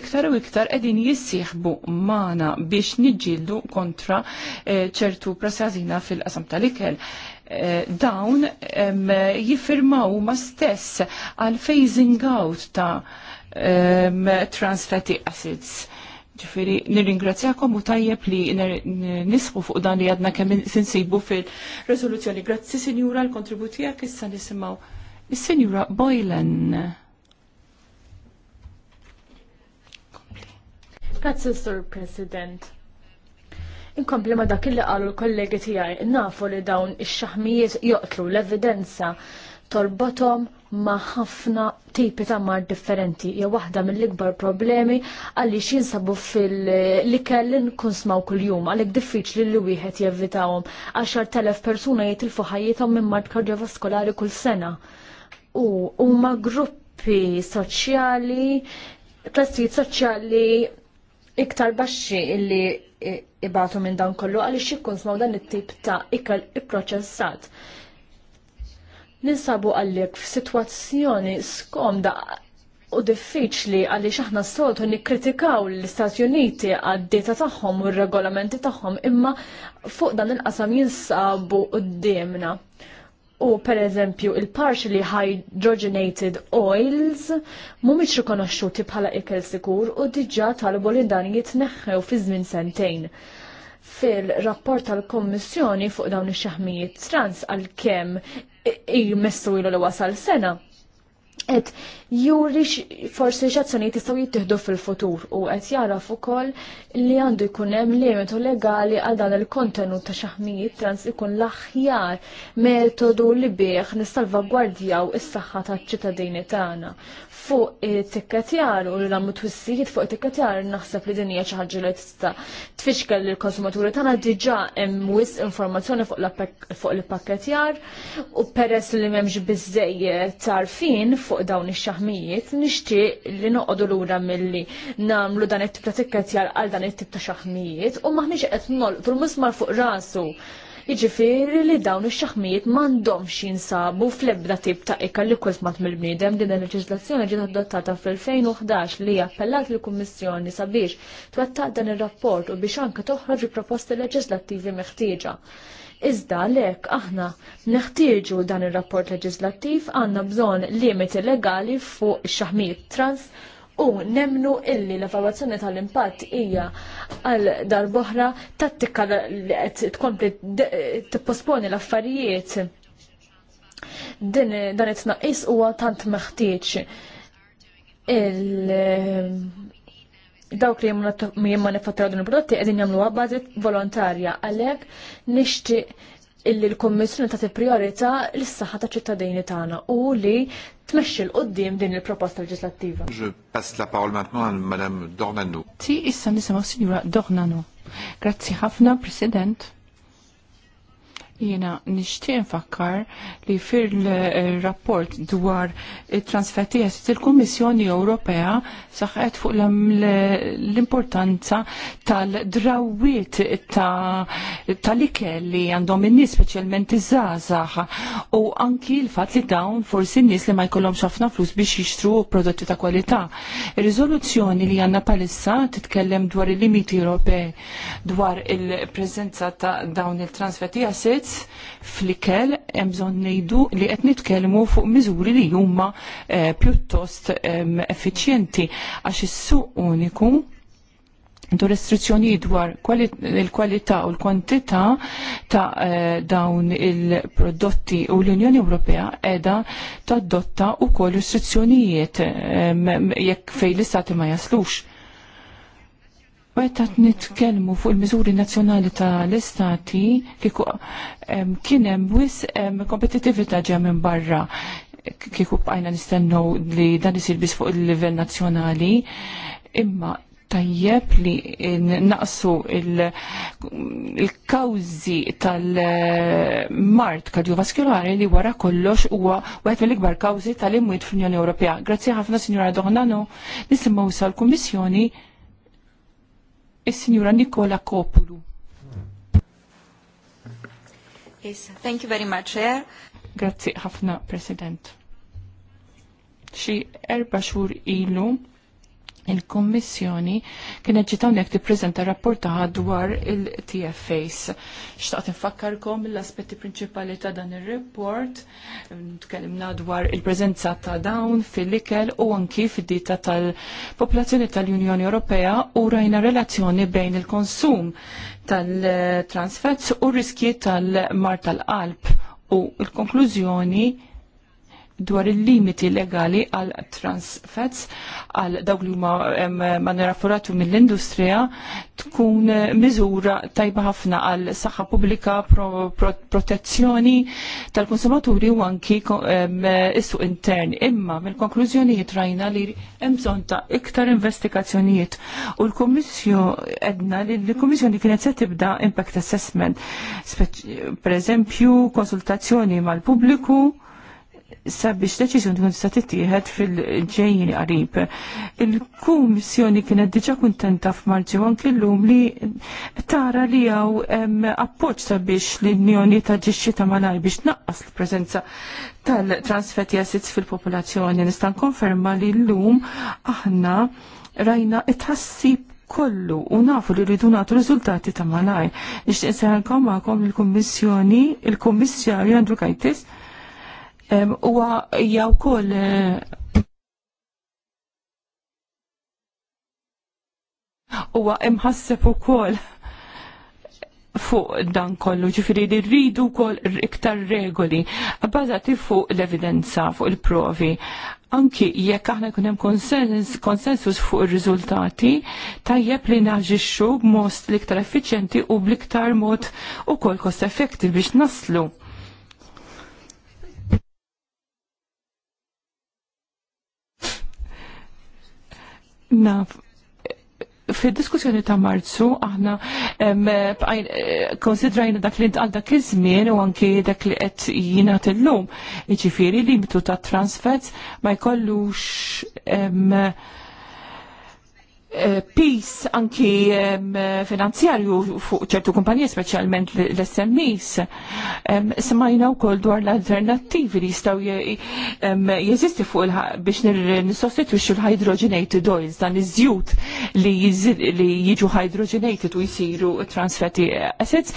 iktar u iktar qegħdin jissieħbu mana biex niġġieldu kontra eh, ċertu prasazina fil-qasam tal-ikel. Eh, dawn jiffirmaw ma stess għal phasing out ta' trans fatty acids Ġifiri, nirringrazzjakom u tajjeb li nisħu fuq dan li għadna kemm sinsibu fil rezoluzjoni Grazzi, Sinjura, l-kontributijak issa nisimaw. Sinjura Boylan. Grazzi, Sir President. Inkompli ma dak li qalu l-kollegi tiegħi nafu li dawn ix-xaħmijiet joqtlu l-evidenza torbotom ma' ħafna tipi ta' mar differenti. Hija waħda mill-ikbar problemi għaliex jinsabu fil li li nkun smaw kuljum għalhekk diffiċli li wieħed għaxar 10,000 persuna jitilfu ħajjithom minn mart kardiovaskolari kull sena. U huma gruppi soċjali, klassi soċjali iktar baxxi illi ibatu minn dan kollu għaliex xikun smaw dan it-tip ta' ikel ipproċessat ninsabu għallek f'sitwazzjoni skomda u diffiċli għaliex aħna s-soltu nikkritikaw l-Istati Uniti għad taħħom tagħhom u r-regolamenti tagħhom imma fuq dan il-qasam jinsabu d-demna. U per eżempju il-partially hydrogenated oils mhumiex rikonoxxuti bħala ikel sikur u diġà talbu li dan jitneħħew fi żmien sentejn fil-rapport tal-Kommissjoni fuq dawn ix-xaħmijiet trans għal kemm jmessu ilu li wasal sena. Et juri forsi xazzjoni jistaw jittihdu fil-futur u qed jaraf ukoll li għandu jkun hemm limitu legali għal dan il-kontenut ta' xaħmijiet trans ikun l-aħjar metodu li bih nissalvagwardjaw is-saħħa taċ-ċittadini tagħna fuq it-tikkatjar u l-għamlu twissijiet fuq it-tikkatjar naħseb li dinija xi ħaġa li tista' tfixkel lill-konsumaturi tagħna diġà hemm wisq informazzjoni fuq l-pakketjar u peress li m'hemmx biżejjed tarfin fuq dawn ix-xaħmijiet nixtieq li noqogħdu lura milli nagħmlu dan it-tip ta' tikkatjar għal dan it-tip ta' xaħmijiet u maħniex qed nolqtu l-musmar fuq rasu jiġifieri li dawn ix-xaħmijiet m'għandhomx jinsabu fl-ebda tip ta' ikka li kultmat mill-bniedem din il leġislazzjoni ġiet adottata fl-2011 li appellat lill kummissjoni sabiex twettaq dan ir-rapport u biex anke toħroġ proposti leġislattivi meħtieġa. Iżda lek aħna neħtieġu dan ir-rapport leġislattiv għandna bżonn limiti legali fuq ix-xaħmijiet trans u nemnu illi l-evalwazzjoni tal-impatt hija għal darboħra tattika li qed tkompli tipposponi l-affarijiet din dan it-tnaqqis huwa tant meħtieġ dawk li jemma din il-prodotti qegħdin jagħmluha bażi volontarja għalhekk nixtieq illi l-Kommissjoni tagħti priorità lis-saħħa ta' ċittadini tagħna u li tmexxi l qoddim din il-proposta leġislattiva. Je passe la parole maintenant à Madame Dornano. Ti issa nisimgħu Signora Dornano. Grazzi ħafna, President. Jiena nixtieq nfakkar li fil-rapport dwar it transfertijas il-Kummissjoni Ewropea saħħet fuq l-importanza tal-drawiet tal-ikel li għandhom il-nis speċjalment iż-żgħażagħ u anki l-fatt li dawn forsi n-nies li ma jkollhomx ħafna flus biex jixtru prodotti ta' kwalità. Ir-riżoluzzjoni li għandna palissa titkellem dwar il-limiti Ewropej dwar il-preżenza ta' dawn il transfertijas prezz fl-ikel hemm bżonn ngħidu li qed nitkellmu fuq miżuri li huma eh, pjuttost effiċjenti għax is-suq uniku għandu restrizzjoni dwar il-kwalità u l-kwantità ta' eh, dawn il-prodotti u l-Unjoni Ewropea edha tadotta u kol restrizzjonijiet jekk fej l-istati ma jaslux Wetat nitkelmu fuq il-mizuri nazjonali ta' l-istati kiku kienem wis kompetitivita ġem minn barra kiku bqajna nistennu li dan isir bis fuq il-livell nazjonali imma tajjeb li naqsu il-kawzi il kawzi tal mart kardiovaskulari li wara kollox huwa wieħed mill-ikbar kawzi tal-imwiet fl-Unjoni Ewropea. Grazzi ħafna, Sinjora Doħnano, nisimgħu sal-Kummissjoni is-Sinjura Nikola Kopulu. Yes, thank you very much, Chair. Grazie ħafna, President. Xi erba' xhur ilu il-Kommissjoni kienet ġiet hawnhekk tippreżenta rapport dwar il-TFAs. Xtaqt infakkarkom l-aspetti prinċipali ta' dan ir-report, tkellimna dwar il prezenza ta' dawn fil-ikel u anki fil dita tal-popolazzjoni tal-Unjoni Ewropea u rajna relazzjoni bejn il-konsum tal transfets u riski tal-mar tal-qalb u l-konklużjoni dwar il-limiti legali għal transfets għal dawk li huma manufatturati mill-industrija tkun miżura tajba ħafna għal saħħa pubblika pro, pro, protezzjoni tal-konsumaturi u anki issu intern. Imma mill-konklużjonijiet rajna li hemm bżonn ta' iktar investigazzjonijiet u l-Kummissjoni edna li l-Kummissjoni kienet se tibda impact assessment, per eżempju konsultazzjoni mal-pubbliku sabiex deċiżjoni tkun tista' tittieħed fil-ġejjin qarib. Il-Kummissjoni kienet diġà kuntenta f'Marġu anke llum li tara li hawn appoġġ sabiex l-Unjoni ġixxi ta' malaj biex naqqas l-preżenza tal-transfetti acids fil-popolazzjoni. Nista' nkonferma li llum aħna rajna it-ħassib kollu u nafu li rridu nagħtu riżultati ta' malaj. Nixtieq seħalkom magħkom il-Kummissjoni, il kummissjarju Andrew Kajtis, huwa kol wkoll eh, huwa imħasseb kol fuq dan kollu, ġifiri li rridu kol iktar regoli, bazati fuq l-evidenza, fuq il-provi. Anki jekk aħna jkun hemm konsens, konsensus fuq ir-riżultati, tajjeb li naġixxu b'mod l-iktar effiċjenti u bl-iktar mod ukoll kost effettiv biex naslu naf fil-diskussjoni ta' marzu aħna eh, konsidrajna dak li għal dak iż-żmien u anki dak li qed jiena illum. Jiġifieri limitu ta' transfers ma jkollux Eh, pis anki finanzjarju fuq ċertu kumpanija speċjalment l-SMEs. u wkoll dwar l-alternattivi li jistgħu jeżisti fuq biex nissostitwixxu l-hydrogenated oils dan iż-żjud li jiġu hydrogenated u jsiru transfetti assets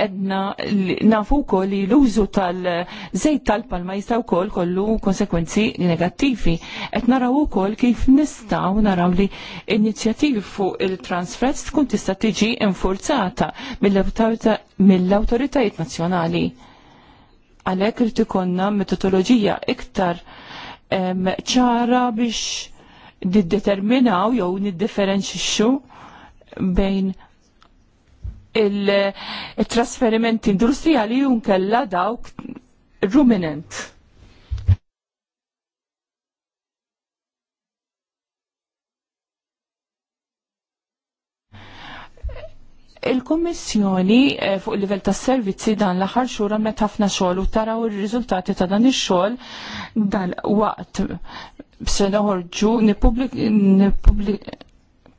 edna nafu wkoll li l-użu tal-żejt tal-palma jistaw wkoll kollu konsekwenzi negattivi. Qed naraw ukoll kif nistgħu naraw li inizjattivi fuq il-transfers tkun tista' tiġi infurzata mill-awtoritajiet nazzjonali. Għalhekk irid ikollna metodoloġija iktar ċara biex niddeterminaw jew niddifferenxixxu bejn il-trasferimenti industrijali u nkella dawk ruminant Il-Kommissjoni eh, fuq il-livell ta' servizzi dan l-aħħar xura għamlet ħafna xogħol u taraw ir-riżultati ta' dan ix-xogħol dal-waqt se noħorġu nipubblik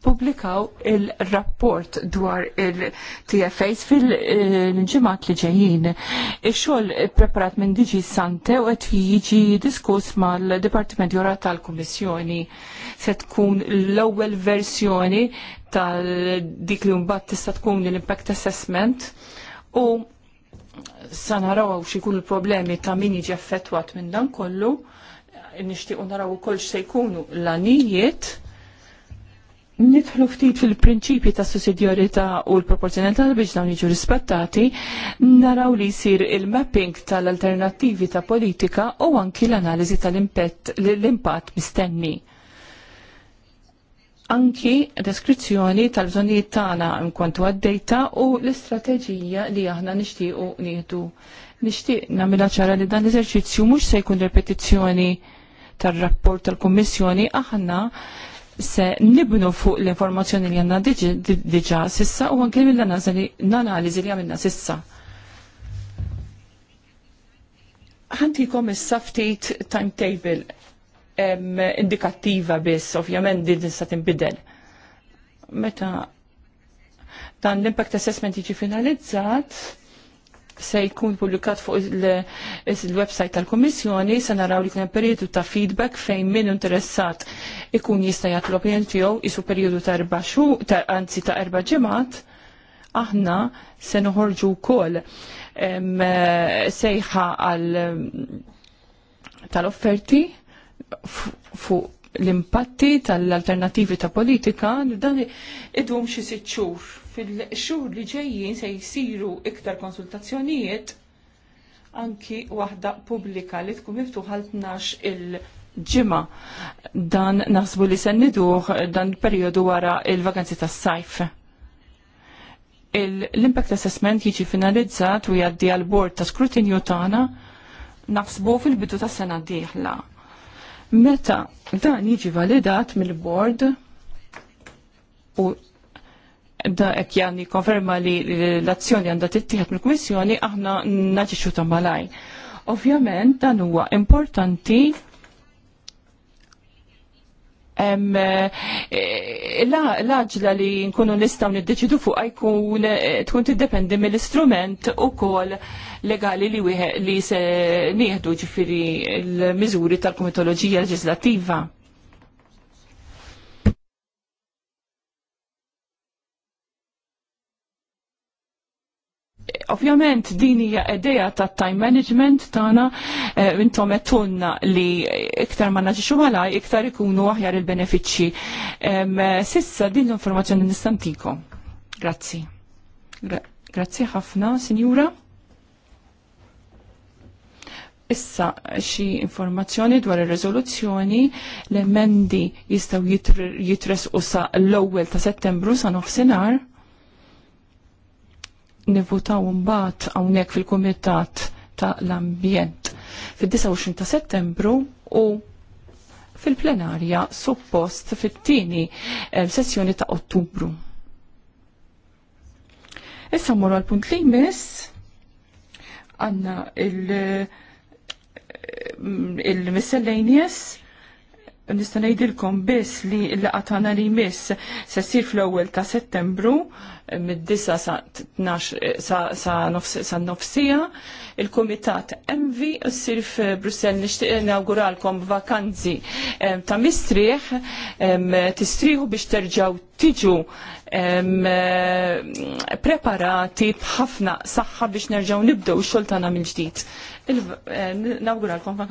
publikaw il-rapport dwar il-TFAs fil-ġimat li ġejjin. Ix-xogħol preparat minn Diġi Sante u qed jiġi diskuss mal-Dipartiment Jura tal-Kummissjoni se tkun l-ewwel versjoni tal-dik li mbagħad tista' tkun l-impact assessment u sa naraw xi l problemi ta' min jiġi effettwat minn dan kollu nishtiqu naraw ukoll x'se jkunu l-anijiet nidħlu ftit fil-prinċipji ta' sussidjorità u l-proporzjonalità biex dawn jiġu rispettati, naraw li jsir il-mapping tal-alternattivi ta' politika u anki l-analiżi tal-impatt mistenni. Anki deskrizzjoni tal-bżonijiet tagħna inkwantu għaddejta u l-istrateġija li aħna nixtiequ nieħdu. Nixtieq nagħmilha ċara li dan l-eżerċizzju mhux se jkun repetizzjoni tar-rapport tal-Kummissjoni aħna se nibnu fuq l-informazzjoni li għanna diġa sissa u għanke mill-analizi li għamilna sissa. Għantikom is-saftit timetable indikattiva biss, ovvjament din nista' tinbidel. Meta dan l-impact assessment jiġi finalizzat, se jkun publikat fuq il-website tal-Komissjoni se naraw li kien periodu ta' feedback fejn min interessat ikun jista' jagħti l-opinjoni tiegħu isu periodu ta' erba' xhur, anzi ta' erba' ġimgħat, aħna se noħorġu wkoll sejħa għal tal-offerti fuq l-impatti tal-alternativi ta' politika dan idum xi sitt xhur fil-xhur li ġejjin se jsiru iktar konsultazzjonijiet anki waħda pubblika li tkun miftuħa l il-ġimgħa. Dan naħsbu li se niduh dan il-perjodu wara il-vakanzi tas-sajf. L-impact assessment jiġi finalizzat u jaddi għal bord ta' skrutinju tagħna naħsbu fil-bidu tas sena d-dieħla. Meta dan jiġi validat mill-bord u da ek jani konferma li l-azzjoni għandha tittieħed mill-Kummissjoni aħna naġixxu ta' malaj. Ovvjament dan huwa importanti eh, l aġla li nkunu nistaw niddeċidu fuq jkun eh, tkun tiddependi mill-istrument u kol legali li, li se nieħdu ġifiri l-miżuri tal-komitoloġija leġislativa. Ovvjament din hija idea ta' time management tagħna eh, intom qed li iktar ma naġixu malaj iktar ikunu aħjar il-benefiċċji. Sissa din l-informazzjoni nistantikom. Grazzi. Grazzi ħafna, Sinjura. Issa xi informazzjoni dwar ir-riżoluzzjoni l-emendi jistgħu jitresqu sa l-ewwel ta' Settembru sa nofsinhar nivutaw mbagħad hawnhekk fil-Kumitat ta' l-Ambjent fid-29 ta' Settembru u fil-plenarja suppost fit-tieni eh, sessjoni ta' Ottubru. Issa mmorru għal punt li jmiss għandna il- eh, il nista' ngħidilkom biss li l-laqa tagħna li jmiss se ssir fl-ewwel ta' Settembru mid-9 sa sa nofsija il-Kumitat Envi ssir f'Brussell nixtieq inawguralkom vakanzi ta' mistrieħ tistrieħu biex terġgħu tiġu preparati b'ħafna saħħa biex nerġgħu nibdew ix-xogħol tagħna mill-ġdid. Eh, nawguralkom vakanzi.